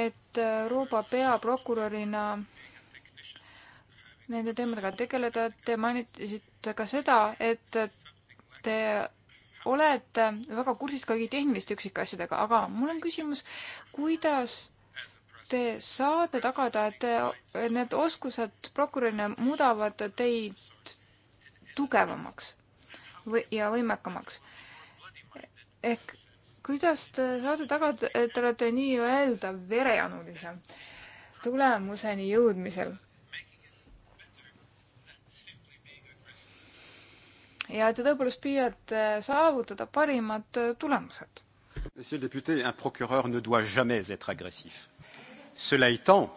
et Euroopa peaprokurörina nende teemadega tegeleda, te mainisite ka seda, et te olete väga kursis kõigi tehniliste üksikasjadega, aga mul on küsimus, kuidas te saate tagada, et te, et need oskused prokurörina muudavad teid tugevamaks või, ja võimekamaks? ehk kuidas te saate tagada, et te olete nii-öelda verejanulise tulemuseni jõudmisel? ja te tõepoolest püüate saavutada parimad tulemused. Monsieur le député, un procureur ne doit jamais être agressif cela étant,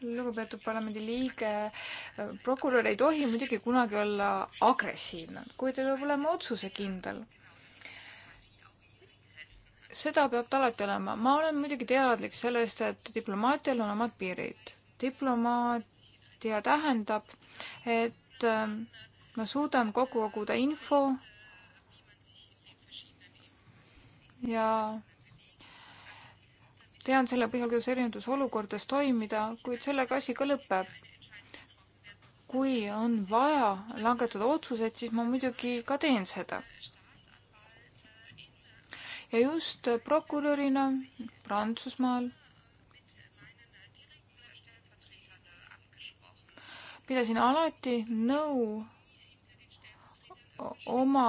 lugupeetud parlamendiliige, äh, prokurör ei tohi muidugi kunagi olla agressiivne, kuid ta peab olema otsusekindel. seda peab ta alati olema. ma olen muidugi teadlik sellest, et diplomaatial on omad piirid. diplomaatia tähendab, et äh, ma suudan kokku koguda info ja tean selle põhjal, kuidas erinevates olukordades toimida, kuid sellega asi ka lõpeb. kui on vaja langetada otsuseid, siis ma muidugi ka teen seda. ja just prokurörina Prantsusmaal pidasin alati nõu oma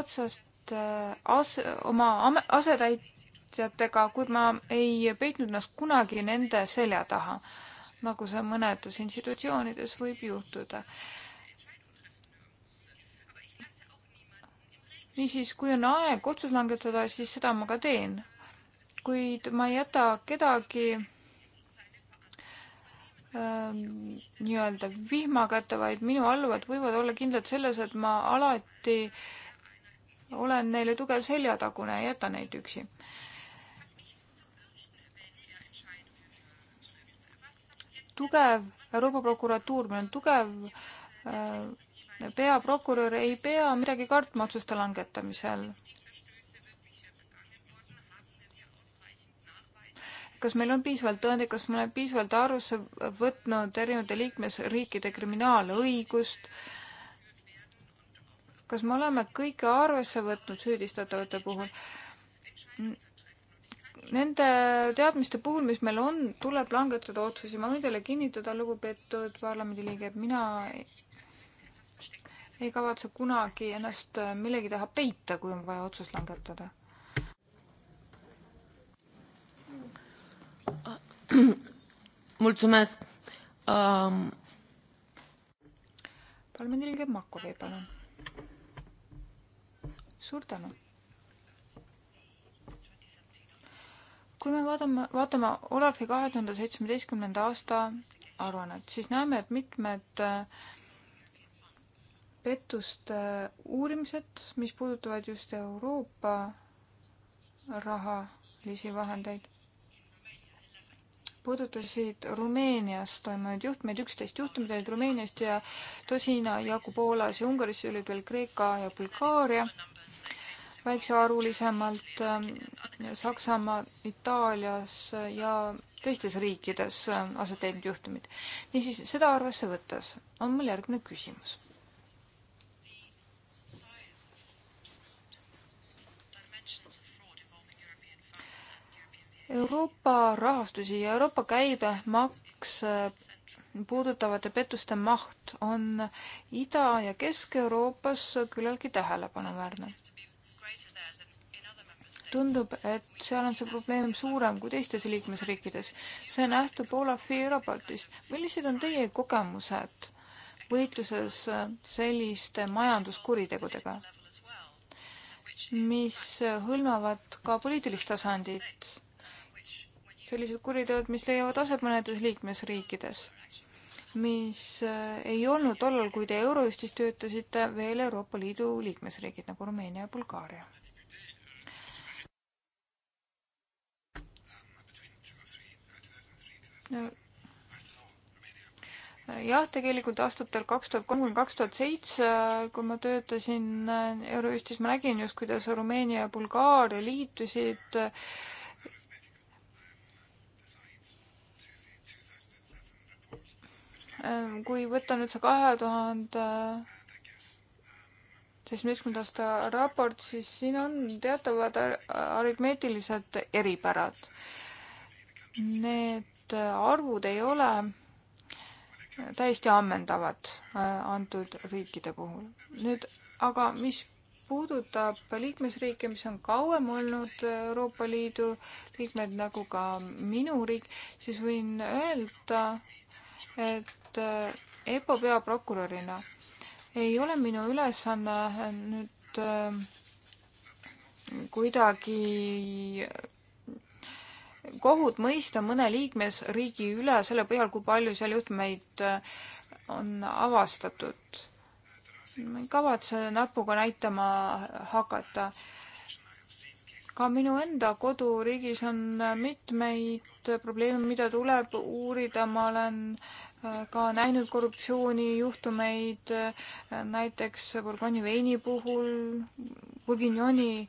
otsast eh, as-, oma asetäit-, ettevõtjatega, kuid ma ei peitnud ennast kunagi nende selja taha, nagu see mõnedes institutsioonides võib juhtuda. niisiis, kui on aeg otsus langetada, siis seda ma ka teen. kuid ma ei jäta kedagi ähm, nii-öelda vihma kätte, vaid minu alluvad võivad olla kindlad selles, et ma alati olen neile tugev seljatagune ja jätan neid üksi. tugev Euroopa prokuratuur, meil on tugev äh, peaprokurör, ei pea midagi kartma otsuste langetamisel. kas meil on piisavalt tõendeid, kas me oleme piisavalt arvesse võtnud erinevate liikmesriikide kriminaalõigust, kas me oleme kõike arvesse võtnud süüdistatavate puhul? nende teadmiste puhul, mis meil on, tuleb langetada otsusi. ma võin teile kinnitada, lugupeetud parlamendiliige, et mina ei kavatse kunagi ennast millegi taha peita, kui on vaja otsust langetada. mulțumesc um.... Ähm. parlamendiliige Makovi, palun. suur tänu kui me vaatame, vaatame Olavi kahe tuhande seitsmeteistkümnenda aasta aruannet, siis näeme, et mitmed äh, pettuste äh, uurimised, mis puudutavad just Euroopa rahalisi vahendeid, puudutasid Rumeenias toimunud juhtmeid, üksteist juhtumit olid Rumeeniast ja tosina jagu Poolas ja Ungaris olid veel Kreeka ja Bulgaaria väiksearvulisemalt ähm, Saksamaa, Itaalias äh, ja teistes riikides äh, aset leidnud juhtumid. niisiis, seda arvesse võttes on mul järgmine küsimus. Euroopa rahastusi ja Euroopa käibemaks äh, puudutavate pettuste maht on Ida- ja Kesk-Euroopas küllaltki tähelepanuväärne tundub, et seal on see probleem suurem kui teistes liikmesriikides. see nähtub Olafi raportist. millised on teie kogemused võitluses selliste majanduskuritegudega, mis hõlmavad ka poliitilist tasandit? sellised kuriteod, mis leiavad aset mõnedes liikmesriikides, mis äh, ei olnud tollal, kui te Eurojustis töötasite, veel Euroopa Liidu liikmesriigid nagu Rumeenia ja Bulgaaria jah, tegelikult aastatel kaks tuhat kolm kuni kaks tuhat seitse, kui ma töötasin äh, Euro-Eestis, ma nägin just, kuidas Rumeenia ja Bulgaaria liitusid äh, kui võtta nüüd see kahe tuhande seitsmeteistkümnenda aasta raport, siis siin on teatavad aritmeetilised eripärad. Need Äh, arvud ei ole äh, täiesti ammendavad äh, antud riikide puhul. nüüd aga, mis puudutab liikmesriike, mis on kauem olnud Euroopa Liidu liikmed, nagu ka minu riik, siis võin öelda, et EPPO peaprokurörina ei ole minu ülesanne nüüd kuidagi kohut mõista mõne liikmesriigi üle selle põhjal, kui palju seal juhtumeid äh, on avastatud. ma ei kavatse näpuga näitama hakata. ka minu enda koduriigis on mitmeid probleeme, mida tuleb uurida, ma olen äh, ka näinud korruptsioonijuhtumeid, äh, näiteks Burgondi veini puhul, Burgundioni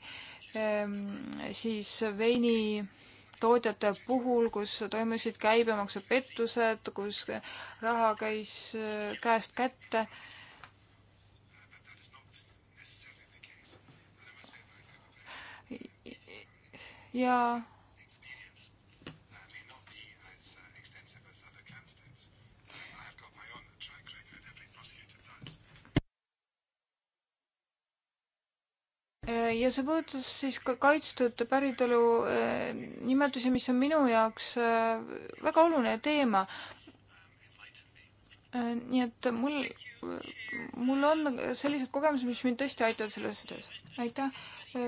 ähm, siis veini tootjate puhul, kus toimusid käibemaksupettused, kus raha käis äh, käest kätte. ja Äh, ja see puudutas siis ka kaitstud päritolu äh, nimetusi, mis on minu jaoks äh, väga oluline teema. nii et mul, mul on sellised kogemused, mis mind tõesti aitavad selles töös. aitäh,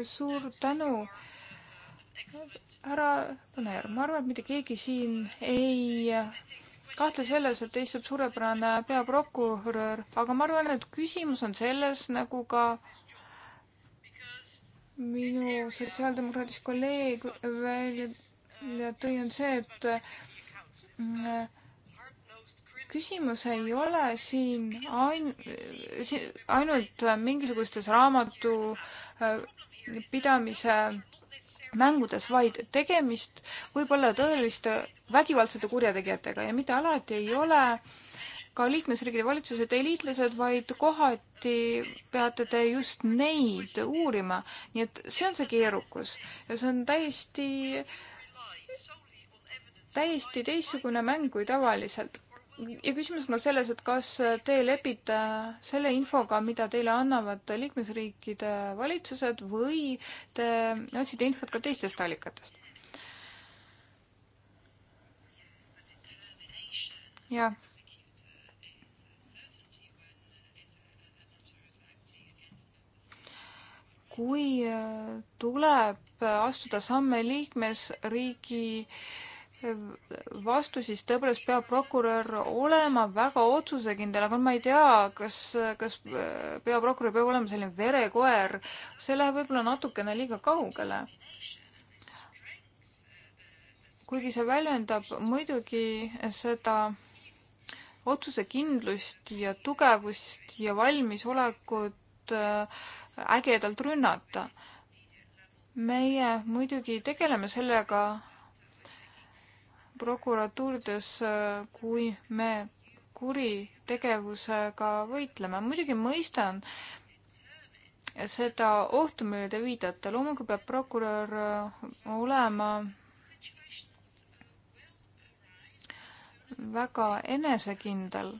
suur tänu. härra Põner, ma arvan, et mitte keegi siin ei kahtle selles, et istub suurepärane peaprokurör, aga ma arvan, et küsimus on selles, nagu ka minu sotsiaaldemokraadist kolleeg välja tõi, on see, et mm, küsimus ei ole siin ain-, siin ainult mingisugustes raamatupidamise äh, mängudes, vaid tegemist võib olla tõeliste vägivaldsete kurjategijatega ja mitte alati ei ole äh, ka liikmesriikide valitsused ei liitlased, vaid kohati peate te just neid uurima. nii et see on see keerukus ja see on täiesti, täiesti teistsugune mäng kui tavaliselt. ja küsimus on ka selles, et kas te lepite selle infoga, mida teile annavad liikmesriikide valitsused või te otsite infot ka teistest allikatest? jah kui äh, tuleb äh, astuda samme liikmesriigi äh, vastu, siis tõepoolest peab prokurör olema väga otsusekindel, aga ma ei tea, kas, kas peaprokurör peab olema selline verekoer, see läheb võib-olla natukene liiga kaugele. kuigi see väljendab muidugi seda otsusekindlust ja tugevust ja valmisolekut äh, ägedalt rünnata. meie muidugi tegeleme sellega prokuratuurides, kui me kuritegevusega võitleme. muidugi mõistan seda ohtu, millele te viidate. loomulikult peab prokurör olema väga enesekindel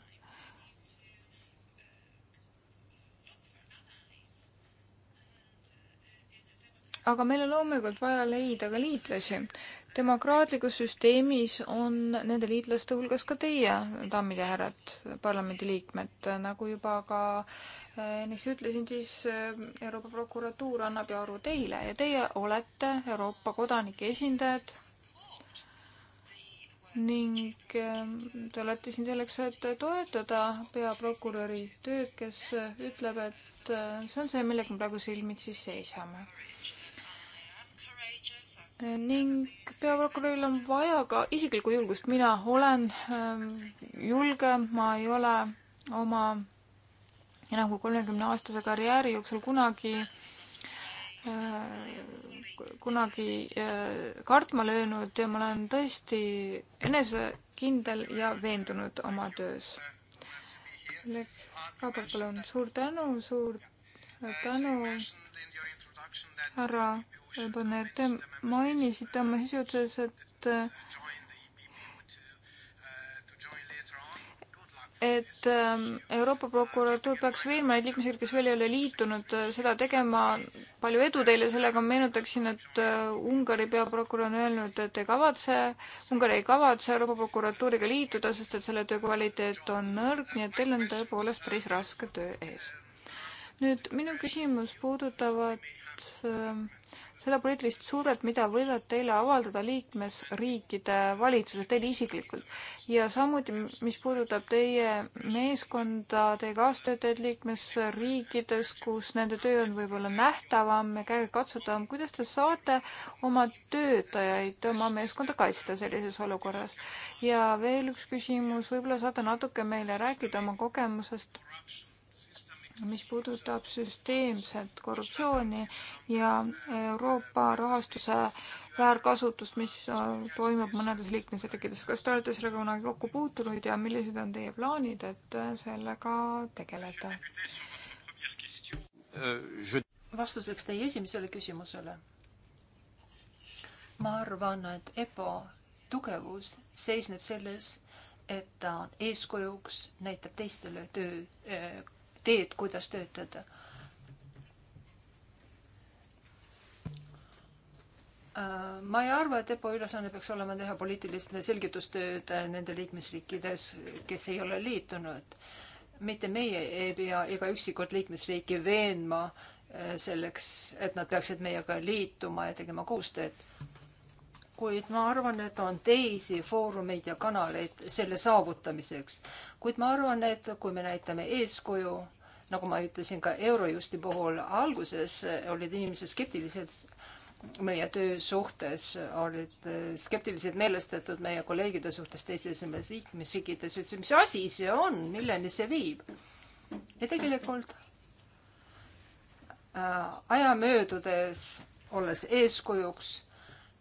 aga meil on loomulikult vaja leida ka liitlasi. demokraatlikus süsteemis on nende liitlaste hulgas ka teie, daamid ja härrad, parlamendiliikmed, nagu juba ka eh, ennist ütlesin, siis eh, Euroopa prokuratuur annab ju aru teile ja teie olete Euroopa kodanike esindajad ning eh, te olete siin selleks, et toetada peaprokuröri tööd, kes ütleb, et see on see, millega me praegu silmitsi seisame ning peaprokuröril on vaja ka isiklikku julgust. mina olen ähm, julge, ma ei ole oma enam kui kolmekümne aastase karjääri jooksul kunagi, äh, kunagi äh, kartma löönud ja ma olen tõesti enesekindel ja veendunud oma töös. kolleeg Kaabel, palun, suur tänu, suur tänu, härra Bonner, te mainisite oma sisutades, et et ähm, Euroopa prokuratuur peaks veenma neid liikmesriike, kes veel ei ole liitunud, äh, seda tegema. palju edu teile sellega, meenutaksin, et äh, Ungari peaprokurör on öelnud, et ei kavatse, Ungari ei kavatse Euroopa prokuratuuriga liituda, sest et selle töö kvaliteet on nõrk, nii et teil on tõepoolest päris raske töö ees. nüüd minu küsimus puudutavad äh, seda poliitilist survet, mida võivad teile avaldada liikmesriikide valitsused, teile isiklikult. ja samuti, mis puudutab teie meeskonda, teie kaastöötajaid liikmesriikides, kus nende töö on võib-olla nähtavam ja käegakatsutavam, kuidas te saate oma töötajaid, oma meeskonda kaitsta sellises olukorras? ja veel üks küsimus, võib-olla saate natuke meile rääkida oma kogemusest mis puudutab süsteemset korruptsiooni ja Euroopa rahastuse väärkasutust, mis äh, toimub mõnedes liikmesriikides. kas te olete sellega kunagi kokku puutunud ja millised on teie plaanid, et äh, sellega tegeleda? vastuseks teie esimesele küsimusele. ma arvan, et EPO tugevus seisneb selles, et ta on eeskujuks, näitab teistele töö äh, teed, kuidas töötada. Äh, ma ei arva, et EPPO ülesanne peaks olema teha poliitilist selgitustööd nende liikmesriikides, kes ei ole liitunud. mitte meie ei pea iga üksikut liikmesriiki veenma äh, selleks, et nad peaksid meiega liituma ja tegema koostööd kuid ma arvan, et on teisi foorumeid ja kanaleid selle saavutamiseks. kuid ma arvan, et kui me näitame eeskuju nagu ma ütlesin ka Eurojusti puhul alguses, olid inimesed skeptilised meie töö suhtes, olid äh, skeptiliselt meelestatud meie kolleegide suhtes teistes liikmesriikides, ütlesid, mis asi see on, milleni see viib. ja tegelikult äh, aja möödudes, olles eeskujuks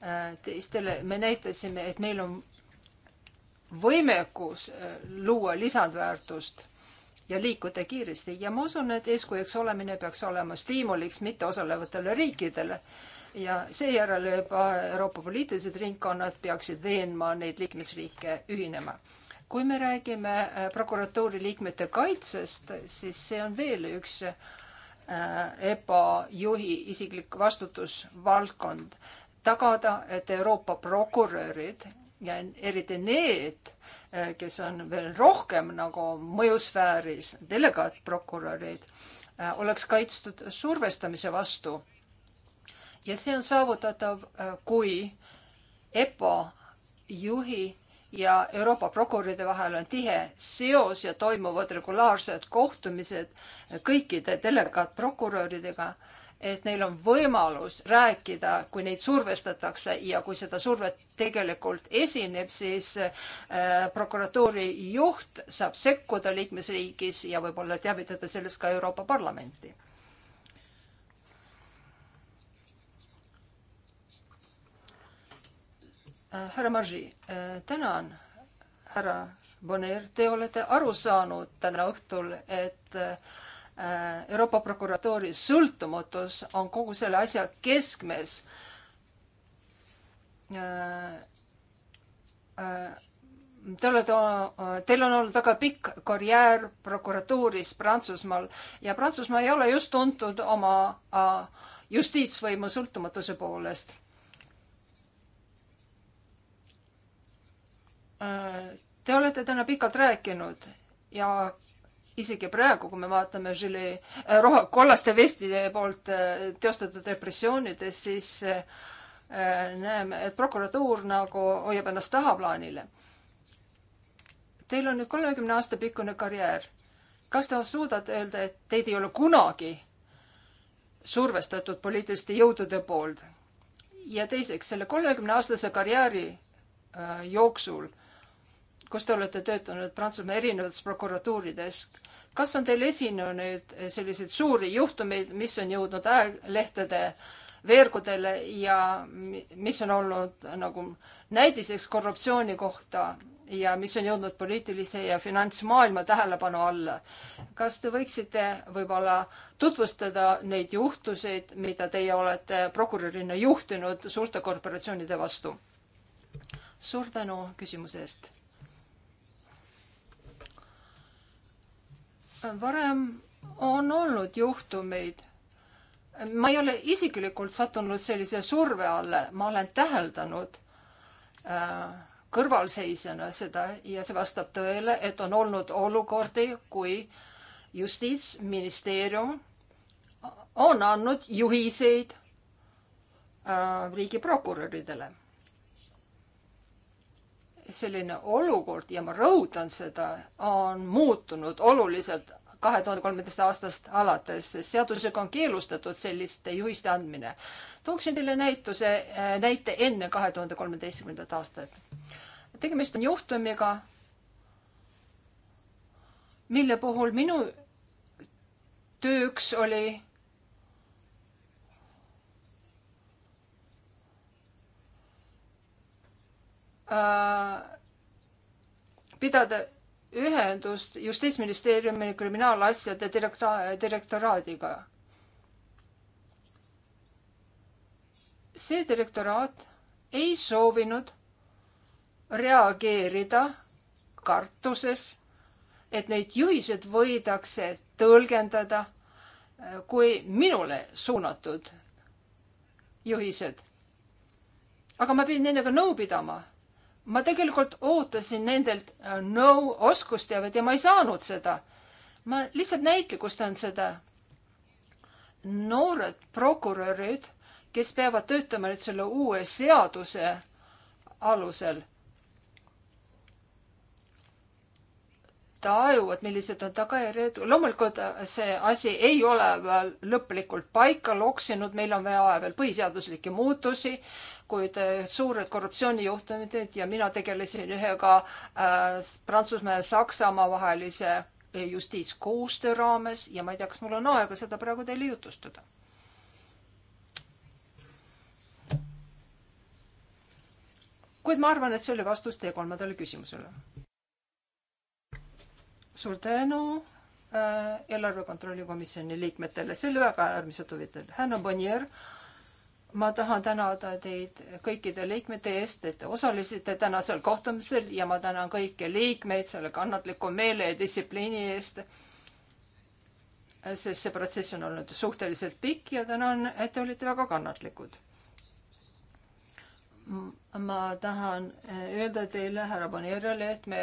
äh, teistele, me näitasime, et meil on võimekus luua lisandväärtust ja liikuda kiiresti ja ma usun, et eeskujuks olemine peaks olema stiimuliks mitteosalevatele riikidele ja seejärel juba Euroopa poliitilised ringkonnad peaksid veenma neid liikmesriike ühinema. kui me räägime äh, prokuratuuri liikmete kaitsest, siis see on veel üks äh, EPA juhi isiklik vastutusvaldkond tagada, et Euroopa prokurörid ja eriti need, eh, kes on veel rohkem nagu mõjusfääris, delegaatprokurörid, eh, oleks kaitstud survestamise vastu. ja see on saavutatav, eh, kui EPPO juhi ja Euroopa prokuröride vahel on tihe seos ja toimuvad regulaarsed kohtumised kõikide delegaatprokuröridega et neil on võimalus rääkida, kui neid survestatakse ja kui seda survet tegelikult esineb, siis äh, prokuratuuri juht saab sekkuda liikmesriigis ja võib-olla teavitada sellest ka Euroopa Parlamenti. Äh, härra Marži, äh, tänan, härra Bonner, te olete aru saanud täna õhtul, et äh, Äh, Euroopa prokuratuuri sõltumatus on kogu selle asja keskmes. Äh, äh, te olete, teil on olnud väga pikk karjäär prokuratuuris Prantsusmaal ja Prantsusmaa ei ole just tuntud oma justiitsvõimu sõltumatuse poolest Te olete täna pikalt rääkinud ja isegi praegu, kui me vaatame žüli äh, roh-, kollaste vestide poolt äh, teostatud repressioonides, siis äh, näeme, et prokuratuur nagu hoiab ennast tahaplaanile. Teil on nüüd kolmekümne aasta pikkune karjäär. kas te suudate öelda, et teid ei ole kunagi survestatud poliitiliste jõudude poolt? ja teiseks, selle kolmekümne aastase karjääri jooksul äh, kus te olete töötanud Prantsusmaa erinevates prokuratuurides. kas on teil esinenud selliseid suuri juhtumeid, mis on jõudnud ajalehtede veergudele ja mis on olnud nagu näidiseks korruptsiooni kohta ja mis on jõudnud poliitilise ja finantsmaailma tähelepanu alla. kas te võiksite võib-olla tutvustada neid juhtuseid, mida teie olete prokurörina juhtinud suurte korporatsioonide vastu? suur tänu küsimuse eest varem on olnud juhtumeid. ma ei ole isiklikult sattunud sellise surve alla, ma olen täheldanud äh, kõrvalseisjana seda ja see vastab tõele, et on olnud olukordi, kui justiitsministeerium on andnud juhiseid äh, riigiprokuröridele selline olukord ja ma rõhutan seda, on muutunud oluliselt kahe tuhande kolmeteist aastast alates, sest seadusega on keelustatud selliste juhiste andmine. tooksin teile näituse, äh, näite enne kahe tuhande kolmeteistkümnendat aastat. tegemist on juhtumiga, mille puhul minu tööks oli Äh, pidada ühendust Justiitsministeeriumi kriminaalasjade direktora-, direktoraadiga. see direktoraat ei soovinud reageerida kartuses, et neid juhiseid võidakse tõlgendada äh, kui minule suunatud juhised. aga ma pidin nendega nõu pidama ma tegelikult ootasin nendelt nõu äh, no, oskusteavet ja ma ei saanud seda. ma lihtsalt näitlikustan seda. noored prokurörid, kes peavad töötama nüüd selle uue seaduse alusel tajuvad, millised on tagajärjed. loomulikult äh, see asi ei ole veel lõplikult paika loksinud, meil on vaja veel põhiseaduslikke muutusi, kuid äh, suured korruptsioonijuhtumid ja mina tegelesin ühega äh, Prantsusmaa ja Saksamaa vahelise äh, justiitskoostöö raames ja ma ei tea, kas mul on aega seda praegu teile jutustada. kuid ma arvan, et see oli vastus teie kolmandale küsimusele suur tänu äh, eelarve kontrolli komisjoni liikmetele, see oli väga äärmiselt huvitav. Hanno Bonnier, ma tahan tänada teid kõikide liikmete eest, et osalesite tänasel kohtumisel ja ma tänan kõiki liikmeid selle kannatliku meele ja distsipliini eest. sest see protsess on olnud suhteliselt pikk ja tänan, et te olite väga kannatlikud ma tahan eh, öelda teile, härra Bonierale, et me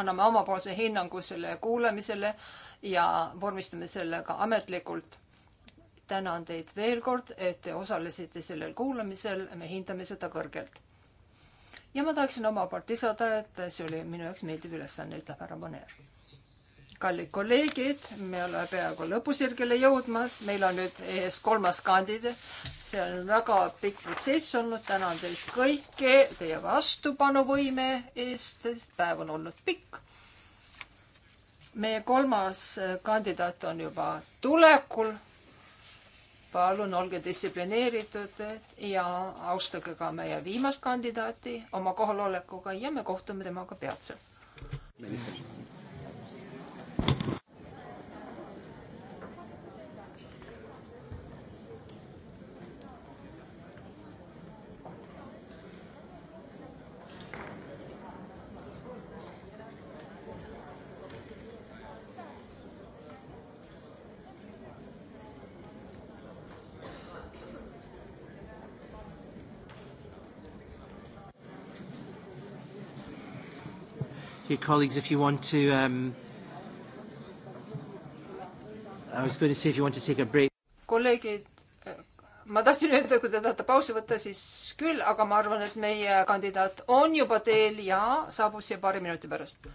anname omapoolse hinnangu selle kuulamisele ja vormistame selle ka ametlikult. tänan teid veel kord, et te osalesite sellel kuulamisel, me hindame seda kõrgelt. ja ma tahaksin oma poolt lisada, et see oli minu jaoks meeldiv ülesanne, ütleb härra Bonier kallid kolleegid, me oleme peaaegu lõpusirgele jõudmas, meil on nüüd ees kolmas kandidaat. see on väga pikk protsess olnud, tänan teid kõiki teie vastupanuvõime eest, sest päev on olnud pikk. meie kolmas kandidaat on juba tulekul. palun olge distsiplineeritud ja austage ka meie viimast kandidaati oma kohalolekuga ja me kohtume temaga peatselt. Many thanks. your colleagues if you want to. Um, I was going to say if you want to take a break. kolleegid, ma tahtsin öelda, kui te tahate pausi võtta, siis küll, aga ma arvan, et meie kandidaat on juba teel ja saabub siia paari minuti pärast.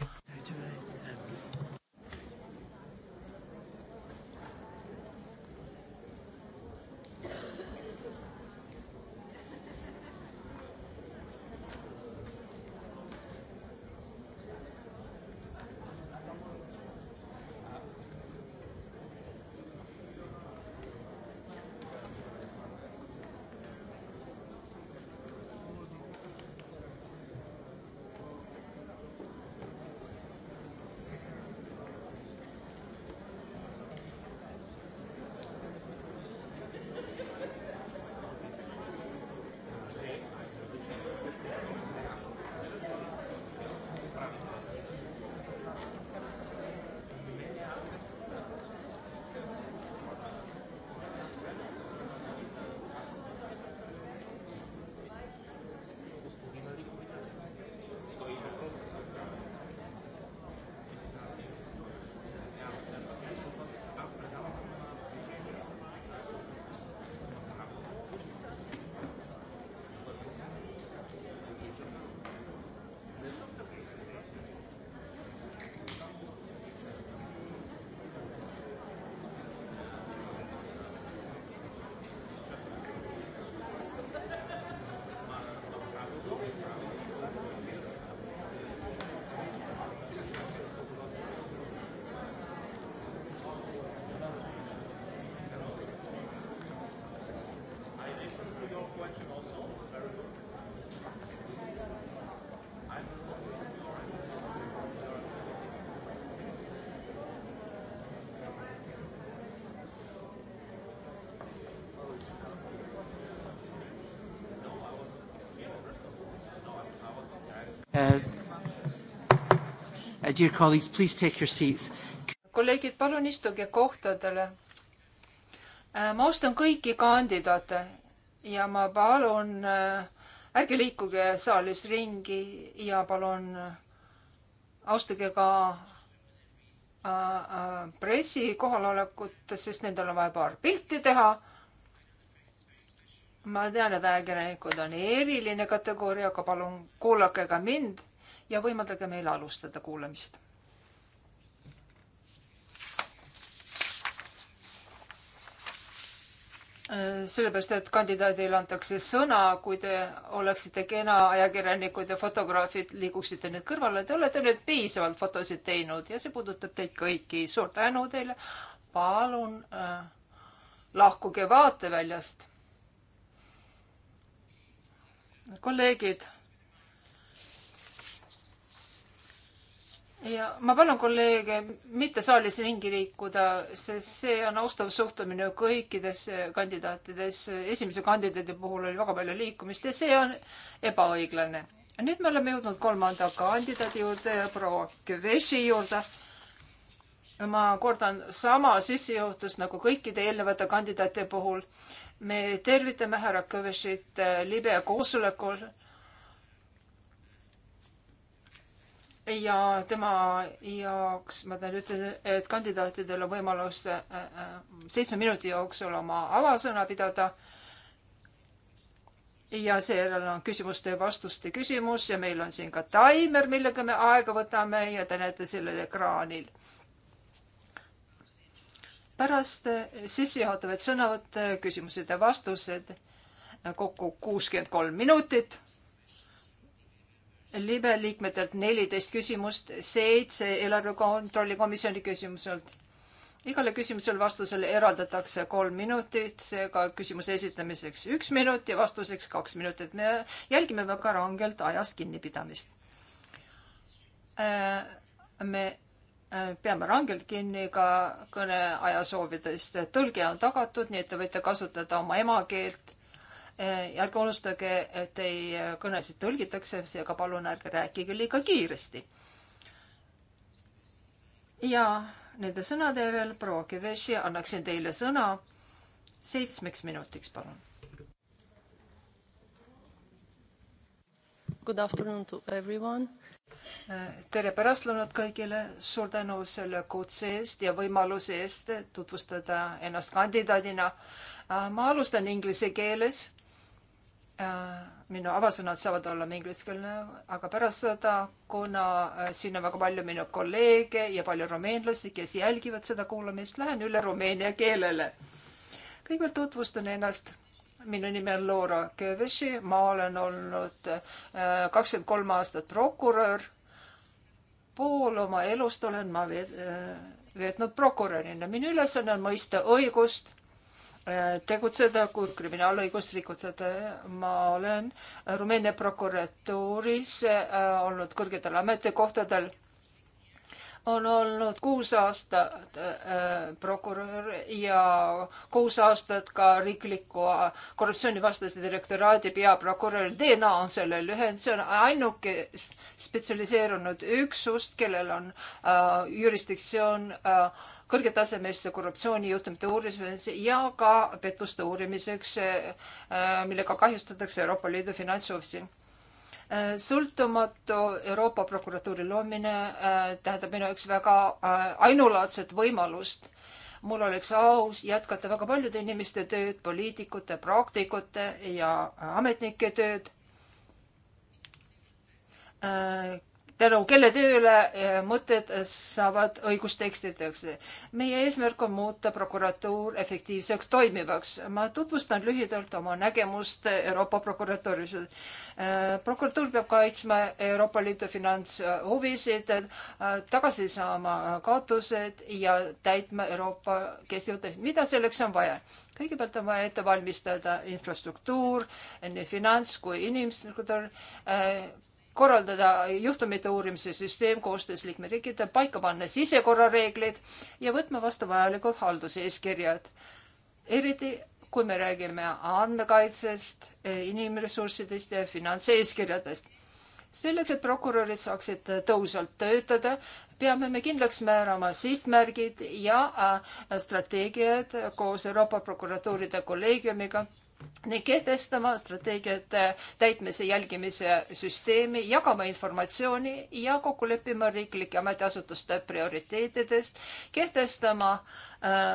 dear colleagues, please take your seats. kolleegid, palun istuge kohtadele. Äh, ma austan kõiki kandidaate ja ma palun, äh, ärge liikuge saalis ringi ja palun äh, austage ka pressi kohalolekut, sest nendel on vaja paar pilti teha. ma tean, et ajakirjanikud on eriline kategooria, aga palun kuulake ka mind ja võimaldage meil alustada kuulamist. sellepärast, et kandidaadile antakse sõna, kui te oleksite kena ajakirjanikud ja fotograafid, liiguksite nüüd kõrvale, te olete nüüd piisavalt fotosid teinud ja see puudutab teid kõiki. suur tänu teile. palun äh, lahkuge vaateväljast kolleegid, ja ma palun kolleege mitte saalis ringi liikuda, sest see on austav suhtumine kõikides kandidaatides. esimese kandidaadi puhul oli väga palju liikumist ja see on ebaõiglane. nüüd me oleme jõudnud kolmanda kandidaadi juurde, proua Kövesi juurde. ma kordan sama sissejuhatust nagu kõikide eelnevate kandidaatide puhul. me tervitame härra Kövesit libe koosolekul ja tema jaoks ma tahan ütelda, et kandidaatidel on võimalus äh, äh, seitsme minuti jooksul oma avasõna pidada. ja seejärel on küsimuste ja vastuste küsimus ja meil on siin ka taimer, millega me aega võtame ja te näete sellel ekraanil pärast sissejuhatavaid sõnavõtte, küsimused ja vastused, kokku kuuskümmend kolm minutit libe liikmetelt neliteist küsimust, seitse eelarve kontrolli komisjoni küsimuselt. igale küsimusele vastusele eraldatakse kolm minutit, seega küsimuse esitamiseks üks minut ja vastuseks kaks minutit. me jälgime väga rangelt ajast kinnipidamist. Äh, me äh, peame rangelt kinni ka kõneaja soovidest. tõlge on tagatud, nii et te võite kasutada oma emakeelt Eh, ärge unustage, et teie kõnesid tõlgitakse, seega palun ärge rääkige liiga kiiresti. ja nende sõnade järel, proua Keveši, annaksin teile sõna seitsmeks minutiks, palun. Good afternoon to everyone. Eh, tere pärastlõunat kõigile, suur tänu selle kutse eest ja võimaluse eest tutvustada ennast kandidaadina. Ah, ma alustan inglise keeles Äh, minu avasõnad saavad olema ingliskeelne, aga pärast seda, kuna äh, siin on väga palju minu kolleege ja palju rumeenlasi, kes jälgivad seda kuulamist, lähen üle rumeenia keelele. kõigepealt tutvustan ennast. minu nimi on Laura Köveši, ma olen olnud äh, kakskümmend kolm aastat prokurör. pool oma elust olen ma veetnud prokurörina. minu ülesanne on mõista õigust tegutseda, kui kriminaalõigust rikutseda. ma olen Rumeenia prokuratuuris äh, olnud kõrgetel ametikohtadel. on olnud kuus aastat äh, prokurör ja kuus aastat ka riikliku äh, korruptsioonivastase direktoraadi peaprokurör. DNA on selle lühend, see on ainuke spetsialiseerunud üksust, kellel on äh, jurisdiktsioon äh, kõrgetasemeliste korruptsioonijuhtumite uurimiseks ja ka pettuste uurimiseks, äh, millega kahjustatakse Euroopa Liidu finantshuvisi äh, sõltumatu Euroopa prokuratuuri loomine äh, tähendab minu jaoks väga ainulaadset võimalust. mul oleks aus jätkata väga paljude inimeste tööd, poliitikute, praktikute ja ametnike tööd tänu kelle tööle eh, mõtted saavad õigustekstideks. meie eesmärk on muuta prokuratuur efektiivseks toimivaks. ma tutvustan lühidalt oma nägemust Euroopa prokuratuuris. Eh, prokuratuur peab kaitsma Euroopa Liidu finantshuvisid, eh, tagasi saama kaotused ja täitma Euroopa kestlikud, mida selleks on vaja kõigepealt on vaja ette valmistada infrastruktuur, nii finants kui inimesed, korraldada juhtumite uurimise süsteem koostöös liikmeriikide, paika panna sisekorrareeglid ja võtma vastu vajalikud halduseeskirjad. eriti kui me räägime andmekaitsest, inimressurssidest ja finantseeskirjadest. selleks, et prokurörid saaksid tõhusalt töötada, peame me kindlaks määrama sihtmärgid ja äh, strateegiad koos Euroopa prokuratuuride kolleegiumiga ning kehtestama strateegiate täitmise jälgimise süsteemi, jagama informatsiooni ja kokku leppima riiklike ametiasutuste prioriteetidest, kehtestama äh,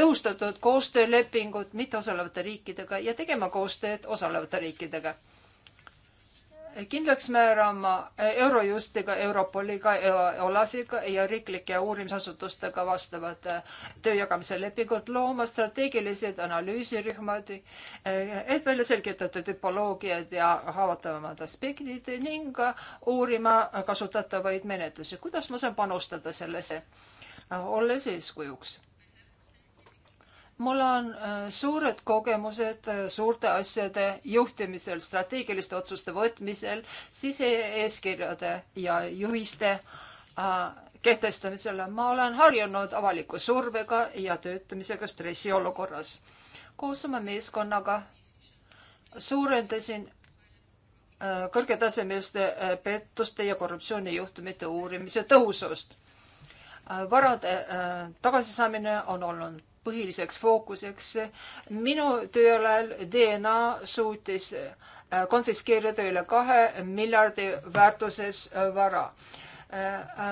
tõhustatud koostöölepingud mitteosalevate riikidega ja tegema koostööd osalevate riikidega kindlaks määrama Eurojustiga, Europoliga, Olafiga ja riiklike uurimisasutustega vastavad äh, tööjagamise lepingud, looma strateegilised analüüsirühmad, äh, et välja selgitada tüpoloogiad ja haavatavamad aspektid ning uurima kasutatavaid menetlusi. kuidas ma saan panustada sellesse, äh, olles eeskujuks? mul on äh, suured kogemused äh, suurte asjade juhtimisel, strateegiliste otsuste võtmisel, sise-eeskirjade ja juhiste äh, kehtestamisel. ma olen harjunud avaliku survega ja töötamisega stressiolukorras. koos oma meeskonnaga suurendasin kõrgetasemeliste pettuste ja korruptsioonijuhtumite uurimise tõhusust varade tagasisaamine on olnud põhiliseks fookuseks. minu tööalal DNA suutis äh, konfiskeerida üle kahe miljardi väärtuses äh, vara äh,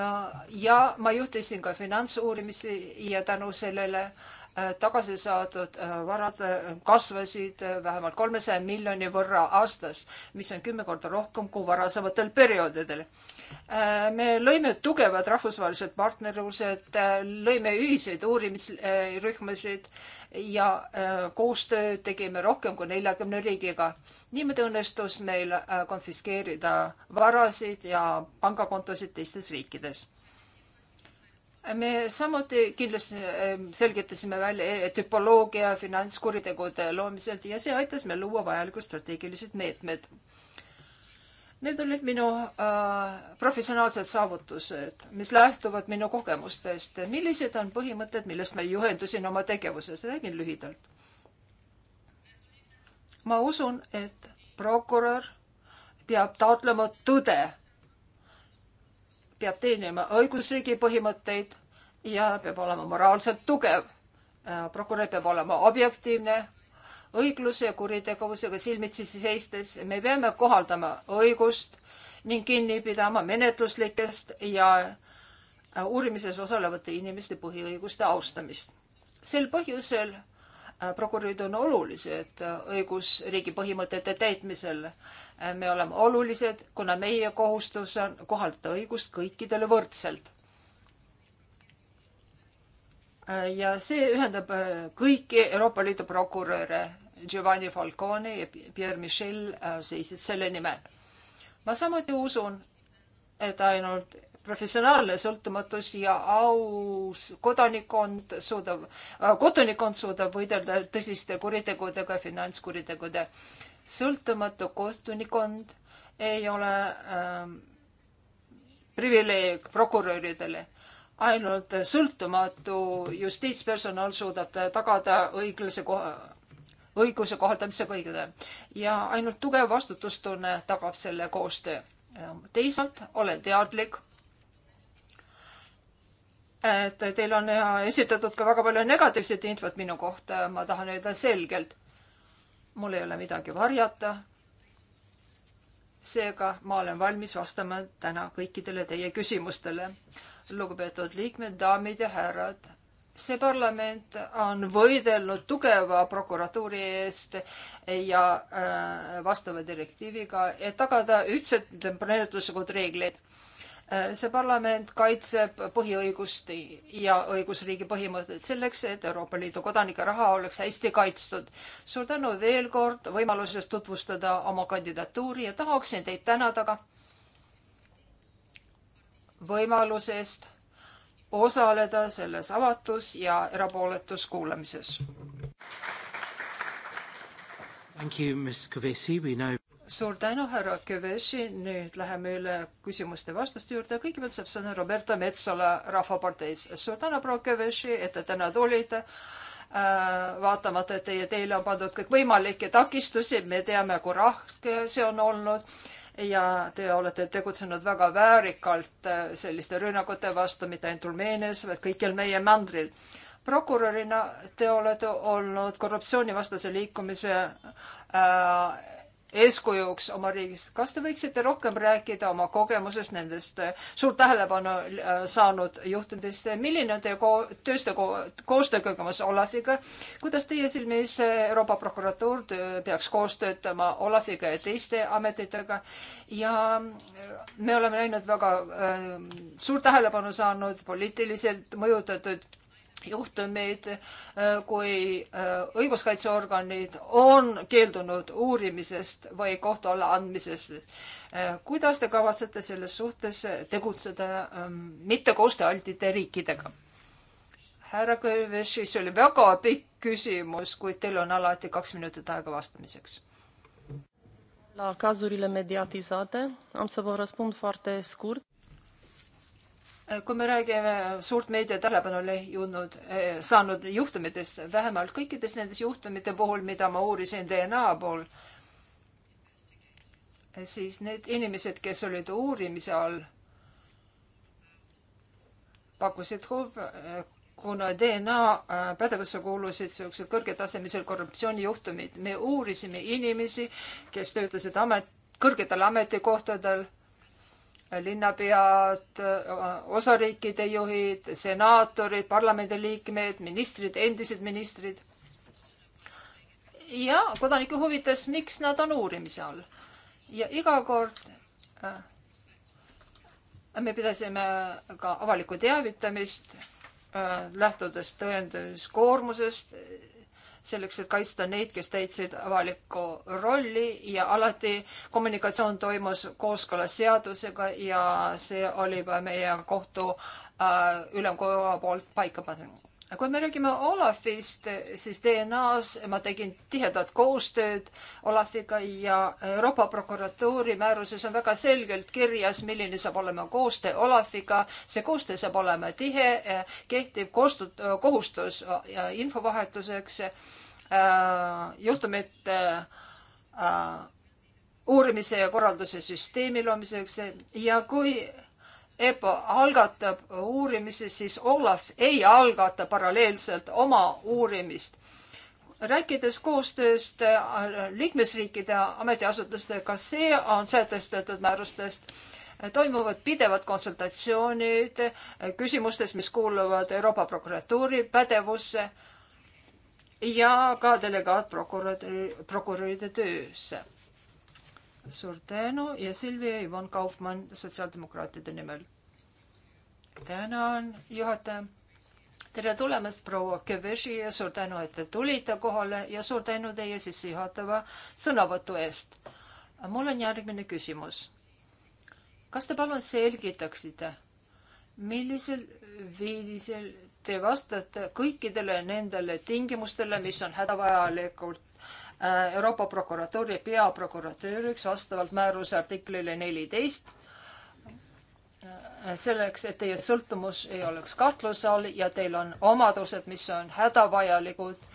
ja ma juhtisin ka finantsuurimisi ja tänu sellele tagasi saadud varad kasvasid vähemalt kolmesaja miljoni võrra aastas, mis on kümme korda rohkem kui varasematel perioodidel Äh, me lõime tugevad rahvusvahelised partnerlused, äh, lõime ühiseid uurimisrühmasid ja äh, koostööd tegime rohkem kui neljakümne riigiga. niimoodi õnnestus meil konfiskeerida varasid ja pangakontosid teistes riikides. me samuti kindlasti selgitasime välja tüpoloogia finantskuritegude loomiselt ja see aitas meil luua vajalikud strateegilised meetmed Need olid minu äh, professionaalsed saavutused, mis lähtuvad minu kogemustest. millised on põhimõtted, millest ma juhendusin oma tegevuses, räägin lühidalt. ma usun, et prokurör peab taotlema tõde, peab teenima õigusriigi põhimõtteid ja peab olema moraalselt tugev. Äh, prokurör peab olema objektiivne õigluse ja kuritegevusega silmitsi seistes me peame kohaldama õigust ning kinni pidama menetluslikest ja äh, uurimises osalevate inimeste põhiõiguste austamist. sel põhjusel äh, prokurörid on olulised äh, õigusriigi põhimõtete täitmisel. me oleme olulised, kuna meie kohustus on kohaldada õigust kõikidele võrdselt ja see ühendab äh, kõiki Euroopa Liidu prokuröre. Giovanni Falcone ja Pierre Michel äh, seisid selle nimel. ma samuti usun, et ainult professionaalne sõltumatus ja aus kodanikkond suudab, äh, kodanikkond suudab võidelda tõsiste kuritegudega, finantskuritegudega. sõltumatu kohtunikkond ei ole ähm, privileeg prokuröridele ainult sõltumatu justiitspersonal suudab tagada õiglase koha, õiguse kohaldamise kõigile ja ainult tugev vastutustunne tagab selle koostöö. teisalt olen teadlik, et teil on esitatud ka väga palju negatiivset infot minu kohta, ma tahan öelda selgelt, mul ei ole midagi varjata. seega ma olen valmis vastama täna kõikidele teie küsimustele lugupeetud liikmed, daamid ja härrad. see parlament on võidelnud tugeva prokuratuuri eest ja äh, vastava direktiiviga, et tagada ühtsed menetluslikud reeglid äh, see parlament kaitseb põhiõigust ja õigusriigi põhimõtteid selleks, et Euroopa Liidu kodanike raha oleks hästi kaitstud. suur tänu veel kord võimalusest tutvustada oma kandidatuuri ja tahaksin teid tänada ka võimaluse eest osaleda selles avatus ja erapooletus kuulamises. Now... suur tänu, härra Kövesi, nüüd läheme üle küsimuste-vastuste juurde, kõigepealt saab sõna Roberta Metsola Rahvaparteis. suur tänu, proua Kövesi, et te täna tulite äh, vaatamata, et teie teile on pandud kõikvõimalikke takistusi, me teame, kui raske see on olnud ja te olete tegutsenud väga väärikalt äh, selliste rünnakute vastu, mitte ainult Rumeenias, vaid kõikjal meie mandril. prokurörina te olete olnud korruptsioonivastase liikumise äh, eeskujuks oma riigis. kas te võiksite rohkem rääkida oma kogemusest nendest äh, suurt tähelepanu äh, saanud juhtudest, milline on teie ko tööste ko koostöö kogemus Olafiga, kuidas teie silmis Euroopa prokuratuur äh, peaks koos töötama Olafiga ja teiste ametitega ja me oleme näinud väga äh, suurt tähelepanu saanud poliitiliselt mõjutatud juhtumeid, äh, kui äh, õiguskaitseorganid on keeldunud uurimisest või kohtu alla andmisest. Äh, kuidas te kavatsete selles suhtes tegutseda ähm, mitte koostööaltide riikidega? härra Kõlvis, siis oli väga pikk küsimus, kuid teil on alati kaks minutit aega vastamiseks. La cazurile mediatizate am să vă răspund foarte scurt kui me räägime suurt meedia tähelepanule jõudnud, eh, saanud juhtumitest, vähemalt kõikides nendes juhtumite puhul, mida ma uurisin DNA pool, eh, siis need inimesed, kes olid uurimise all, pakkusid huvi, eh, kuna DNA pädevusse kuulusid niisugused kõrgetasemelised korruptsioonijuhtumid. me uurisime inimesi, kes töötasid amet, kõrgetel ametikohtadel linnapead, osariikide juhid, senaatorid, parlamendiliikmed, ministrid, endised ministrid. ja kodanike huvides, miks nad on uurimise all. ja iga kord äh, me pidasime ka avalikku teavitamist äh,, lähtudes tõendamiskoormusest selleks, et kaitsta neid, kes täitsid avalikku rolli ja alati kommunikatsioon toimus kooskõlas seadusega ja see oli meie kohtu äh, ülemkoja poolt paika pandud kui me räägime Olafist, siis DNA-s ma tegin tihedat koostööd Olafiga ja Euroopa prokuratuuri määruses on väga selgelt kirjas, milline saab olema koostöö Olafiga. see koostöö saab olema tihe, kehtib koostu-, kohustus infovahetuseks, äh, juhtumite äh, uurimise ja korralduse süsteemi loomiseks ja kui EPPO algatab uurimisi, siis Olav ei algata paralleelselt oma uurimist. rääkides koostööst äh, liikmesriikide ametiasutustega, see on sätestatud määrustest toimuvad pidevad konsultatsioonid äh, küsimustes, mis kuuluvad Euroopa prokuratuuri pädevusse ja ka delegaatprokuröride, prokuröride töösse suur tänu ja Silvia Ivon Kaufmann sotsiaaldemokraatide nimel. tänan, juhataja. tere tulemast, proua Keveši ja suur tänu, et te tulite kohale ja suur tänu teie sissejuhatava sõnavõtu eest. mul on järgmine küsimus. kas te palun selgitaksite, millisel viisil te vastate kõikidele nendele tingimustele, mis on hädavajalikud Äh, Euroopa prokuratuuri peaprokuratuuriks vastavalt määruse artiklile neliteist äh, selleks, et teie sõltumus ei oleks kahtluse all ja teil on omadused, mis on hädavajalikud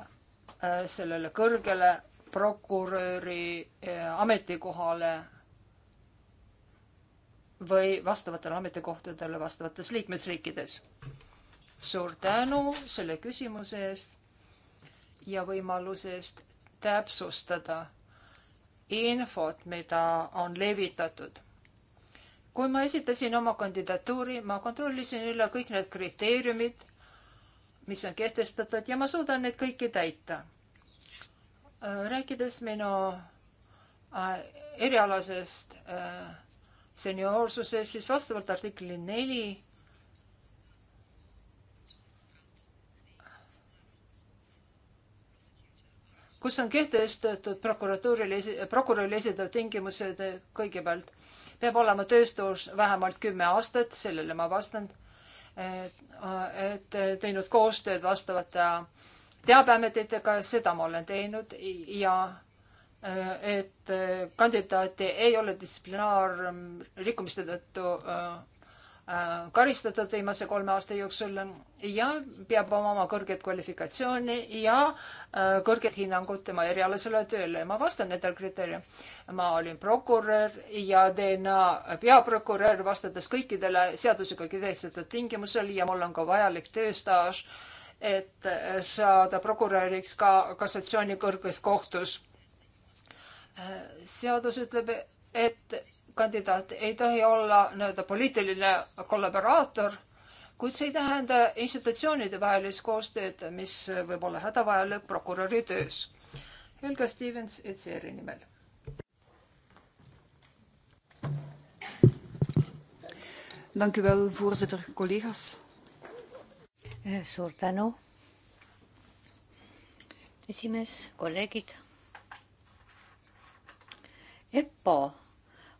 äh, sellele kõrgele prokuröri ametikohale või vastavatele ametikohtadele vastavates liikmesriikides. suur tänu selle küsimuse eest ja võimaluse eest täpsustada infot, mida on levitatud. kui ma esitasin oma kandidatuuri, ma kontrollisin üle kõik need kriteeriumid, mis on kehtestatud ja ma suudan neid kõiki täita. rääkides minu äh, erialasest äh, senioorsusest, siis vastavalt artikli neli kus on kehtestatud prokuratuurile, prokurörile esitatud tingimused kõigepealt. peab olema tööstus vähemalt kümme aastat, sellele ma vastan, et teinud koostööd vastavate teabeametitega, seda ma olen teinud ja et kandidaati ei ole distsiplinaarrikkumiste tõttu Äh, karistatud viimase kolme aasta jooksul ja peab omama kõrget kvalifikatsiooni ja äh, kõrget hinnangut tema erialasele tööle. ma vastan nendel kriteeriumil. ma olin prokurör ja DNA peaprokurör, vastates kõikidele seadusega kehtestatud tingimusel ja mul on ka vajalik tööstaaž, et äh, saada prokuröriks ka kassatsiooni kõrges kohtus seadus ütleb, et kandidaat ei tohi olla nii-öelda poliitiline kollaboraator, kuid see ei tähenda institutsioonide vahelist koostööd, mis võib olla hädavajalik prokuröri töös. Helga Stevens ECR-i nimel. Dank u wel, voorzitter, collega's. Suur tänu, esimees, kolleegid. EPPO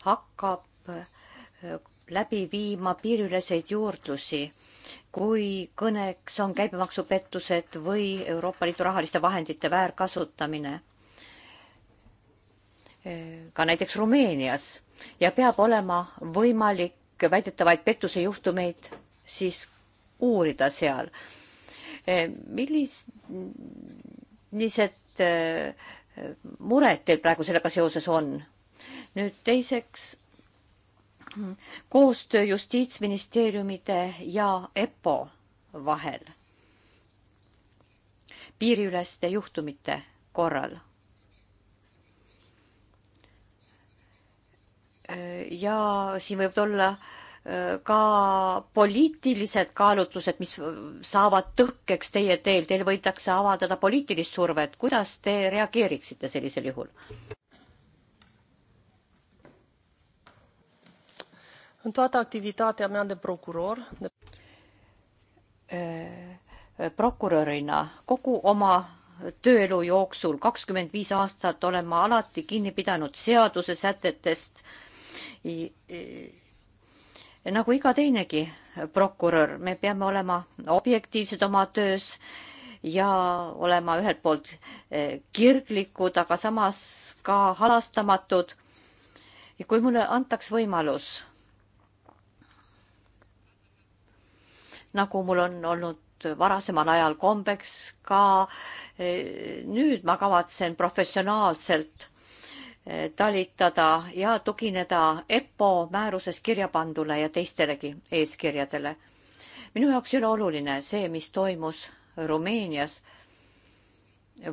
hakkab äh, läbi viima piiriüleseid juurdlusi, kui kõneks on käibemaksupettused või Euroopa Liidu rahaliste vahendite väärkasutamine. Äh, ka näiteks Rumeenias ja peab olema võimalik väidetavaid pettusejuhtumeid siis uurida seal. Äh, millised mured teil praegu sellega seoses on? nüüd teiseks koostöö justiitsministeeriumide ja EPPO vahel piiriüleste juhtumite korral. ja siin võivad olla äh, ka poliitilised kaalutlused, mis saavad tõkkeks teie teel, teil võidakse avaldada poliitilist survet, kuidas te reageeriksite sellisel juhul? În toată activitatea mea de prokuror, de... Eh, prokurörina kogu oma tööelu jooksul kakskümmend viis aastat olen ma alati kinni pidanud seaduse sätetest. nagu iga teinegi prokurör, me peame olema objektiivsed oma töös ja olema ühelt poolt eh, kirglikud, aga samas ka halastamatud. kui mulle antaks võimalus nagu mul on olnud varasemal ajal kombeks ka eh, nüüd ma kavatsen professionaalselt eh, talitada ja tugineda EPPO määruses kirja pandule ja teistelegi eeskirjadele. minu jaoks ei ole oluline see, mis toimus Rumeenias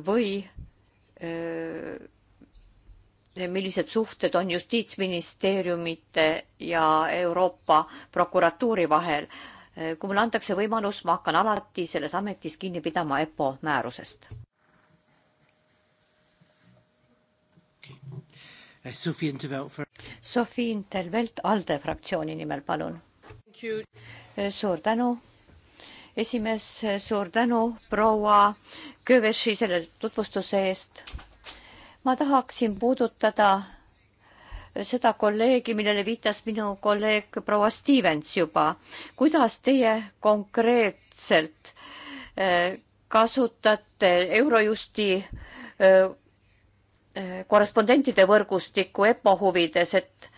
või öö, eh, millised suhted on justiitsministeeriumite ja Euroopa prokuratuuri vahel kui mulle antakse võimalus, ma hakkan alati selles ametis kinni pidama EPPO määrusest. Uh, Sofi Intervelt ALDE fraktsiooni nimel, palun. Eh, suur tänu, esimees, eh, suur tänu, proua Köveši selle tutvustuse eest. ma tahaksin puudutada seda kolleegi, millele viitas minu kolleeg proua Stevens juba. kuidas teie konkreetselt eh, kasutate Eurojusti eh, eh, korrespondentide võrgustikku EPO huvides, et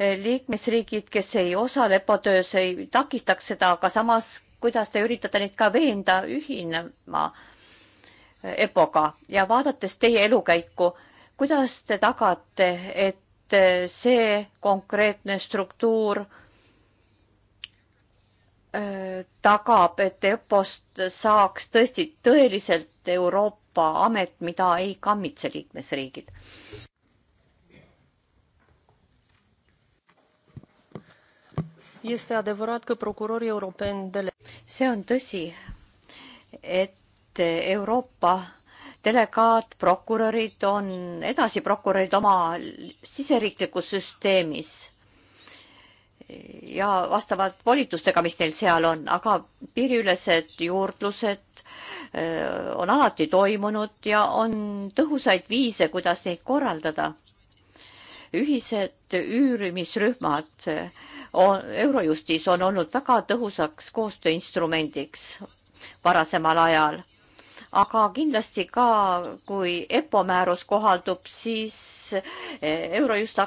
liikmesriigid, kes ei osale EPO töös, ei takistaks seda, aga samas, kuidas te üritate neid ka veenda ühinema EPO-ga ja vaadates teie elukäiku, kuidas te tagate, et et eh, see konkreetne struktuur eh, tagab, et EPPO-st saaks tõesti tõeliselt Euroopa amet, mida ei kammitse liikmesriigid. see on tõsi, et Euroopa delegaat, prokurörid on edasi prokurörid oma siseriiklikus süsteemis ja vastavalt volitustega, mis neil seal on, aga piiriülesed juurdlused äh, on alati toimunud ja on tõhusaid viise, kuidas neid korraldada. ühised üürimisrühmad äh, Eurojustis on olnud väga tõhusaks koostööinstrumendiks varasemal ajal aga kindlasti ka, kui EPPO määrus kohaldub, siis eh, Eurojust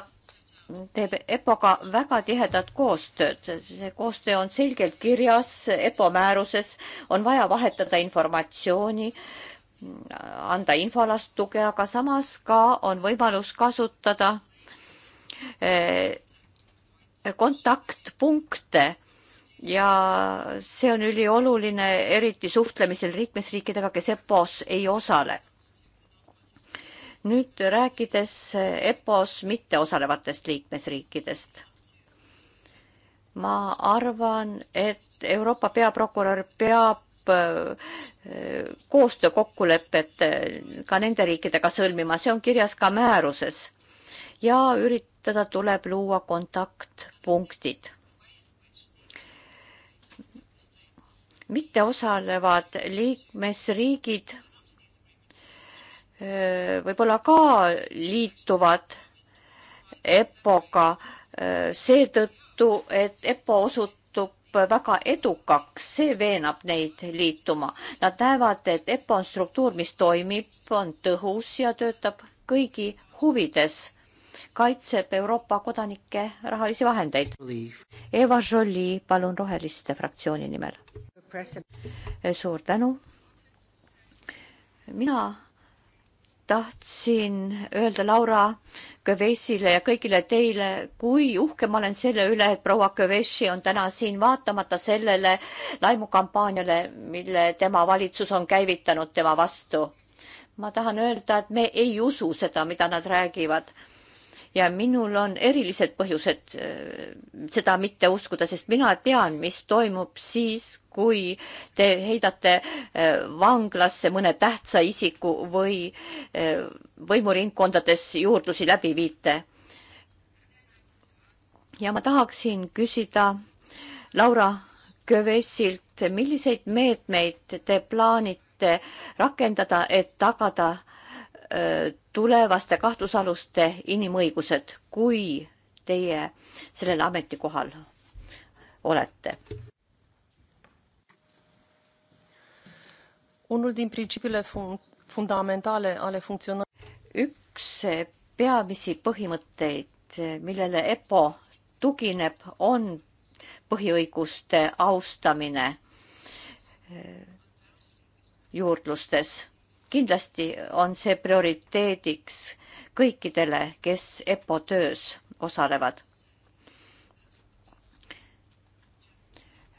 teeb EPPO-ga väga tihedat koostööd. see koostöö on selgelt kirjas EPPO määruses, on vaja vahetada informatsiooni anda infolast tuge, aga samas ka on võimalus kasutada eh, kontaktpunkte ja see on ülioluline, eriti suhtlemisel liikmesriikidega, kes EPO-s ei osale. nüüd rääkides EPO-s mitteosalevatest liikmesriikidest. ma arvan, et Euroopa peaprokurör peab äh, koostöökokkulepet äh, ka nende riikidega sõlmima, see on kirjas ka määruses ja üritada tuleb luua kontaktpunktid mitteosalevad liikmesriigid võib-olla ka liituvad EPO-ga seetõttu, et EPO osutub väga edukaks, see veenab neid liituma. Nad näevad, et EPO on struktuur, mis toimib, on tõhus ja töötab kõigi huvides, kaitseb Euroopa kodanike rahalisi vahendeid. Eva Jolie, palun Roheliste fraktsiooni nimel suur tänu. mina tahtsin öelda Laura Kövesile ja kõigile teile, kui uhke ma olen selle üle, et proua Köveši on täna siin, vaatamata sellele laimukampaaniale, mille tema valitsus on käivitanud tema vastu. ma tahan öelda, et me ei usu seda, mida nad räägivad ja minul on erilised põhjused äh, seda mitte uskuda, sest mina tean, mis toimub siis, kui te heidate äh, vanglasse mõne tähtsa isiku või äh, võimuringkondades juurdlusi läbi viite. ja ma tahaksin küsida Laura Kövesilt, milliseid meetmeid te plaanite rakendada, et tagada Äh, tulevaste kahtlusaluste inimõigused, kui teie sellel ametikohal olete? üks peamisi põhimõtteid, millele EPO tugineb, on põhiõiguste austamine äh, juurdlustes kindlasti on see prioriteediks kõikidele, kes EPPO töös osalevad.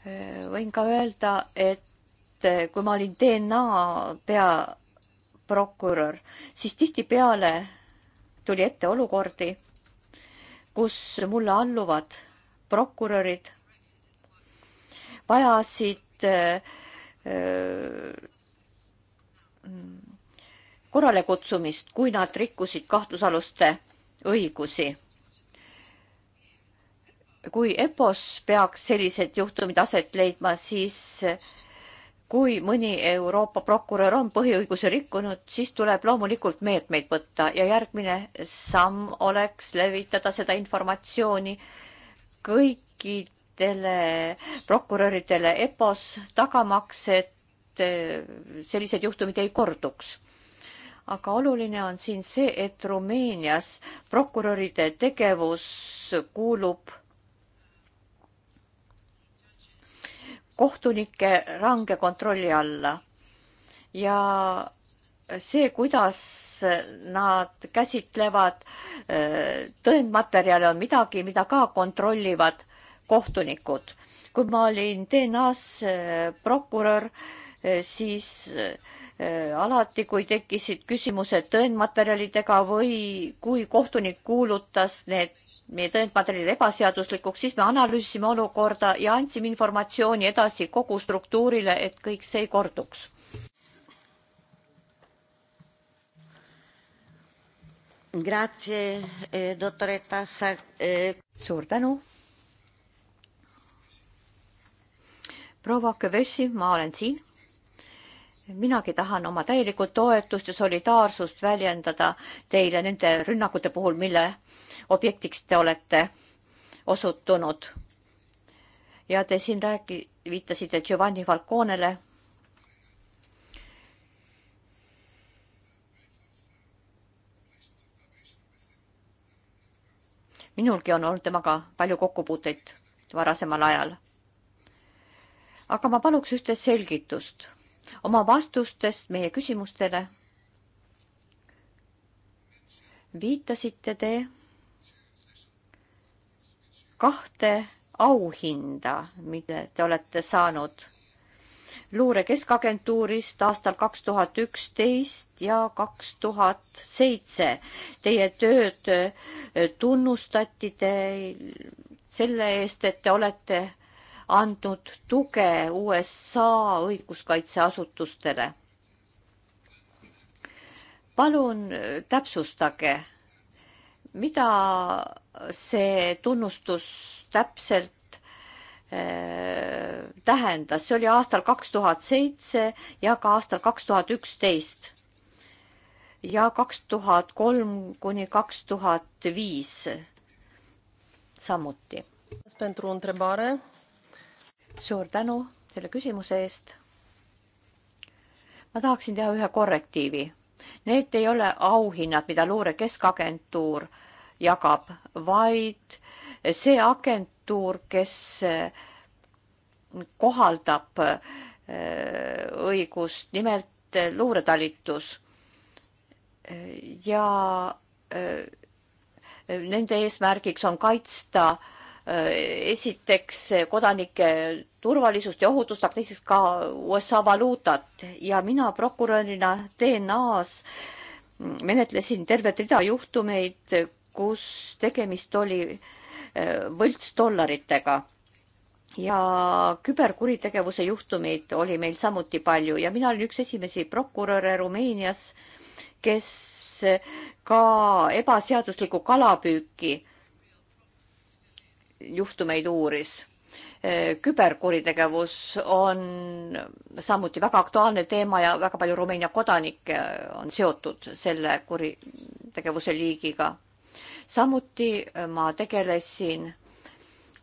võin ka öelda, et kui ma olin DNA peaprokurör, siis tihtipeale tuli ette olukordi, kus mulle alluvad prokurörid vajasid öö, äh, öö, äh, korralekutsumist, kui nad rikkusid kahtlusaluste õigusi. kui EPOs peaks sellised juhtumid aset leidma, siis kui mõni Euroopa prokurör on põhiõigusi rikkunud, siis tuleb loomulikult meetmeid võtta ja järgmine samm oleks levitada seda informatsiooni kõikidele prokuröridele EPOs, tagamaks, et eh, sellised juhtumid ei korduks aga oluline on siin see, et Rumeenias prokuröride tegevus kuulub kohtunike range kontrolli alla ja see, kuidas nad käsitlevad äh, tõendmaterjale, on midagi, mida ka kontrollivad kohtunikud. kui ma olin DNA-s äh, prokurör, äh, siis Äh, alati, kui tekkisid küsimused tõendmaterjalidega või kui kohtunik kuulutas need meie tõendmaterjalid ebaseaduslikuks, siis me analüüsisime olukorda ja andsime informatsiooni edasi kogu struktuurile, et kõik see ei korduks. Grazie, eh, doktoretta eh.... suur tänu. proua Kövesi, ma olen siin minagi tahan oma täielikku toetust ja solidaarsust väljendada teile nende rünnakute puhul, mille objektiks te olete osutunud. ja te siin räägi-, viitasite Giovanni Falconele. minulgi on olnud temaga palju kokkupuuteid varasemal ajal. aga ma paluks ühte selgitust oma vastustest meie küsimustele viitasite te kahte auhinda, mille te olete saanud luure keskagentuurist aastal kaks tuhat üksteist ja kaks tuhat seitse. Teie tööd tunnustati teil selle eest, et te olete andnud tuge USA õiguskaitseasutustele. palun täpsustage, mida see tunnustus täpselt äh, tähendas, see oli aastal kaks tuhat seitse ja ka aastal kaks tuhat üksteist ja kaks tuhat kolm kuni kaks tuhat viis samuti. pentru întrebare suur tänu selle küsimuse eest. ma tahaksin teha ühe korrektiivi. Need ei ole auhinnad, mida Luure Keskagentuur jagab, vaid see agentuur, kes mm, kohaldab äh, õigust, nimelt äh, luuretalitus. Äh, ja nende eesmärgiks on kaitsta äh, Äh, esiteks kodanike turvalisust ja ohutust, aga teiseks ka USA valuutat ja mina prokurörina DNA-s menetlesin tervet rida juhtumeid, kus tegemist oli äh, võltsdollaritega. ja küberkuritegevuse juhtumeid oli meil samuti palju ja mina olin üks esimesi prokuröre Rumeenias, kes ka ebaseaduslikku kalapüüki äh, juhtumeid uuris. Eh, küberkuritegevus on samuti väga aktuaalne teema ja väga palju Rumeenia kodanikke on seotud selle kuritegevuse liigiga. samuti eh, ma tegelesin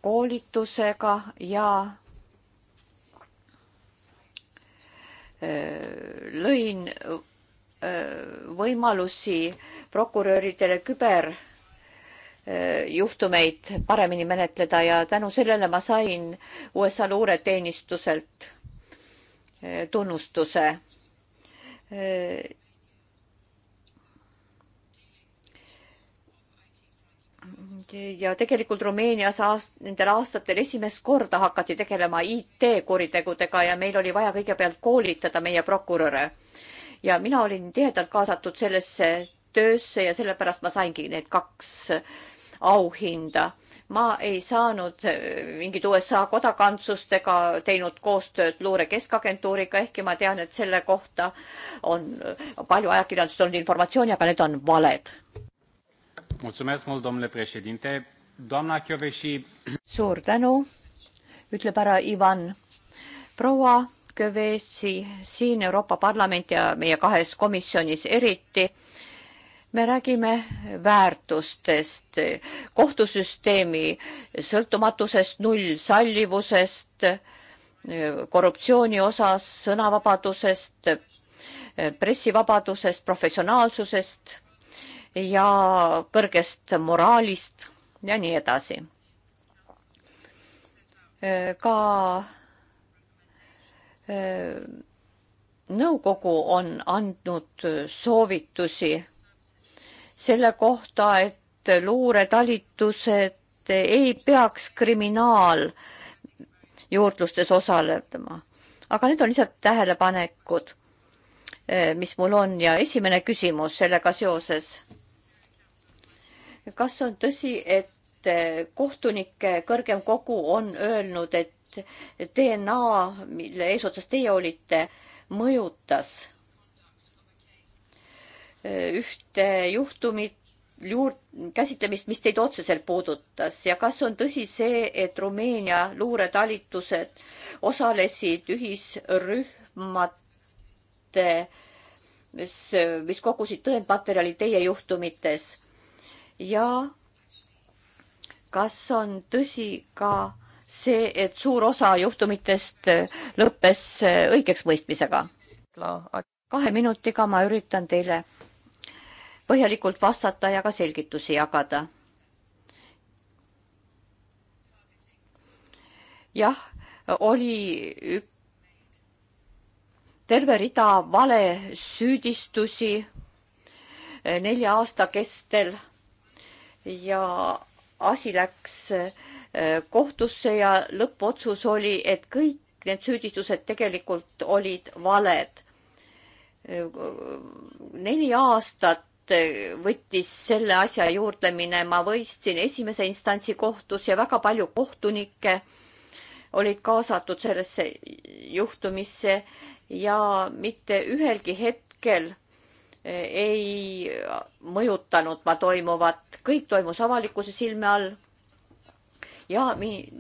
koolitusega ja eh, lõin võimalusi prokuröridele küber juhtumeid paremini menetleda ja tänu sellele ma sain USA luureteenistuselt eh, tunnustuse. Eh, ja tegelikult Rumeenias aast-, nendel aastatel esimest korda hakati tegelema IT-kuritegudega ja meil oli vaja kõigepealt koolitada meie prokuröre. ja mina olin tihedalt kaasatud sellesse töösse ja sellepärast ma saingi need kaks auhinda. ma ei saanud äh, mingit USA kodakondsust ega teinud koostööd luure keskagentuuriga, ehkki ma tean, et selle kohta on äh, palju ajakirjandusest olnud informatsiooni, aga need on valed. suur tänu, ütleb härra Ivan. proua Kövesi siin Euroopa Parlamendi ja meie kahes komisjonis eriti me räägime väärtustest, kohtusüsteemi sõltumatusest, nullsallivusest, korruptsiooni osas, sõnavabadusest, pressivabadusest, professionaalsusest ja kõrgest moraalist ja nii edasi. ka eh, nõukogu on andnud soovitusi selle kohta, et luuretalitused ei peaks kriminaaljuurdlustes osalema. aga need on lihtsalt tähelepanekud, eh, mis mul on ja esimene küsimus sellega seoses. kas on tõsi, et eh, kohtunike kõrgem kogu on öelnud, et DNA, mille eesotsas teie olite, mõjutas Eh, ühte juhtumit juur-, käsitlemist, mis teid otseselt puudutas ja kas on tõsi see, et Rumeenia luuretalitused osalesid ühisrühmades, mis kogusid tõendmaterjali teie juhtumites ja kas on tõsi ka see, et suur osa juhtumitest lõppes õigeksmõistmisega? kahe minutiga ma üritan teile põhjalikult vastata ja ka selgitusi jagada. jah, oli terve rida valesüüdistusi eh, nelja aasta kestel ja asi läks eh, kohtusse ja lõppotsus oli, et kõik need süüdistused tegelikult olid valed. Eh, neli aastat Äh, võttis selle asja juurde minema, võistsin esimese instantsi kohtus ja väga palju kohtunikke olid kaasatud sellesse juhtumisse ja mitte ühelgi hetkel äh, ei mõjutanud ma toimuvat, kõik toimus avalikkuse silme all. ja mi-,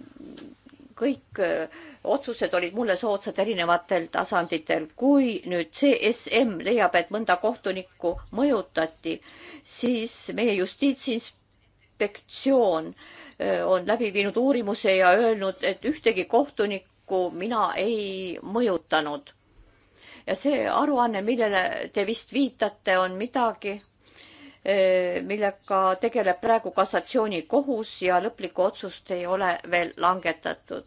kõik äh, otsused olid mulle soodsad erinevatel tasanditel. kui nüüd CSM leiab, et mõnda kohtunikku mõjutati, siis meie justiitsinspektsioon äh, on läbi viinud uurimuse ja öelnud, et ühtegi kohtunikku mina ei mõjutanud. ja see aruanne, millele te vist viitate, on midagi Eh, millega tegeleb praegu kassatsioonikohus ja lõplikku otsust ei ole veel langetatud.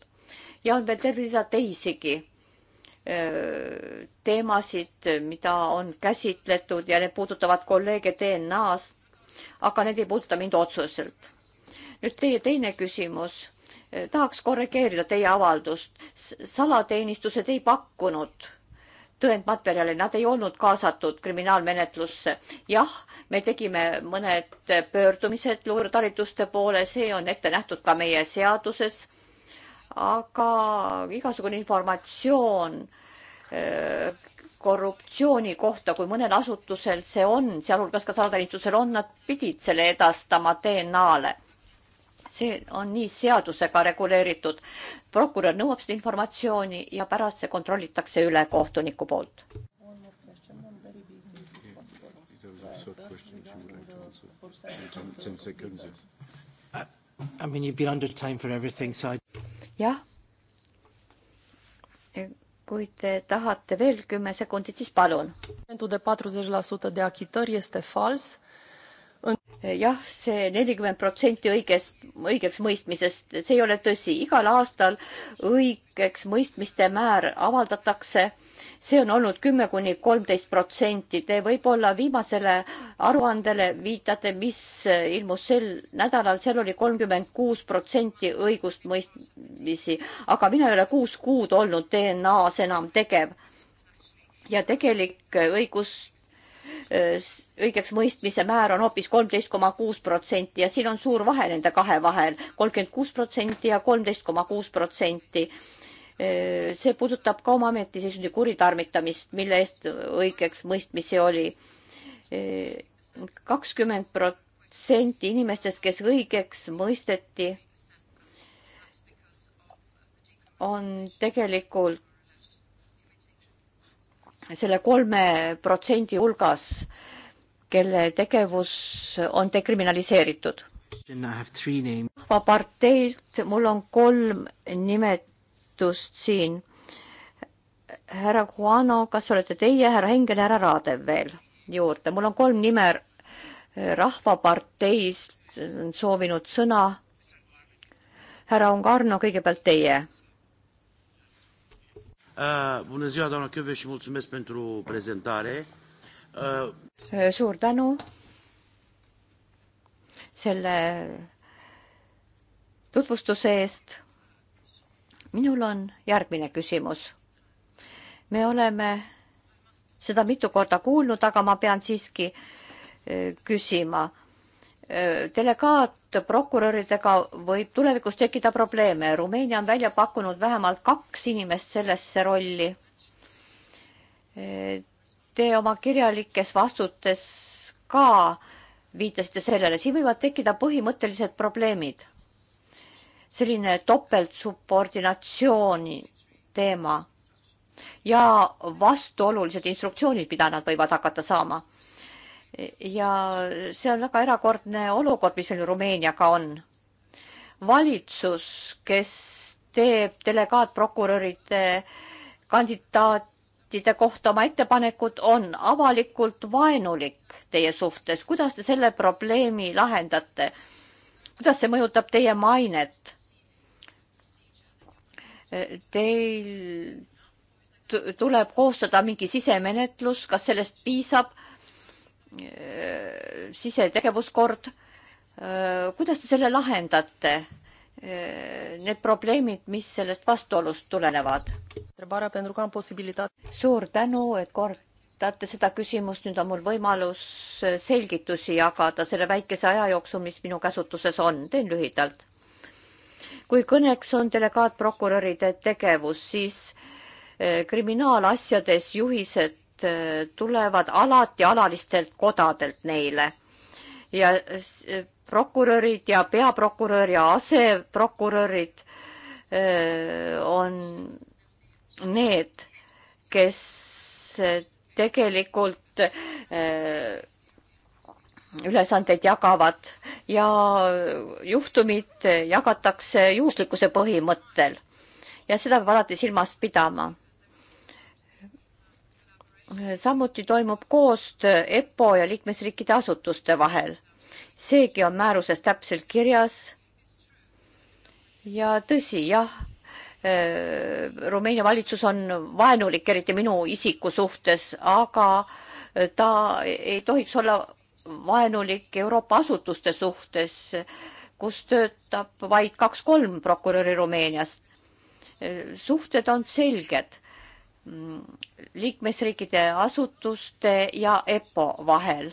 ja on veel terve rida teisigi eh, teemasid, mida on käsitletud ja need puudutavad kolleege DNA-s, aga need ei puuduta mind otseselt. nüüd teie teine küsimus. Eh, tahaks korrigeerida teie avaldust. salateenistused ei pakkunud tõendmaterjali, nad ei olnud kaasatud kriminaalmenetlusse. jah, me tegime mõned pöördumised luuretarituste poole, see on ette nähtud ka meie seaduses. aga igasugune informatsioon äh, korruptsiooni kohta, kui mõnel asutusel see on, sealhulgas ka salatalitlusel on, nad pidid selle edastama DNA-le see on nii seadusega reguleeritud. prokurör nõuab seda informatsiooni ja pärast see kontrollitakse üle kohtuniku poolt. jah. kui te tahate veel kümme sekundit, siis palun. de patruzeci la sută de achitări este fals jah see, see nelikümmend protsenti õigest, õigeks mõistmisest, see ei ole tõsi, igal aastal õigeks mõistmiste määr avaldatakse. see on olnud kümme kuni kolmteist protsenti, te võib-olla viimasele aruandele viitate, mis ilmus sel nädalal, seal oli kolmkümmend kuus protsenti õigust mõistmisi, aga mina ei ole kuus kuud olnud DNA-s enam tegev ja tegelik õigus õigeks mõistmise määr on hoopis kolmteist koma kuus protsenti ja siin on suur vahe nende kahe vahel, kolmkümmend kuus protsenti ja kolmteist koma kuus protsenti. see puudutab ka oma ametiseisundi kuritarvitamist, mille eest õigeks mõistmisi oli kakskümmend protsenti inimestest, kes õigeks mõisteti, on tegelikult selle kolme protsendi hulgas, kelle tegevus on dekriminaliseeritud. rahvaparteilt mul on kolm nimetust siin. härra Guano, kas olete teie, härra Engel ja härra Raadev veel juurde? mul on kolm nime Rahvaparteist soovinud sõna. härra Ungarno, kõigepealt teie Uh, bună ziua, doamna Chiove, și mulțumesc pentru prezentare. Uh, Suur tänu selle tutvustuse eest. minul on järgmine küsimus. me oleme seda mitu korda kuulnud, aga ma pean siiski äh, küsima delegaatprokuröridega võib tulevikus tekkida probleeme. Rumeenia on välja pakkunud vähemalt kaks inimest sellesse rolli. Te oma kirjalikes vastutes ka viitasite sellele, siin võivad tekkida põhimõttelised probleemid. selline topeltsubordinatsiooni teema ja vastuolulised instruktsioonid, mida nad võivad hakata saama ja see on väga erakordne olukord, mis meil Rumeeniaga on. valitsus, kes teeb delegaatprokuröride kandidaatide kohta oma ettepanekud, on avalikult vaenulik teie suhtes. kuidas te selle probleemi lahendate? kuidas see mõjutab teie mainet? Teil tuleb koostada mingi sisemenetlus, kas sellest piisab? Äh, sisetegevuskord. Äh, kuidas te selle lahendate? Äh, need probleemid, mis sellest vastuolust tulenevad? suur tänu, et kordate seda küsimust, nüüd on mul võimalus selgitusi jagada selle väikese aja jooksul, mis minu käsutuses on, teen lühidalt. kui kõneks on delegaatprokuröride tegevus, siis kriminaalasjades juhised Äh, tulevad alati alalistelt kodadelt neile ja äh, prokurörid ja peaprokurör ja aseprokurörid äh, on need, kes tegelikult ülesandeid jagavad ja juhtumid jagatakse juhuslikkuse põhimõttel ja seda peab alati silmas pidama samuti toimub koostöö EPPO ja liikmesriikide asutuste vahel. seegi on määruses täpselt kirjas. ja tõsi, jah, e, Rumeenia valitsus on vaenulik, eriti minu isiku suhtes, aga ta ei tohiks olla vaenulik Euroopa asutuste suhtes, kus töötab vaid kaks-kolm prokuröri Rumeeniast. E, suhted on selged liikmesriikide asutuste ja EPPO vahel.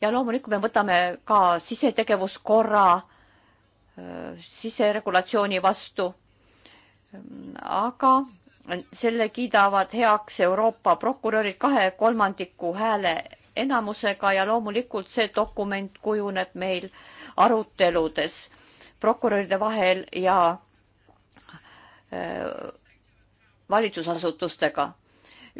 ja loomulikult me võtame ka sisetegevuskorra äh, siseregulatsiooni vastu. aga selle kiidavad heaks Euroopa prokurörid kahe kolmandiku hääle enamusega ja loomulikult see dokument kujuneb meil aruteludes prokuröride vahel ja öö, äh, valitsusasutustega.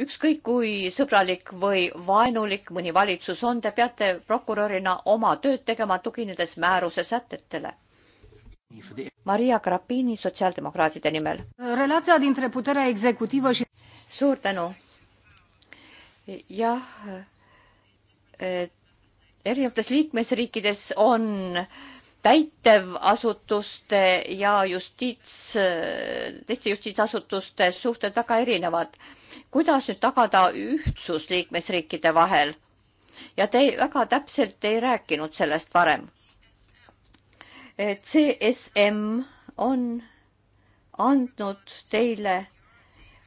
ükskõik kui sõbralik või vaenulik mõni valitsus on, te peate prokurörina oma tööd tegema, tuginedes määruse sätetele. Maria Grapini sotsiaaldemokraatide nimel. suur tänu. jah, eh, erinevates liikmesriikides on äh, täitevasutuste ja justiits, teiste justiitsasutuste suhted väga erinevad. kuidas nüüd tagada ühtsus liikmesriikide vahel? ja te ei, väga täpselt ei rääkinud sellest varem. CSM on andnud teile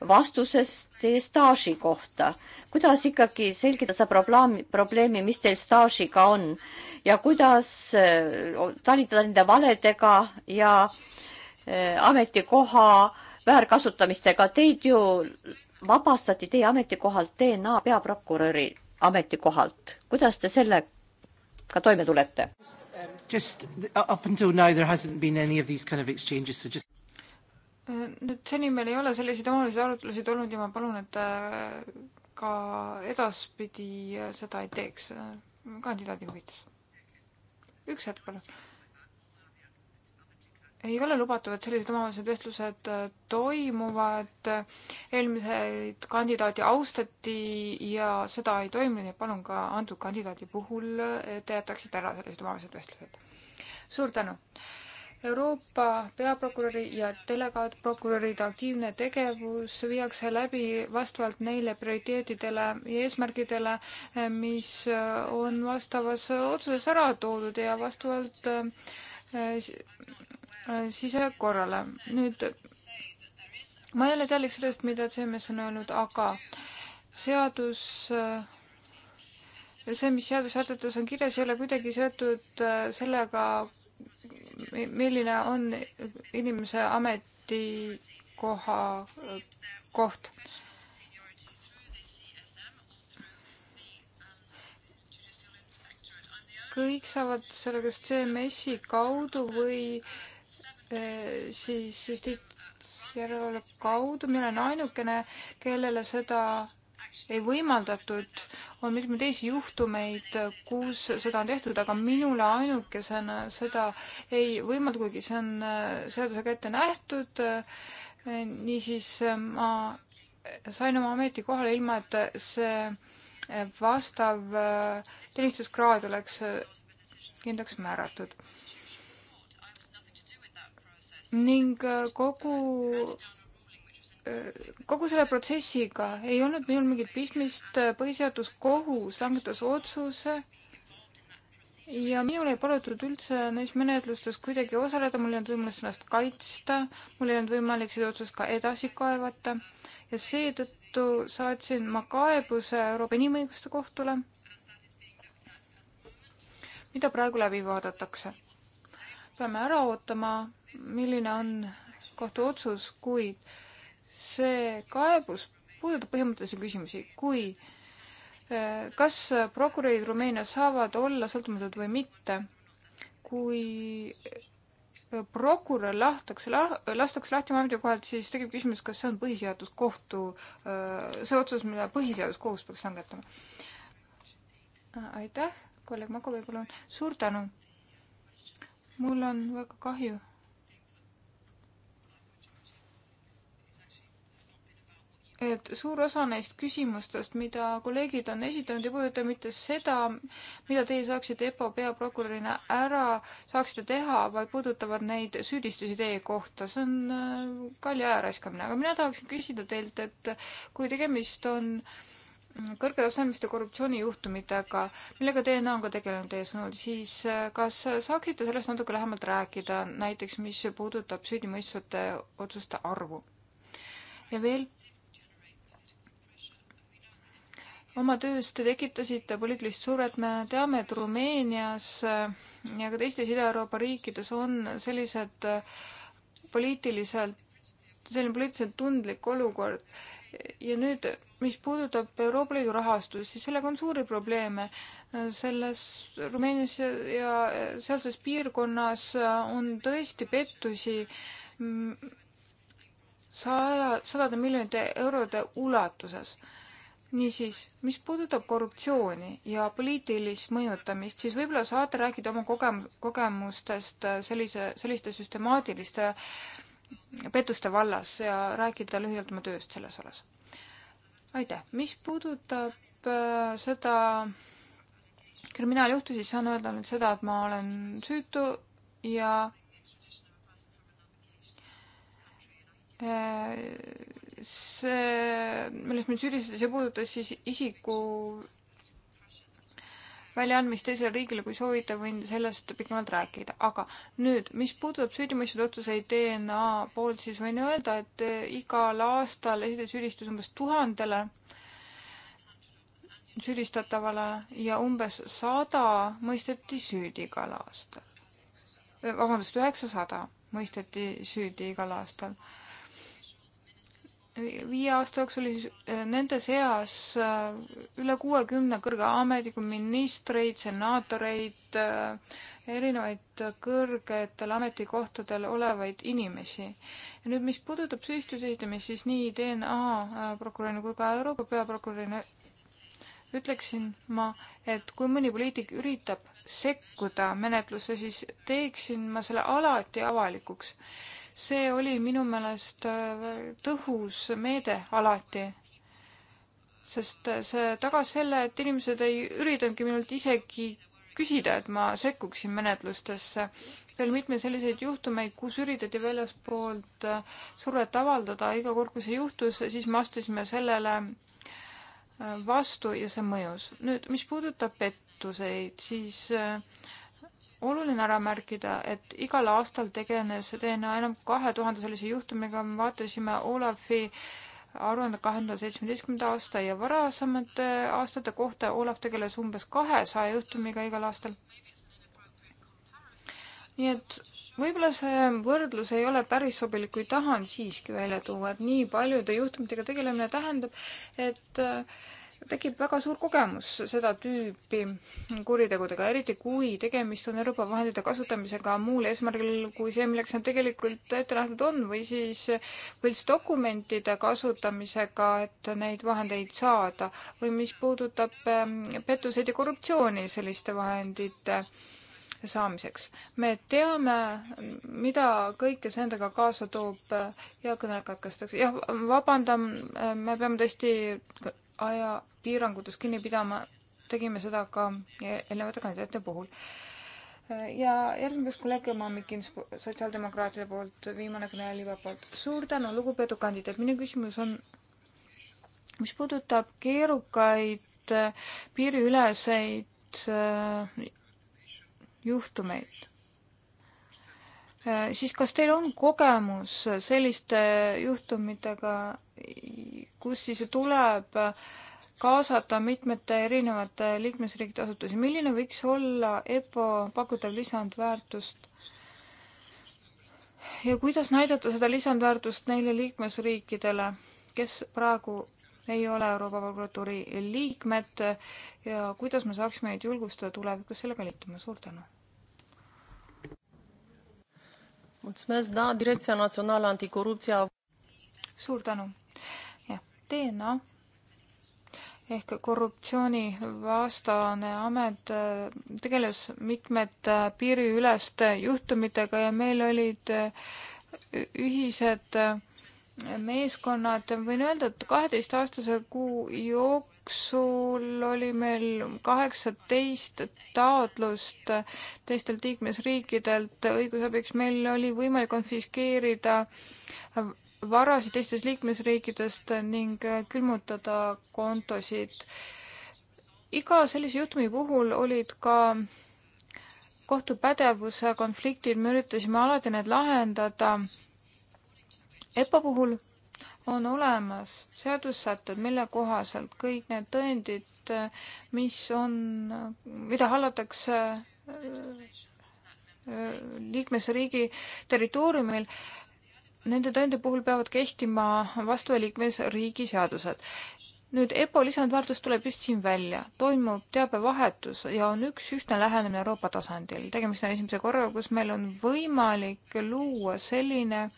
vastusest teie staaži kohta. kuidas ikkagi selgida seda probleemi, probleemi, mis teil staažiga on ja kuidas eh, talitada nende valedega ja eh, ametikoha väärkasutamistega. Teid ju vabastati teie ametikohalt DNA peaprokuröri ametikohalt. kuidas te sellega toime tulete? Just uh, up until now there hasn't been any of these kind of exchanges, so just Nüüd seni meil ei ole selliseid omavahelisi arutlusid olnud ja ma palun, et äh, ka edaspidi äh, seda ei teeks äh, kandidaadi huvides. üks hetk, palun. ei ole lubatud, et sellised omavahelised vestlused toimuvad. eelmiseid kandidaati austati ja seda ei toimu, nii et palun ka antud kandidaadi puhul te jätaksite ära sellised omavahelised vestlused. suur tänu Euroopa peaprokuröri ja delegaatprokuröride aktiivne tegevus viiakse läbi vastavalt neile prioriteetidele ja eesmärgidele, mis on vastavas otsuses ära toodud ja vastavalt äh, äh, sisekorrale. nüüd ma ei ole teadlik sellest, mida CMS on öelnud, aga seadus äh, see, mis seadusesätetes on kirjas, ei ole kuidagi seotud sellega, milline on inimese ametikoha äh, koht. kõik saavad selle kas CMS-i kaudu või äh, siis justiitsjärelevalve kaudu, mina olen ainukene, kellele seda ei võimaldatud, on mitmeid teisi juhtumeid, kus seda on tehtud, aga minule ainukesena seda ei võimalda, kuigi see on äh, seadusega ette nähtud. Äh, niisiis äh, ma sain oma ametikohale ilma, et see vastav teenistuskraad oleks kindlaks määratud. ning kogu kogu selle protsessiga ei olnud minul mingit pistmist, põhiseaduskohus langetas otsuse ja minul ei palutud üldse neis menetlustes kuidagi osaleda, mul ei olnud võimalust ennast kaitsta, mul ei olnud võimalik seda otsust ka edasi kaevata ja seetõttu saatsin ma kaebuse Euroopa Inimõiguste Kohtule, mida praegu läbi vaadatakse. peame ära ootama, milline on kohtuotsus, kuid see kaebus puudutab põhimõttelisi küsimusi, kui eh, kas prokurörid Rumeenias saavad olla sõltumatud või mitte, kui eh, prokurör lahtakse lah-, lastakse lahti oma ametikohalt, siis tekib küsimus, kas see on põhiseaduskohtu, eh, see otsus, mida põhiseaduskohus peaks langetama. aitäh, kolleeg Mako, võib-olla on, suur tänu. mul on väga kahju et suur osa neist küsimustest, mida kolleegid on esitanud, ei puuduta mitte seda, mida teie saaksite EPPO peaprokurörina ära, saaksite teha, vaid puudutavad neid süüdistusi teie kohta. see on äh, kalja aja raiskamine, aga mina tahaksin küsida teilt, et kui tegemist on kõrgetasemeliste korruptsioonijuhtumitega, millega DNA on ka tegelenud teie sõnul, siis äh, kas saaksite sellest natuke lähemalt rääkida, näiteks mis puudutab süüdimõistvate otsuste arvu? ja veel oma töös te tekitasite poliitilist survet, me teame, et Rumeenias äh, ja ka teistes Ida-Euroopa riikides on sellised äh, poliitiliselt, selline poliitiliselt tundlik olukord. ja nüüd, mis puudutab Euroopa Liidu rahastust, siis sellega on suuri probleeme. selles Rumeenias ja sealses piirkonnas äh, on tõesti pettusi mm, saja, sadade miljonite eurode ulatuses niisiis, mis puudutab korruptsiooni ja poliitilist mõjutamist, siis võib-olla saate rääkida oma kogem-, kogemustest äh, sellise, selliste süstemaatiliste äh, pettuste vallas ja rääkida lühidalt oma tööst selles osas. aitäh, mis puudutab äh, seda kriminaaljuhtu, siis saan öelda nüüd seda, et ma olen süütu ja see, millest mind süüdistati, see puudutas siis isiku väljaandmist teisele riigile, kui soovite, võin sellest pikemalt rääkida, aga nüüd, mis puudutab süüdimõistvaid otsuseid DNA poolt, siis võin öelda, et eh, igal aastal esitati süüdistus umbes tuhandele süüdistatavale ja umbes sada mõisteti süüdi igal aastal. Eh, vabandust, üheksasada mõisteti süüdi igal aastal viie aasta jooksul oli siis äh, nende seas äh, üle kuuekümne kõrge ametniku, ministreid, senaatoreid, äh, erinevaid kõrgetel ametikohtadel olevaid inimesi. ja nüüd, mis puudutab süüstuse esitamist, siis nii DNA prokurörina kui ka Euroopa peaprokurörina ütleksin ma, et kui mõni poliitik üritab sekkuda menetlusse, siis teeksin ma selle alati avalikuks see oli minu meelest äh, tõhus meede alati. sest äh, see tagas selle, et inimesed ei üritanudki minult isegi küsida, et ma sekkuksin menetlustesse. veel mitmeid selliseid juhtumeid, kus üritati väljaspoolt äh, survet avaldada, iga kord, kui see juhtus, siis me astusime sellele vastu ja see mõjus. nüüd, mis puudutab pettuseid, siis äh, oluline ära märkida, et igal aastal tegeles DNA enam kui kahe tuhande sellise juhtumiga, me vaatasime Olavi aruande kahe tuhande seitsmeteistkümnenda aasta ja varasemate aastate kohta Olav tegeles umbes kahesaja juhtumiga igal aastal. nii et võib-olla see võrdlus ei ole päris sobilik, kuid tahan siiski välja tuua, et nii paljude juhtumitega tegelemine tähendab, et äh, tekib väga suur kogemus seda tüüpi kuritegudega, eriti kui tegemist on Euroopa vahendite kasutamisega muul eesmärgil kui see, milleks nad tegelikult ette nähtud on või siis võltsdokumentide kasutamisega, et neid vahendeid saada või mis puudutab ähm, pettuseid ja korruptsiooni selliste vahendite saamiseks. me teame, mida kõike see endaga kaasa toob äh, ja kõnekatkestakse. jah, vabandan, äh, me peame tõesti ajapiirangutest kinni pidama, tegime seda ka eelnevate kandidaatide puhul. ja järgmiseks kolleeg Jõma Mikin sotsiaaldemokraatide poolt, viimane kõne Liiva poolt. suur tänu, lugupeetud kandidaat, minu küsimus on, mis puudutab keerukaid äh, piiriüleseid äh, juhtumeid Äh, siis kas teil on kogemus selliste juhtumitega, kus siis tuleb kaasata mitmete erinevate liikmesriikide asutusi, milline võiks olla EPO pakutav lisandväärtust? ja kuidas näidata seda lisandväärtust neile liikmesriikidele, kes praegu ei ole Euroopa prokuratuuri liikmed ja kuidas me saaksime neid julgustada tulevikus sellega liituma, suur tänu! Mulțumesc, da, Direcția Națională Anticorupție a... suur tänu, jah, DNA ehk korruptsioonivastane amet eh, tegeles mitmete eh, piiriüleste juhtumitega ja meil olid eh, ühised meeskonnad, võin öelda, et kaheteistaastase kuu jooksul jooksul oli meil kaheksateist taotlust teistelt liikmesriikidelt õigusabiks. meil oli võimalik konfiskeerida varasid teistest liikmesriikidest ning külmutada kontosid. iga sellise juhtumi puhul olid ka kohtupädevuse konfliktid, me üritasime alati need lahendada EPPO puhul on olemas seadussätted, mille kohaselt kõik need tõendid, mis on, mida hallatakse äh, liikmesriigi territooriumil, nende tõendite puhul peavad kehtima vastava liikmesriigi seadused. nüüd EPO lisandväärtus tuleb just siin välja, toimub teabevahetus ja on üks ühtne lähenemine Euroopa tasandil. tegemist on esimese korraga, kus meil on võimalik luua selline äh,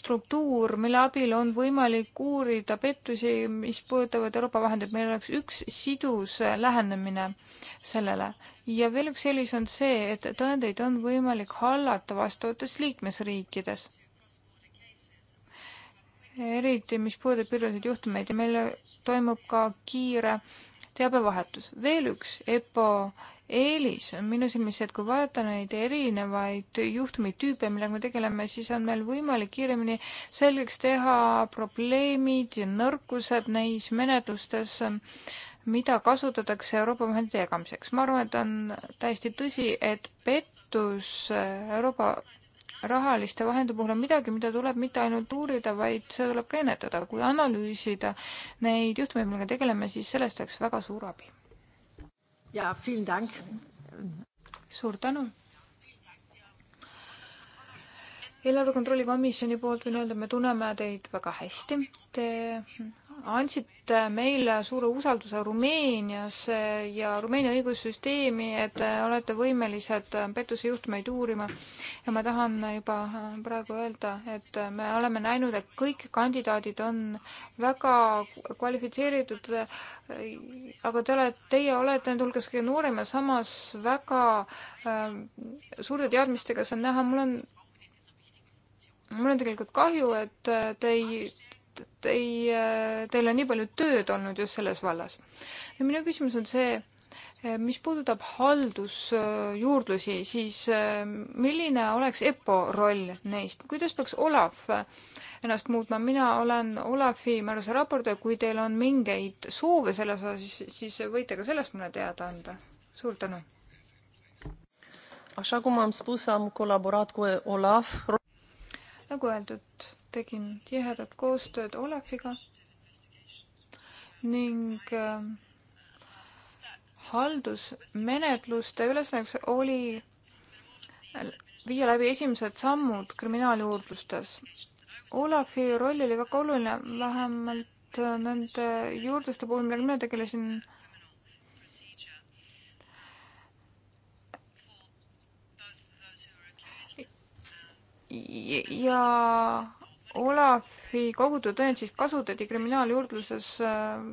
struktuur, mille abil on võimalik uurida pettusi, mis puudutavad Euroopa vahendeid, meil oleks üks sidus lähenemine sellele. ja veel üks eelis on see, et tõendeid on võimalik hallata vastavates liikmesriikides. eriti, mis puudutab piiriüleseid juhtumeid ja meil toimub ka kiire teabevahetus. veel üks EPPO eelis on minu silmis see, et kui vaadata neid erinevaid juhtumitüüpe, millega me tegeleme, siis on meil võimalik kiiremini selgeks teha probleemid ja nõrkused neis menetlustes, mida kasutatakse Euroopa vahendite jagamiseks. ma arvan, et on täiesti tõsi, et pettus Euroopa rahaliste vahendite puhul on midagi, mida tuleb mitte ainult uurida, vaid seda tuleb ka ennetada. kui analüüsida neid juhtumeid, millega tegeleme, siis sellest oleks väga suur abi ja vielen Dank. suur tänu. eelarve kontrolli komisjoni poolt võin öelda, et me tunneme teid väga hästi. Te andsite meile suure usalduse Rumeenias ja Rumeenia õigussüsteemi, et olete võimelised pettusejuhtumeid uurima. ja ma tahan juba praegu öelda, et me oleme näinud, et kõik kandidaadid on väga kvalifitseeritud, aga te olete, teie olete nende hulgas kõige noorem ja samas väga äh, suurte teadmistega, see on näha, mul on mul on tegelikult kahju, et te ei teie, teil on nii palju tööd olnud just selles vallas. ja minu küsimus on see, eh, mis puudutab haldusjuurdlusi, siis eh, milline oleks EPPO roll neist, kuidas peaks Olav eh, ennast muutma, mina olen Olavi määruse raportöö, kui teil on mingeid soove selles osas, siis, siis võite ka sellest mulle teada anda. suur tänu! Așa cum am spus, am colaborat cu Olaf. Nagu öeldud, tegin tihedat koostööd Olefiga ning äh, haldusmenetluste ülesanneks oli äh, viia läbi esimesed sammud kriminaaljuurdlustes. Olafi roll oli väga oluline, vähemalt äh, nende juurdluste puhul, millega mina tegelesin ja Olafi kogutud tõendid siis kasutati kriminaaljuurdluses äh,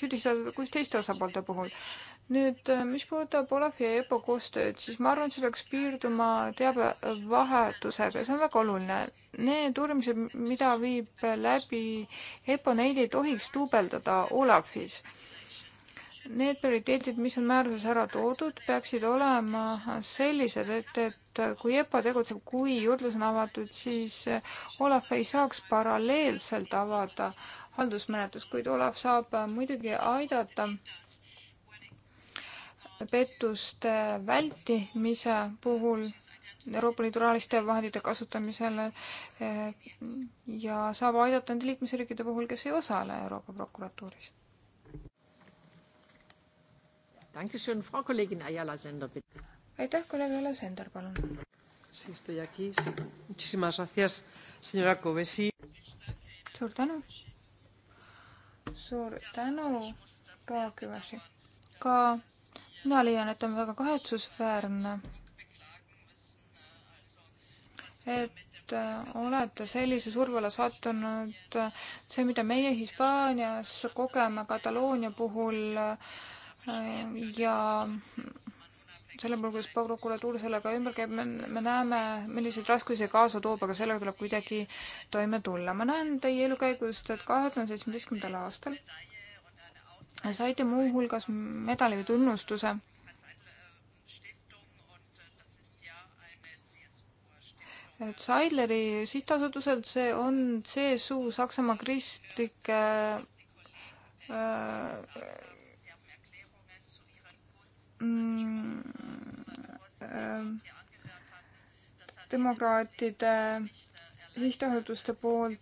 süüdistatud kuusteist osapoolte puhul. nüüd, äh, mis puudutab Olafi ja EPPO koostööd, siis ma arvan, et see peaks piirduma teabevahetusega, see on väga oluline. Need uurimised, mida viib läbi EPPO, neid ei tohiks duubeldada Olafis. Need prioriteedid, mis on määruses ära toodud, peaksid olema sellised, et, et et äh, kui EPPO tegutseb, kui juurdlus on avatud, siis äh, Olav ei saaks paralleelselt avada haldusmenetlust, kuid Olav saab äh, muidugi aidata pettuste vältimise puhul Euroopa Liidu rahaliste vahendite kasutamisele ja saab aidata nende liikmesriikide puhul, kes ei osale Euroopa prokuratuuris aitäh, kolleeg Jüri Sender, palun. suur tänu. suur tänu, proua Küvasi. ka mina leian, et on väga kahetsusväärne, et äh, olete sellise surve alla sattunud. see, mida meie Hispaanias kogeme Kataloonia puhul äh, ja selle puhul, kuidas prokuratuur sellega ümber käib, me, me näeme, milliseid raskusi see kaasa toob, aga sellega tuleb kuidagi toime tulla. ma näen teie elukäigust, et kahe tuhande seitsmeteistkümnendal aastal saite muuhulgas medali või tunnustuse Zeidleri sihtasutuselt, see on CSU Saksamaa kristlike äh, Mm, äh, demokraatide sihtasutuste poolt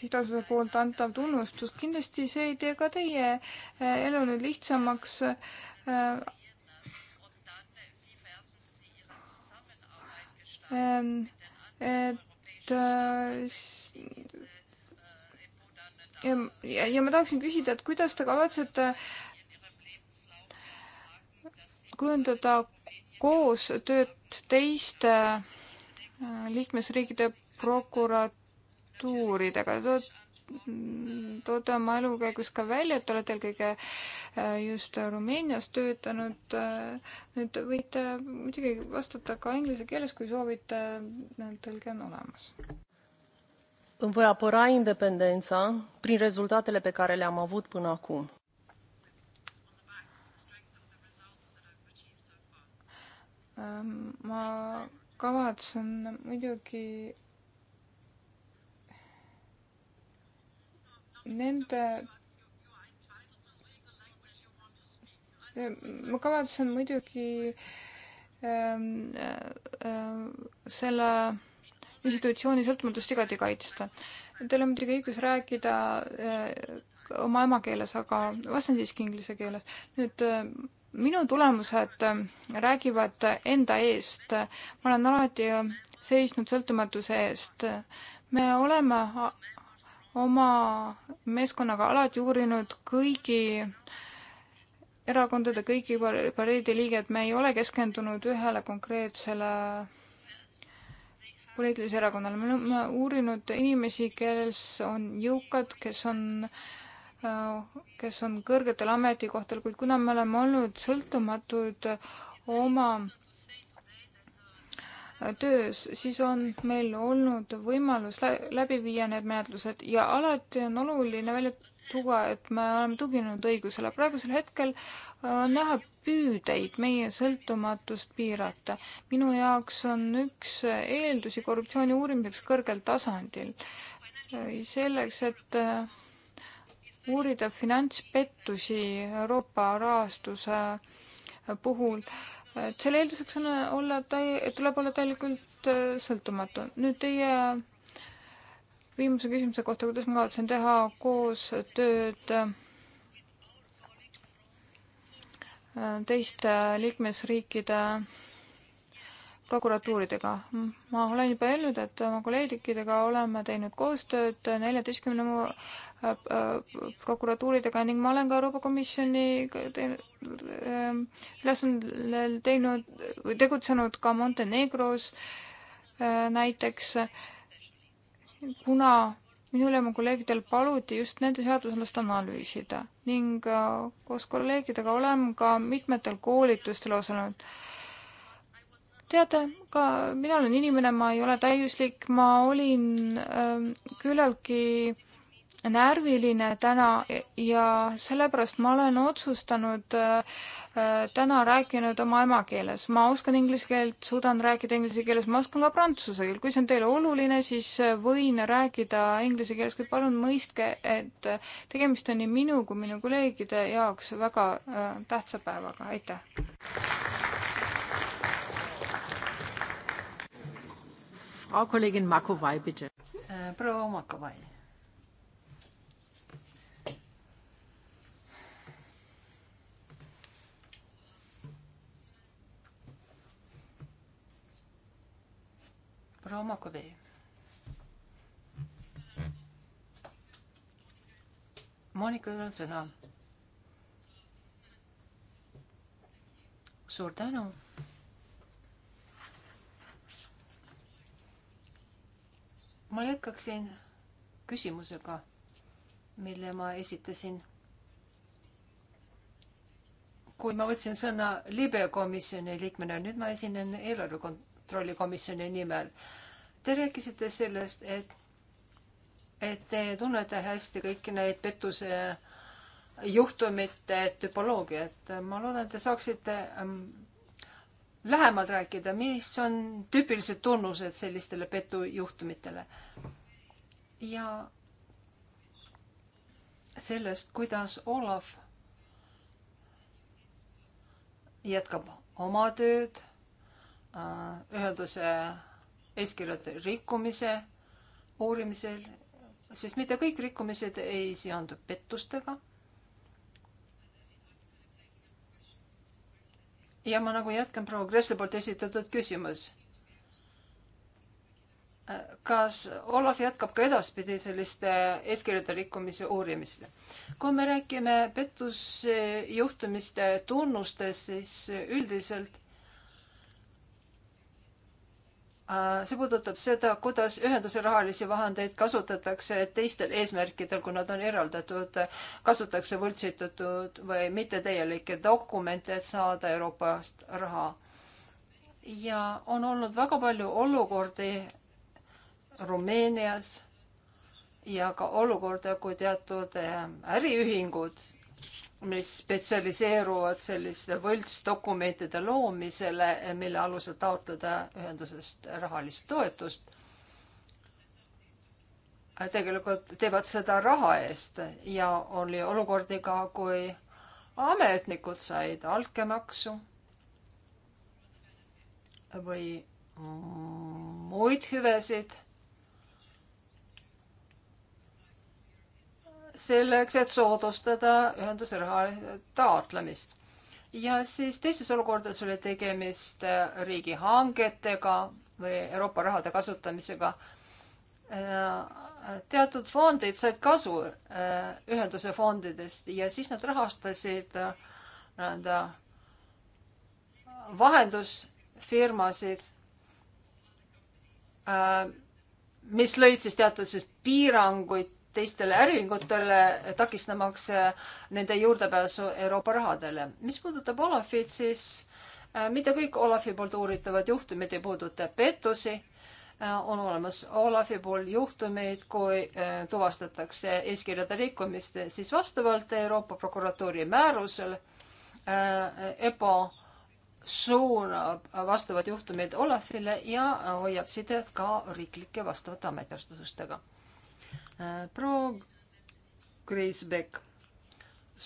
sihtasutuse poolt antav tunnustus, kindlasti see ei tee ka teie äh, elu nüüd lihtsamaks. Äh, et ja, ja, ja ma tahaksin küsida, et kuidas te kavatsete äh, kujundada koostööd teiste äh, liikmesriikide prokuratuuridega. Toote oma elu käigus ka välja, et olete eelkõige äh, just Rumeenias töötanud. Äh, nüüd võite muidugi vastata ka inglise keeles, kui soovite. tõlge on olemas. Îmi voi apăra independența prin rezultatele pe care le-am avut până acum. Ähm, ma kavatsen muidugi nende ma kavatsen muidugi ähm, ähm, selle institutsiooni sõltumatust igati kaitsta. Teil on muidugi õigus rääkida äh, oma emakeeles, aga vastan siiski inglise keeles. nüüd äh, minu tulemused ähm, räägivad enda eest. ma olen alati äh, seisnud sõltumatuse eest. me oleme äh, oma meeskonnaga alati uurinud kõigi erakondade kõigi pareedi liiget, me ei ole keskendunud ühele konkreetsele poliitilisele erakonnale, me oleme uurinud inimesi, kes on jõukad, kes on äh, Äh, kes on kõrgetel ametikohtadel, kuid kuna me oleme olnud sõltumatud oma töös, siis on meil olnud võimalus läbi viia need menetlused ja alati on oluline välja tuua, et me oleme tuginenud õigusele. praegusel hetkel äh, on näha püüdeid meie sõltumatust piirata. minu jaoks on üks eeldusi korruptsiooni uurimiseks kõrgel tasandil äh, selleks, et uurida finantspettusi Euroopa rahastuse puhul. et selle eelduseks on olla täi-, tuleb olla täielikult äh, sõltumatu. nüüd teie viimase küsimuse kohta, kuidas ma kavatsen teha koostööd äh, teiste liikmesriikide prokuratuuridega. ma olen juba öelnud, et oma kolleegidega oleme teinud koostööd neljateistkümne äh, äh, prokuratuuridega ning ma olen ka Euroopa Komisjoni ähm, ülesandel teinud või tegutsenud ka Montenegros äh, näiteks, kuna minul ja mu kolleegidel paluti just nende seadusandlust analüüsida ning koos kolleegidega olen ka mitmetel koolitustel osalenud teate, ka mina olen inimene, ma ei ole täiuslik, ma olin äh, küllaltki närviline täna ja sellepärast ma olen otsustanud äh, äh, täna rääkinud oma emakeeles. ma oskan inglise keelt, suudan rääkida inglise keeles, ma oskan ka prantsuse keelt. kui see on teile oluline, siis äh, võin rääkida inglise keeles, kuid palun mõistke, et äh, tegemist on nii minu kui minu kolleegide jaoks väga äh, tähtsa päevaga. aitäh! kolleegin Makovai, bitte. proua äh, Makovai. proua Makovai. Monikal on sõna. suur tänu ma jätkaksin küsimusega, mille ma esitasin. kui ma võtsin sõna libe komisjoni liikmena, nüüd ma esinen eelarve kontrolli komisjoni nimel. Te rääkisite sellest, et, et te tunnete hästi kõiki neid pettuse juhtumite tüpoloogiat. ma loodan, et te saaksite ähm, lähemalt rääkida, mis on tüüpilised tunnused sellistele petujuhtumitele? ja sellest, kuidas Olav jätkab oma tööd, äh, ühenduse eeskirjade rikkumise uurimisel, sest mitte kõik rikkumised ei seondu pettustega ja ma nagu jätkan proua Kressle poolt esitatud küsimus. kas Olav jätkab ka edaspidi selliste eeskirjade rikkumise uurimist? kui me räägime pettusjuhtumiste tunnustest, siis üldiselt Äh, see puudutab seda, kuidas ühenduse rahalisi vahendeid kasutatakse teistel eesmärkidel, kui nad on eraldatud, kasutatakse võltsitud või mittetäielikke dokumente, et saada Euroopast raha. ja on olnud väga palju olukordi Rumeenias ja ka olukorda, kui teatud äh, äriühingud mis spetsialiseeruvad selliste võltsdokumentide loomisele, mille alusel taotleda ühendusest rahalist toetust. tegelikult teevad seda raha eest ja oli olukordi ka, kui ametnikud said altkäemaksu või muid hüvesid selleks, et soodustada ühenduse raha taotlemist. ja siis teistes olukordades oli tegemist äh, riigihangetega või Euroopa rahade kasutamisega. Äh, teatud fondid said kasu äh, ühenduse fondidest ja siis nad rahastasid nii-öelda vahendusfirmasid, mis lõid siis teatud piiranguid teistele äriühingutele, takistamaks äh, nende juurdepääsu Euroopa rahadele. mis puudutab Olafit, siis äh, mitte kõik Olafi poolt uuritavad juhtumid ei puuduta pettusi, äh, on olemas Olafi pool juhtumeid, kui tuvastatakse eeskirjade rikkumist, siis vastavalt Euroopa prokuratuuri määrusel EPO suunab vastavad juhtumid Olafile ja hoiab sidet ka riiklike vastavate ametiasutustega Äh, proua Kriisbeck,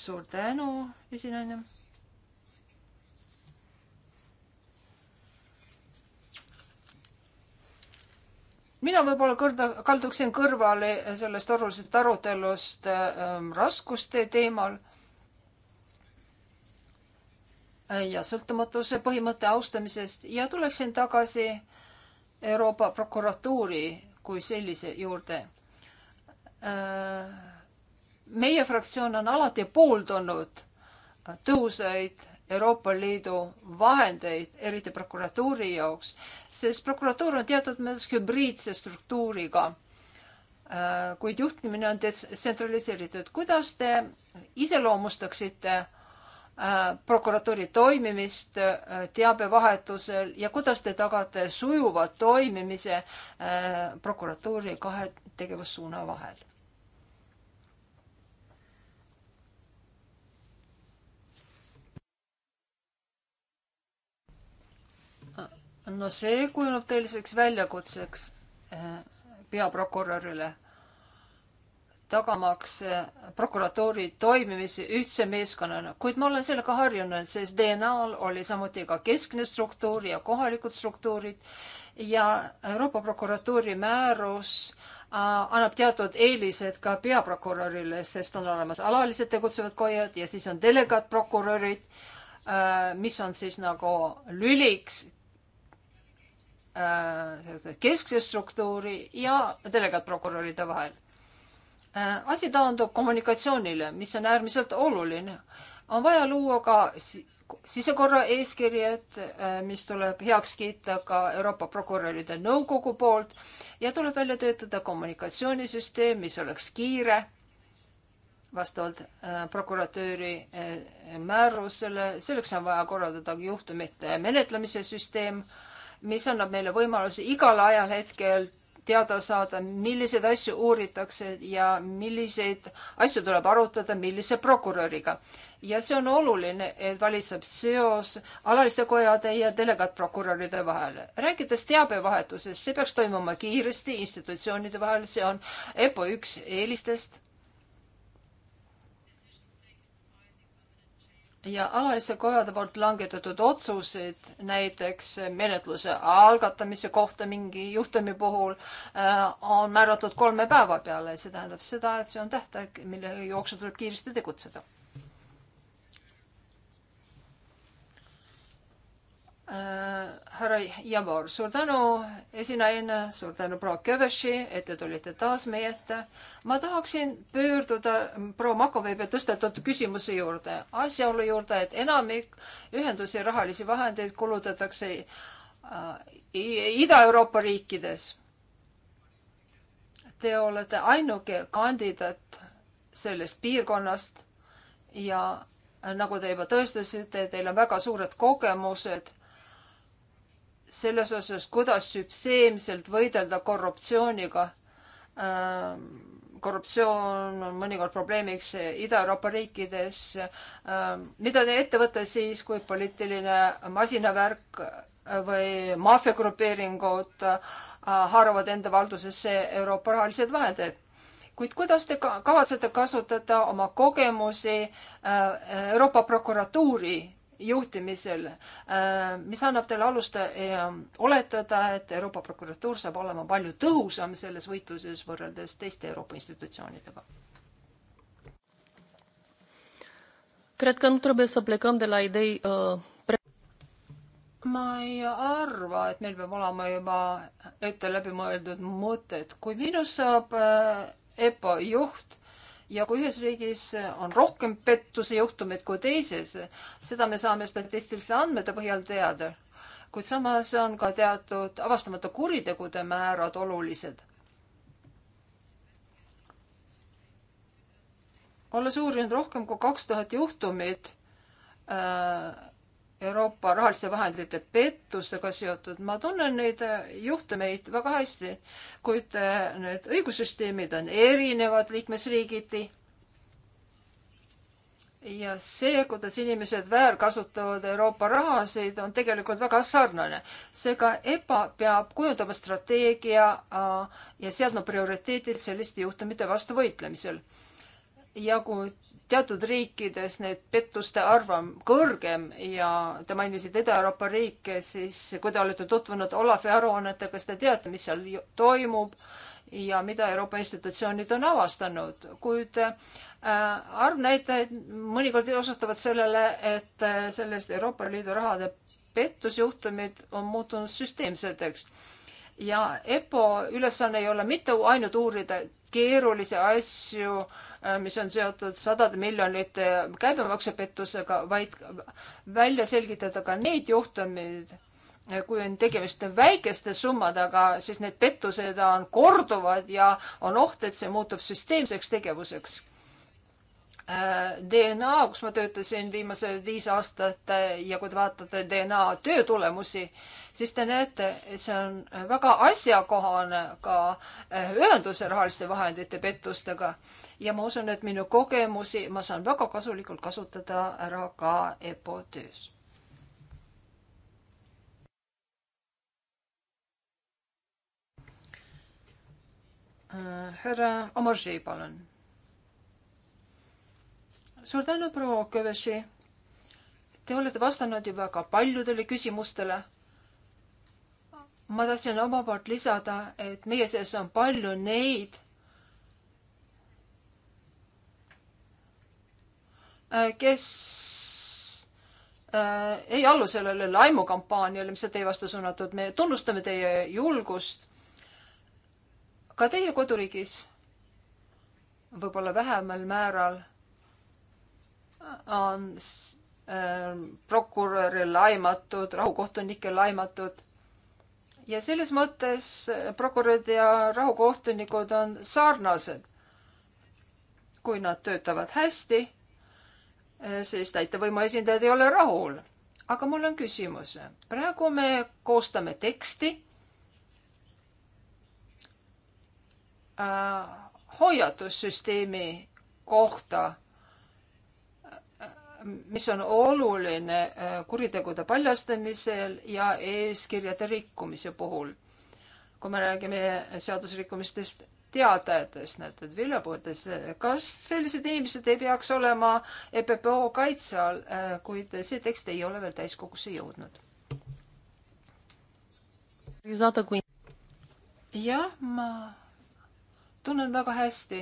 suur tänu, esinaine. mina võib-olla kõrda, kalduksin kõrvale sellest olulisest arutelust äh, raskuste teemal äh, ja sõltumatuse põhimõtte austamisest ja tuleksin tagasi Euroopa prokuratuuri kui sellise juurde Äh, meie fraktsioon on alati pooldanud tõhusaid Euroopa Liidu vahendeid, eriti prokuratuuri jaoks, sest prokuratuur on teatud mõttes hübriidse struktuuriga. Äh, kuid juhtimine on detsentraliseeritud. kuidas te iseloomustaksite äh, prokuratuuri toimimist teabevahetusel ja kuidas te tagate sujuva toimimise prokuratuuri kahe tegevussuuna vahel? no see kujuneb tõeliseks väljakutseks eh, peaprokurörile, tagamaks eh, prokuratuuri toimimise ühtse meeskonnana, kuid ma olen sellega harjunud, sest DNA-l oli samuti ka keskne struktuur ja kohalikud struktuurid ja Euroopa prokuratuuri määrus äh, annab teatud eelised ka peaprokurörile, sest on olemas alalised tegutsevad kojad ja siis on delegaatprokurörid, äh, mis on siis nagu lüliks Äh, keskse struktuuri ja delegaatprokuröride vahel. Äh, asi taandub kommunikatsioonile, mis on äärmiselt oluline. on vaja luua ka sisekorra eeskirjad, äh, mis tuleb heaks kiita ka Euroopa prokuröride nõukogu poolt ja tuleb välja töötada kommunikatsioonisüsteem, mis oleks kiire vastavalt prokuratuuri määrusele. selleks on vaja korraldada juhtumite menetlemise süsteem mis annab meile võimaluse igal ajal hetkel teada saada, milliseid asju uuritakse ja milliseid asju tuleb arutada, millise prokuröriga. ja see on oluline, et valitseb seos alaliste kojade ja delegaatprokuröride vahel. rääkides teabevahetusest, see peaks toimuma kiiresti institutsioonide vahel, see on EPPO üks eelistest ja alalise kojade poolt langetatud otsuseid näiteks menetluse algatamise kohta mingi juhtumi puhul äh, on määratud kolme päeva peale. see tähendab seda, et see on tähtaeg, mille jooksul tuleb kiiresti tegutseda. Äh, härra Javor, suur tänu, esinaine, suur tänu proua Köveši, et te tulite taas meie ette. ma tahaksin pöörduda proua Makoveebi tõstatatud küsimuse juurde, asjaolu juurde, et enamik ühendusi rahalisi vahendeid kulutatakse äh, Ida-Euroopa riikides. Te olete ainuke kandidaat sellest piirkonnast ja nagu te juba tõestasite, teil on väga suured kogemused selles osas, kuidas süsteemselt võidelda korruptsiooniga. Ähm, korruptsioon on mõnikord probleemiks Ida-Euroopa riikides. Ähm, mida te ette võtta siis, kui poliitiline masinavärk või maffiagrupeeringud äh, haaravad enda valdusesse Euroopa rahalised vahendid? kuid kuidas te kavatsete kasutada oma kogemusi äh, Euroopa prokuratuuri juhtimisel, äh, mis annab teile alust äh, oletada, et Euroopa prokuratuur saab olema palju tõhusam selles võitluses võrreldes teiste Euroopa institutsioonidega. Uh, ma ei arva, et meil peab olema juba ette läbimõeldud mõtted, kui minust saab äh, EPPO juht ja kui ühes riigis on rohkem pettuse juhtumeid kui teises, seda me saame statistiliste andmete põhjal teada. kuid samas on ka teatud avastamata kuritegude määrad olulised. olles uurinud rohkem kui kaks tuhat juhtumit äh,, Euroopa rahaliste vahendite pettustega seotud, ma tunnen neid juhtumeid väga hästi, kuid äh, need õigussüsteemid on erinevad liikmesriigiti. ja see, kuidas inimesed väärkasutavad Euroopa rahasid, on tegelikult väga sarnane. seega EBA peab kujundama strateegia äh, ja seadma prioriteedid selliste juhtumite vastu võitlemisel ja kui teatud riikides need pettuste arv on kõrgem ja te mainisite Ida-Euroopa riike, siis kui te olete tutvunud Olavi aruannetega, kas te teate, mis seal toimub ja mida Euroopa institutsioonid on avastanud, kuid äh, arvnäitajad mõnikord osutavad sellele, et äh, sellest Euroopa Liidu rahade pettusjuhtumid on muutunud süsteemseteks ja EPPO ülesanne ei ole mitte ainult uurida keerulisi asju äh, Äh, mis on seotud sadade miljonite käibemaksupettusega, vaid välja selgitada ka need juhtumid, äh, kui on tegemist väikeste summadega, siis need pettused on korduvad ja on oht, et see muutub süsteemseks tegevuseks äh, DNA, kus ma töötasin viimased viis aastat ja kui te vaatate DNA töö tulemusi, siis te näete, et see on väga asjakohane ka ühenduse rahaliste vahendite pettustega ja ma usun, et minu kogemusi ma saan väga kasulikult kasutada ära ka EPPO töös härra Omarži, palun. suur tänu, proua Köveši. Te olete vastanud juba ka paljudele küsimustele. ma tahtsin oma poolt lisada, et meie seas on palju neid, Äh, kes äh, ei allu sellele laimukampaaniale, mis on teie vastu suunatud. me tunnustame teie julgust. ka teie koduriigis võib-olla vähemal määral on äh, prokuröre laimatud, rahukohtunikke laimatud. ja selles mõttes prokurörid ja rahukohtunikud on sarnased. kui nad töötavad hästi, Äh, siis täitevvõimu esindajad ei ole rahul. aga mul on küsimus. praegu me koostame teksti äh, hoiatussüsteemi kohta, äh, mis on oluline äh, kuritegude paljastamisel ja eeskirjade rikkumise puhul. kui me räägime seadusrikkumistest teatajatest, need, need viljapuudest, kas sellised inimesed ei peaks olema EPPO kaitse all, äh, kuid see tekst ei ole veel täiskogusse jõudnud? jah, ma tunnen väga hästi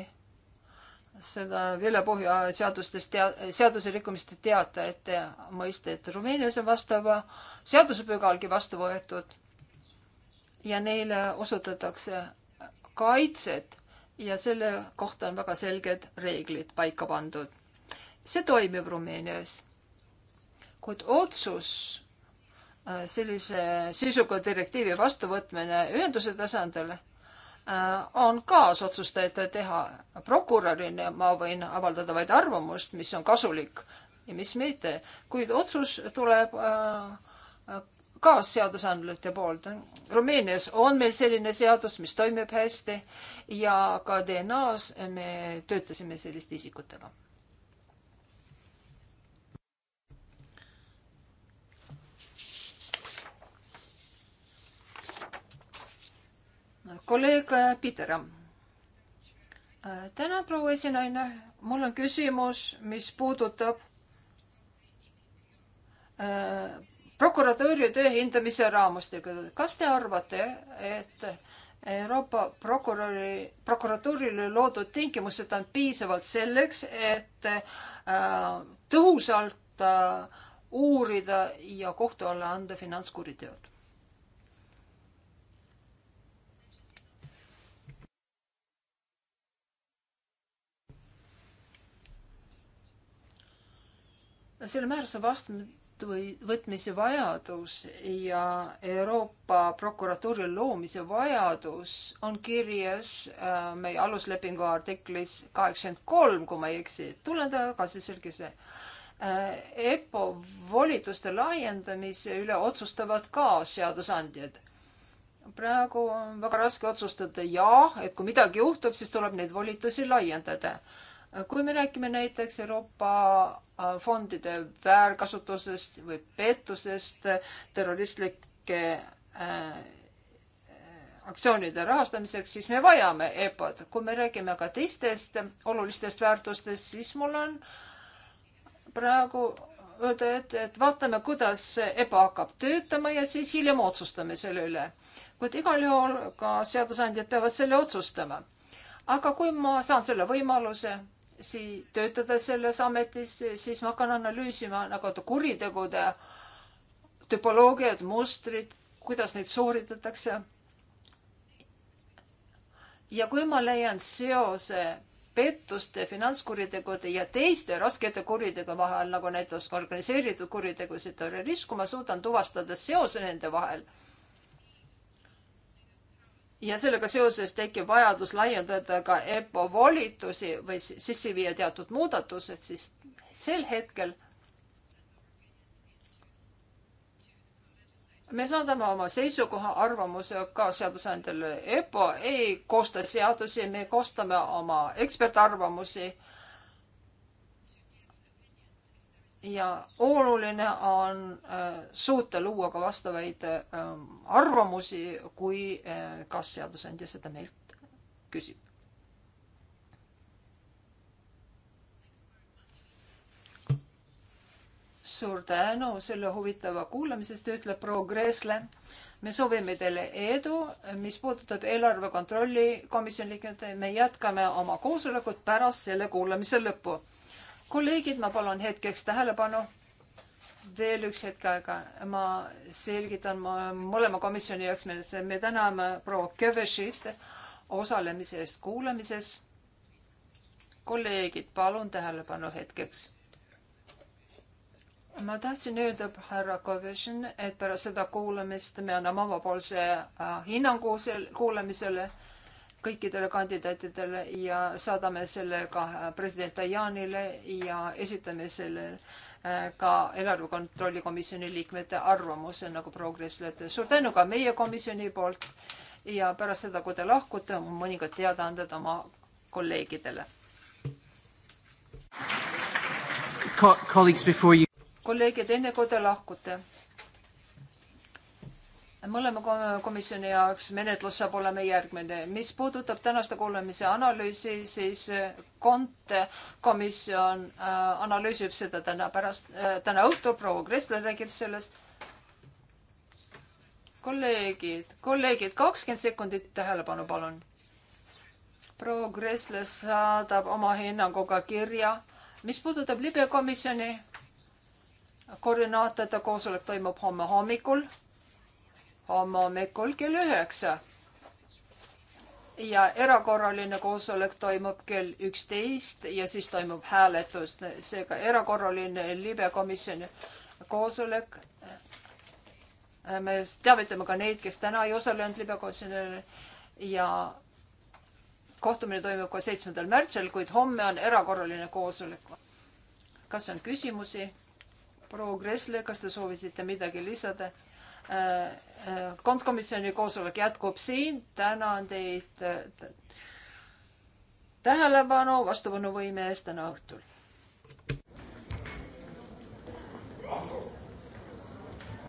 seda vilepuhja seadustest tea-, seaduserikkumiste teatajate mõistet. Rumeenias on vastava seadusepügalgi vastu võetud ja neile osutatakse kaitset ja selle kohta on väga selged reeglid paika pandud. see toimib Rumeenias. kuid otsus äh, sellise sisuga direktiivi vastuvõtmine ühenduse tasandil äh, on kaasotsustajate teha. prokurörina ma võin avaldada vaid arvamust, mis on kasulik ja mis mitte, kuid otsus tuleb äh, kaasseadusandlate poolt. Rumeenias on meil selline seadus, mis toimib hästi ja ka DNA-s me töötasime selliste isikutega. kolleeg Peter. tänan, proua esinaine. mul on küsimus, mis puudutab äh, prokuratuuri töö hindamise raamistikku. kas te arvate, et Euroopa prokuröri, prokuratuurile loodud tingimused on piisavalt selleks, et äh, tõhusalt äh, uurida ja kohtu alla anda finantskuriteod? selle määruse vastu või võtmise vajadus ja Euroopa prokuratuuri loomise vajadus on kirjas äh, meie aluslepingu artiklis kaheksakümmend kolm, kui ma ei eksi. tulen tagasi selguse äh,. EPPO volituste laiendamise üle otsustavad ka seadusandjad praegu on väga raske otsustada jah, et kui midagi juhtub, siis tuleb neid volitusi laiendada kui me räägime näiteks Euroopa äh, fondide väärkasutusest või pettusest, terroristlike äh, äh aktsioonide rahastamiseks, siis me vajame EPO-d. kui me räägime aga teistest olulistest väärtustest, siis mul on praegu öelda, et, et vaatame, kuidas EPO hakkab töötama ja siis hiljem otsustame selle üle. kuid igal juhul ka seadusandjad peavad selle otsustama. aga kui ma saan selle võimaluse sii-, töötada selles ametis, siis ma hakkan analüüsima nagu kuritegude tüpoloogiad, mustrid, kuidas neid sooritatakse. ja kui ma leian seose pettuste, finantskuritegude ja teiste raskete kuritegude vahel, nagu näiteks organiseeritud kuritegusid, terrorism, kui ma suudan tuvastada seose nende vahel ja sellega seoses tekib vajadus laiendada ka EPPO volitusi või sisse viia teatud muudatused, siis sel hetkel me saadame oma seisukoha, arvamuse ka seadusandjale. EPPO ei koosta seadusi, me koostame oma ekspertarvamusi ja oluline on äh, suuta luua ka vastavaid äh, arvamusi, kui äh, kas seadusandja seda meilt küsib. suur tänu selle huvitava kuulamisest, ütleb proua Kreesle. me soovime teile edu, mis puudutab eelarve kontrolli komisjoni liikmete, me jätkame oma koosolekut pärast selle kuulamise lõppu kolleegid, ma palun hetkeks tähelepanu. veel üks hetk aega, ma selgitan ma mõlema komisjoni jaoks, me täname proua Kövešit osalemise eest kuulamises. kolleegid, palun tähelepanu hetkeks ma tahtsin öelda härra Kovešin, et pärast seda kuulamist me anname omapoolse äh, hinnangu sel kuulamisele kõikidele kandidaatidele ja saadame selle ka president Tajanile ja esitame selle äh, ka eelarve kontrolli komisjoni liikmete arvamuse nagu progresslete. suur tänu ka meie komisjoni poolt ja pärast seda, kui te lahkute, on mõningad teadaanded oma kolleegidele Ko. kolleegid, enne kui te lahkute mõlema komisjoni jaoks menetlus saab olema järgmine. mis puudutab tänaste kuulamise analüüsi, siis eh, kont komisjon eh, analüüsib seda täna pärast, eh, täna õhtul, proua Kressler räägib sellest. kolleegid, kolleegid, kakskümmend sekundit tähelepanu, palun. proua Kressler saadab oma hinnanguga kirja. mis puudutab libekomisjoni, koordinaatorite koosolek toimub homme hommikul hommikul kell üheksa. ja erakorraline koosolek toimub kell üksteist ja siis toimub hääletus, seega erakorraline libekomisjoni koosolek. me teavitame ka neid, kes täna ei osalenud libekomisjonil ja kohtumine toimub ka seitsmendal märtsil, kuid homme on erakorraline koosolek. kas on küsimusi? proua Kressle, kas te soovisite midagi lisada? kontkomisjoni koosolek jätkub siin, tänan teid tähelepanu, vastupanuvõime eest täna õhtul.